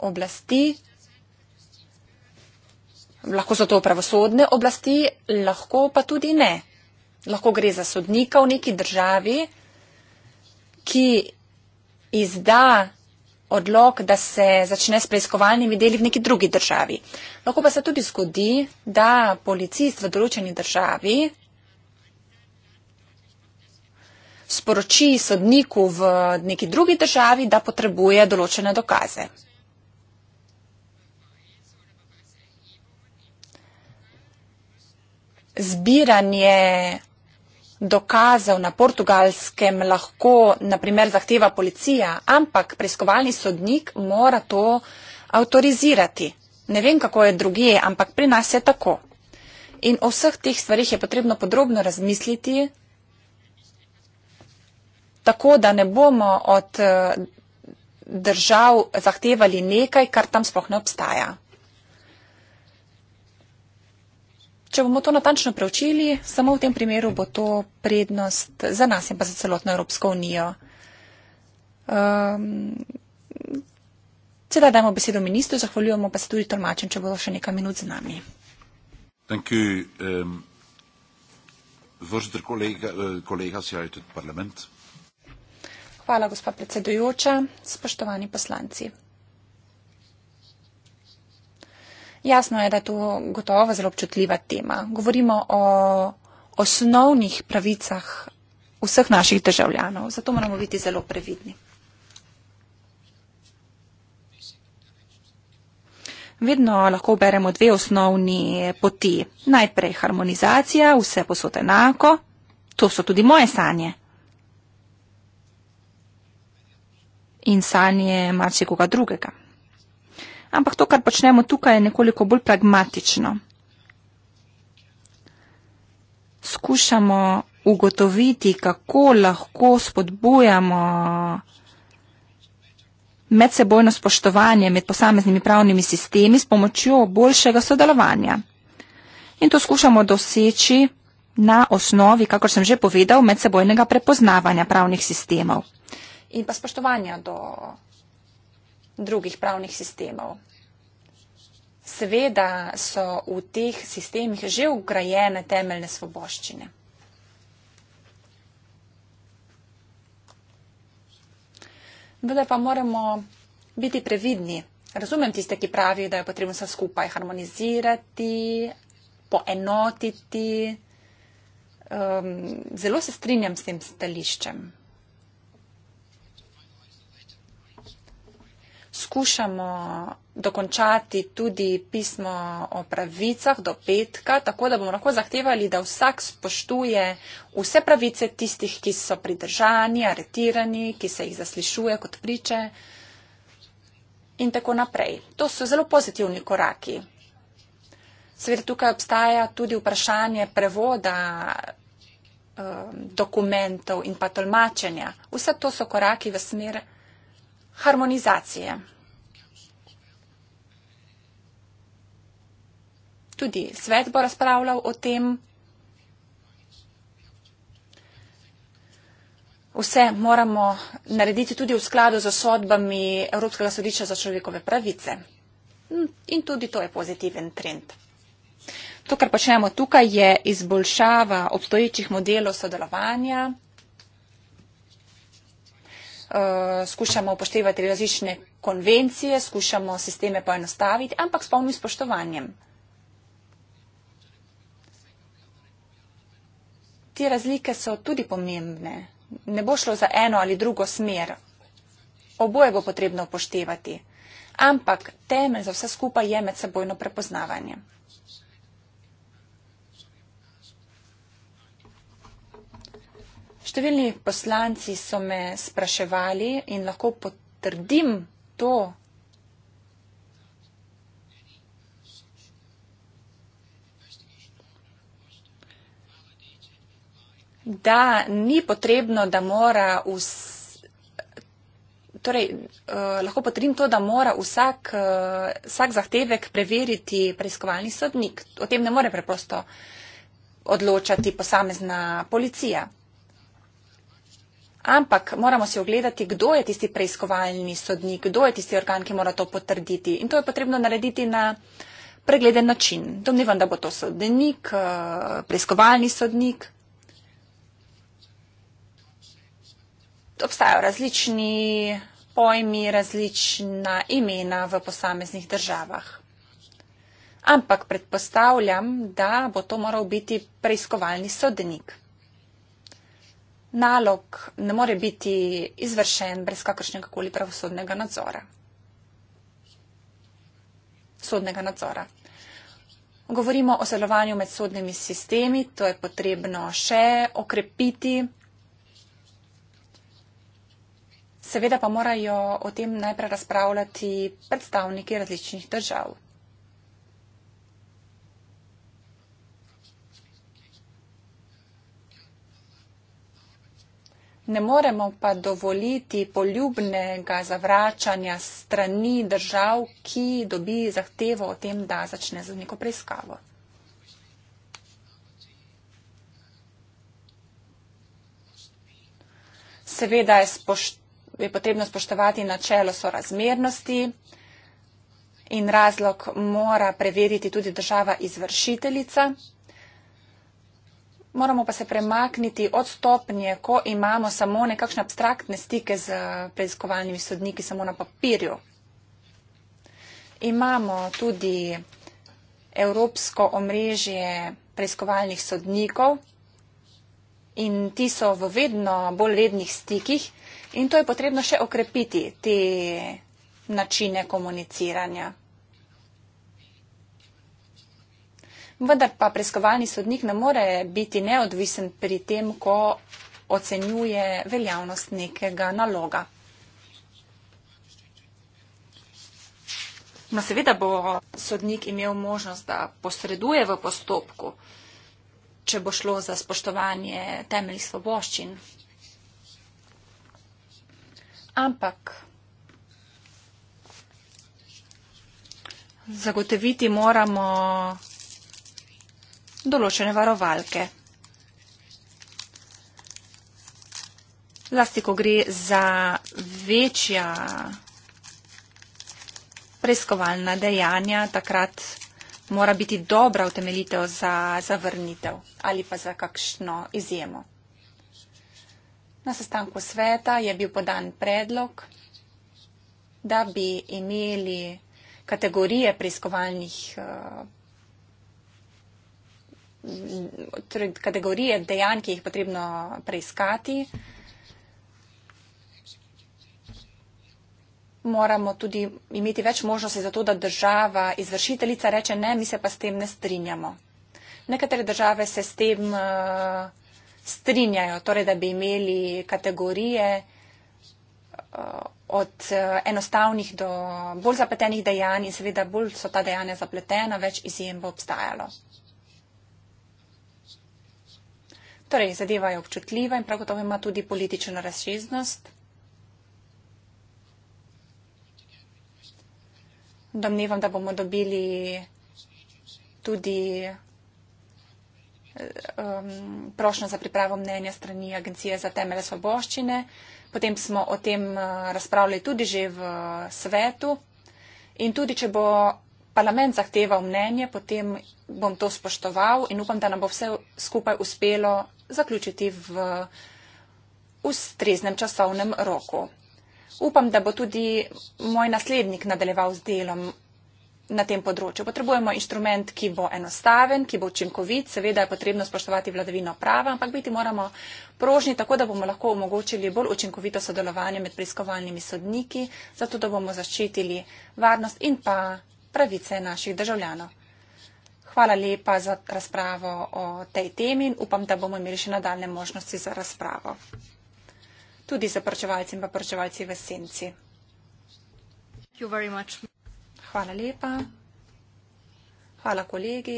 oblasti, lahko so to pravosodne oblasti, lahko pa tudi ne. Lahko gre za sodnika v neki državi, ki izda odlog, da se začne s preiskovalnimi deli v neki drugi državi. Lahko pa se tudi zgodi, da policist v določeni državi sporoči sodniku v neki drugi državi, da potrebuje določene dokaze. Zbiranje dokazov na portugalskem lahko, naprimer, zahteva policija, ampak preiskovalni sodnik mora to avtorizirati. Ne vem, kako je druge, ampak pri nas je tako. In o vseh teh stvarih je potrebno podrobno razmisliti, tako, da ne bomo od eh, držav zahtevali nekaj, kar tam sploh ne obstaja. Če bomo to natančno preučili, samo v tem primeru bo to prednost za nas in pa za celotno Evropsko unijo. Ehm, sedaj um, dajmo besedo ministru, zahvaljujemo pa se tudi tolmačem, če bodo še nekaj minut z nami. Ehm, Vrst kolega, kolega eh, se je tudi parlament. Hvala, gospa predsedujoča. Spoštovani poslanci. Jasno je, da je to gotovo zelo občutljiva tema. Govorimo o osnovnih pravicah vseh naših državljanov, zato moramo biti zelo previdni. Vedno lahko beremo dve osnovni poti. Najprej harmonizacija, vse posod enako, to so tudi moje sanje. in sanje marsikoga drugega. Ampak to, kar počnemo tukaj, je nekoliko bolj pragmatično. Skušamo ugotoviti, kako lahko spodbujamo medsebojno spoštovanje med posameznimi pravnimi sistemi s pomočjo boljšega sodelovanja. In to skušamo doseči na osnovi, kakor sem že povedal, medsebojnega prepoznavanja pravnih sistemov in pa spoštovanja do drugih pravnih sistemov. Seveda so v teh sistemih že ugrajene temeljne svoboščine. Vendar pa moramo biti previdni. Razumem tiste, ki pravijo, da je potrebno vse skupaj harmonizirati, poenotiti. Um, zelo se strinjam s tem stališčem. skušamo dokončati tudi pismo o pravicah do petka, tako da bomo lahko zahtevali, da vsak spoštuje vse pravice tistih, ki so pridržani, aretirani, ki se jih zaslišuje kot priče in tako naprej. To so zelo pozitivni koraki. Seveda tukaj obstaja tudi vprašanje prevoda eh, dokumentov in pa tolmačenja. Vse to so koraki v smer harmonizacije. Tudi svet bo razpravljal o tem. Vse moramo narediti tudi v skladu z sodbami Evropskega sodišča za človekove pravice. In tudi to je pozitiven trend. To, kar počnemo tukaj, je izboljšava obstoječih modelov sodelovanja Eh, skušamo upoštevati različne konvencije, skušamo sisteme poenostaviti, ampak s polnim spoštovanjem. Te razlike so tudi pomembne. Ne bo šlo za eno ali drugo smer. Oboje bo potrebno upoštevati. Ampak temelj za vse skupaj je medsebojno prepoznavanje. Številni poslanci so me spraševali in lahko potrdim to, da ni potrebno, da mora vse. Torej, eh, lahko potrdim to, da mora vsak, eh, vsak zahtevek preveriti preiskovalni sodnik. O tem ne more preprosto odločati posamezna policija. Ampak moramo si ogledati, kdo je tisti preiskovalni sodnik, kdo je tisti organ, ki mora to potrditi. In to je potrebno narediti na pregleden način. Domnevam, da bo to sodnik, eh, preiskovalni sodnik. Obstajajo različni pojmi, različna imena v posameznih državah. Ampak predpostavljam, da bo to moral biti preiskovalni sodnik nalog ne more biti izvršen brez kakršnega koli pravosodnega nadzora. Sodnega nadzora. Govorimo o sodelovanju med sodnimi sistemi, to je potrebno še okrepiti. Seveda pa morajo o tem najprej razpravljati predstavniki različnih držav. Ne moremo pa dovoliti poljubnega zavračanja strani držav, ki dobi zahtevo o tem, da začne z neko preiskavo. Seveda je, spošt, je potrebno spoštovati načelo sorazmernosti in razlog mora preveriti tudi država izvršiteljica. Moramo pa se premakniti od stopnje, ko imamo samo nekakšne abstraktne stike z preiskovalnimi sodniki, samo na papirju. Imamo tudi evropsko omrežje preiskovalnih sodnikov in ti so v vedno bolj rednih stikih in to je potrebno še okrepiti, te načine komuniciranja. vendar pa preiskovalni sodnik ne more biti neodvisen pri tem, ko ocenjuje veljavnost nekega naloga. No, seveda bo sodnik imel možnost, da posreduje v postopku, če bo šlo za spoštovanje temeljih svoboščin. Ampak zagotoviti moramo določene varovalke. Lasti, ko gre za večja preiskovalna dejanja, takrat mora biti dobra utemelitev za zavrnitev ali pa za kakšno izjemo. Na sestanku sveta je bil podan predlog, da bi imeli kategorije preiskovalnih uh, torej kategorije dejanj, ki jih je potrebno preiskati. Moramo tudi imeti več možnosti za to, da država izvršiteljica reče ne, mi se pa s tem ne strinjamo. Nekatere države se s tem uh, strinjajo, torej da bi imeli kategorije uh, od eh, enostavnih do bolj zapletenih dejanj in seveda bolj so ta dejanja zapletena, več izjem bo obstajalo. Torej, zadeva je občutljiva in prav gotovo ima tudi politično razšeznost. Domnevam, da bomo dobili tudi eh, um, prošnjo za pripravo mnenja strani Agencije za temele svoboščine. Potem smo o tem eh, razpravljali tudi že v eh, svetu. In tudi, če bo parlament zahteval mnenje, potem bom to spoštoval in upam, da nam bo vse skupaj uspelo zaključiti v ustreznem časovnem roku. Upam, da bo tudi moj naslednik nadaljeval z delom na tem področju. Potrebujemo inštrument, ki bo enostaven, ki bo učinkovit. Seveda je potrebno spoštovati vladavino prava, ampak biti moramo prožni tako, da bomo lahko omogočili bolj učinkovito sodelovanje med preiskovalnimi sodniki, zato da bomo zaščitili varnost in pa pravice naših državljanov. Hvala lepa za razpravo o tej temi in upam, da bomo imeli še nadaljne možnosti za razpravo. Tudi za prčevalci in pa prčevalci v senci. Hvala lepa. Hvala kolegi.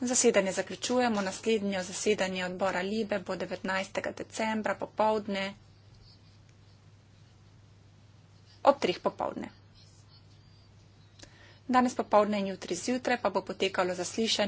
Zasedanje zaključujemo. Naslednjo zasedanje odbora Libe bo 19. decembra popovdne. Ob treh popovdne. Danes popovdne in jutri zjutraj pa bo potekalo zaslišanje.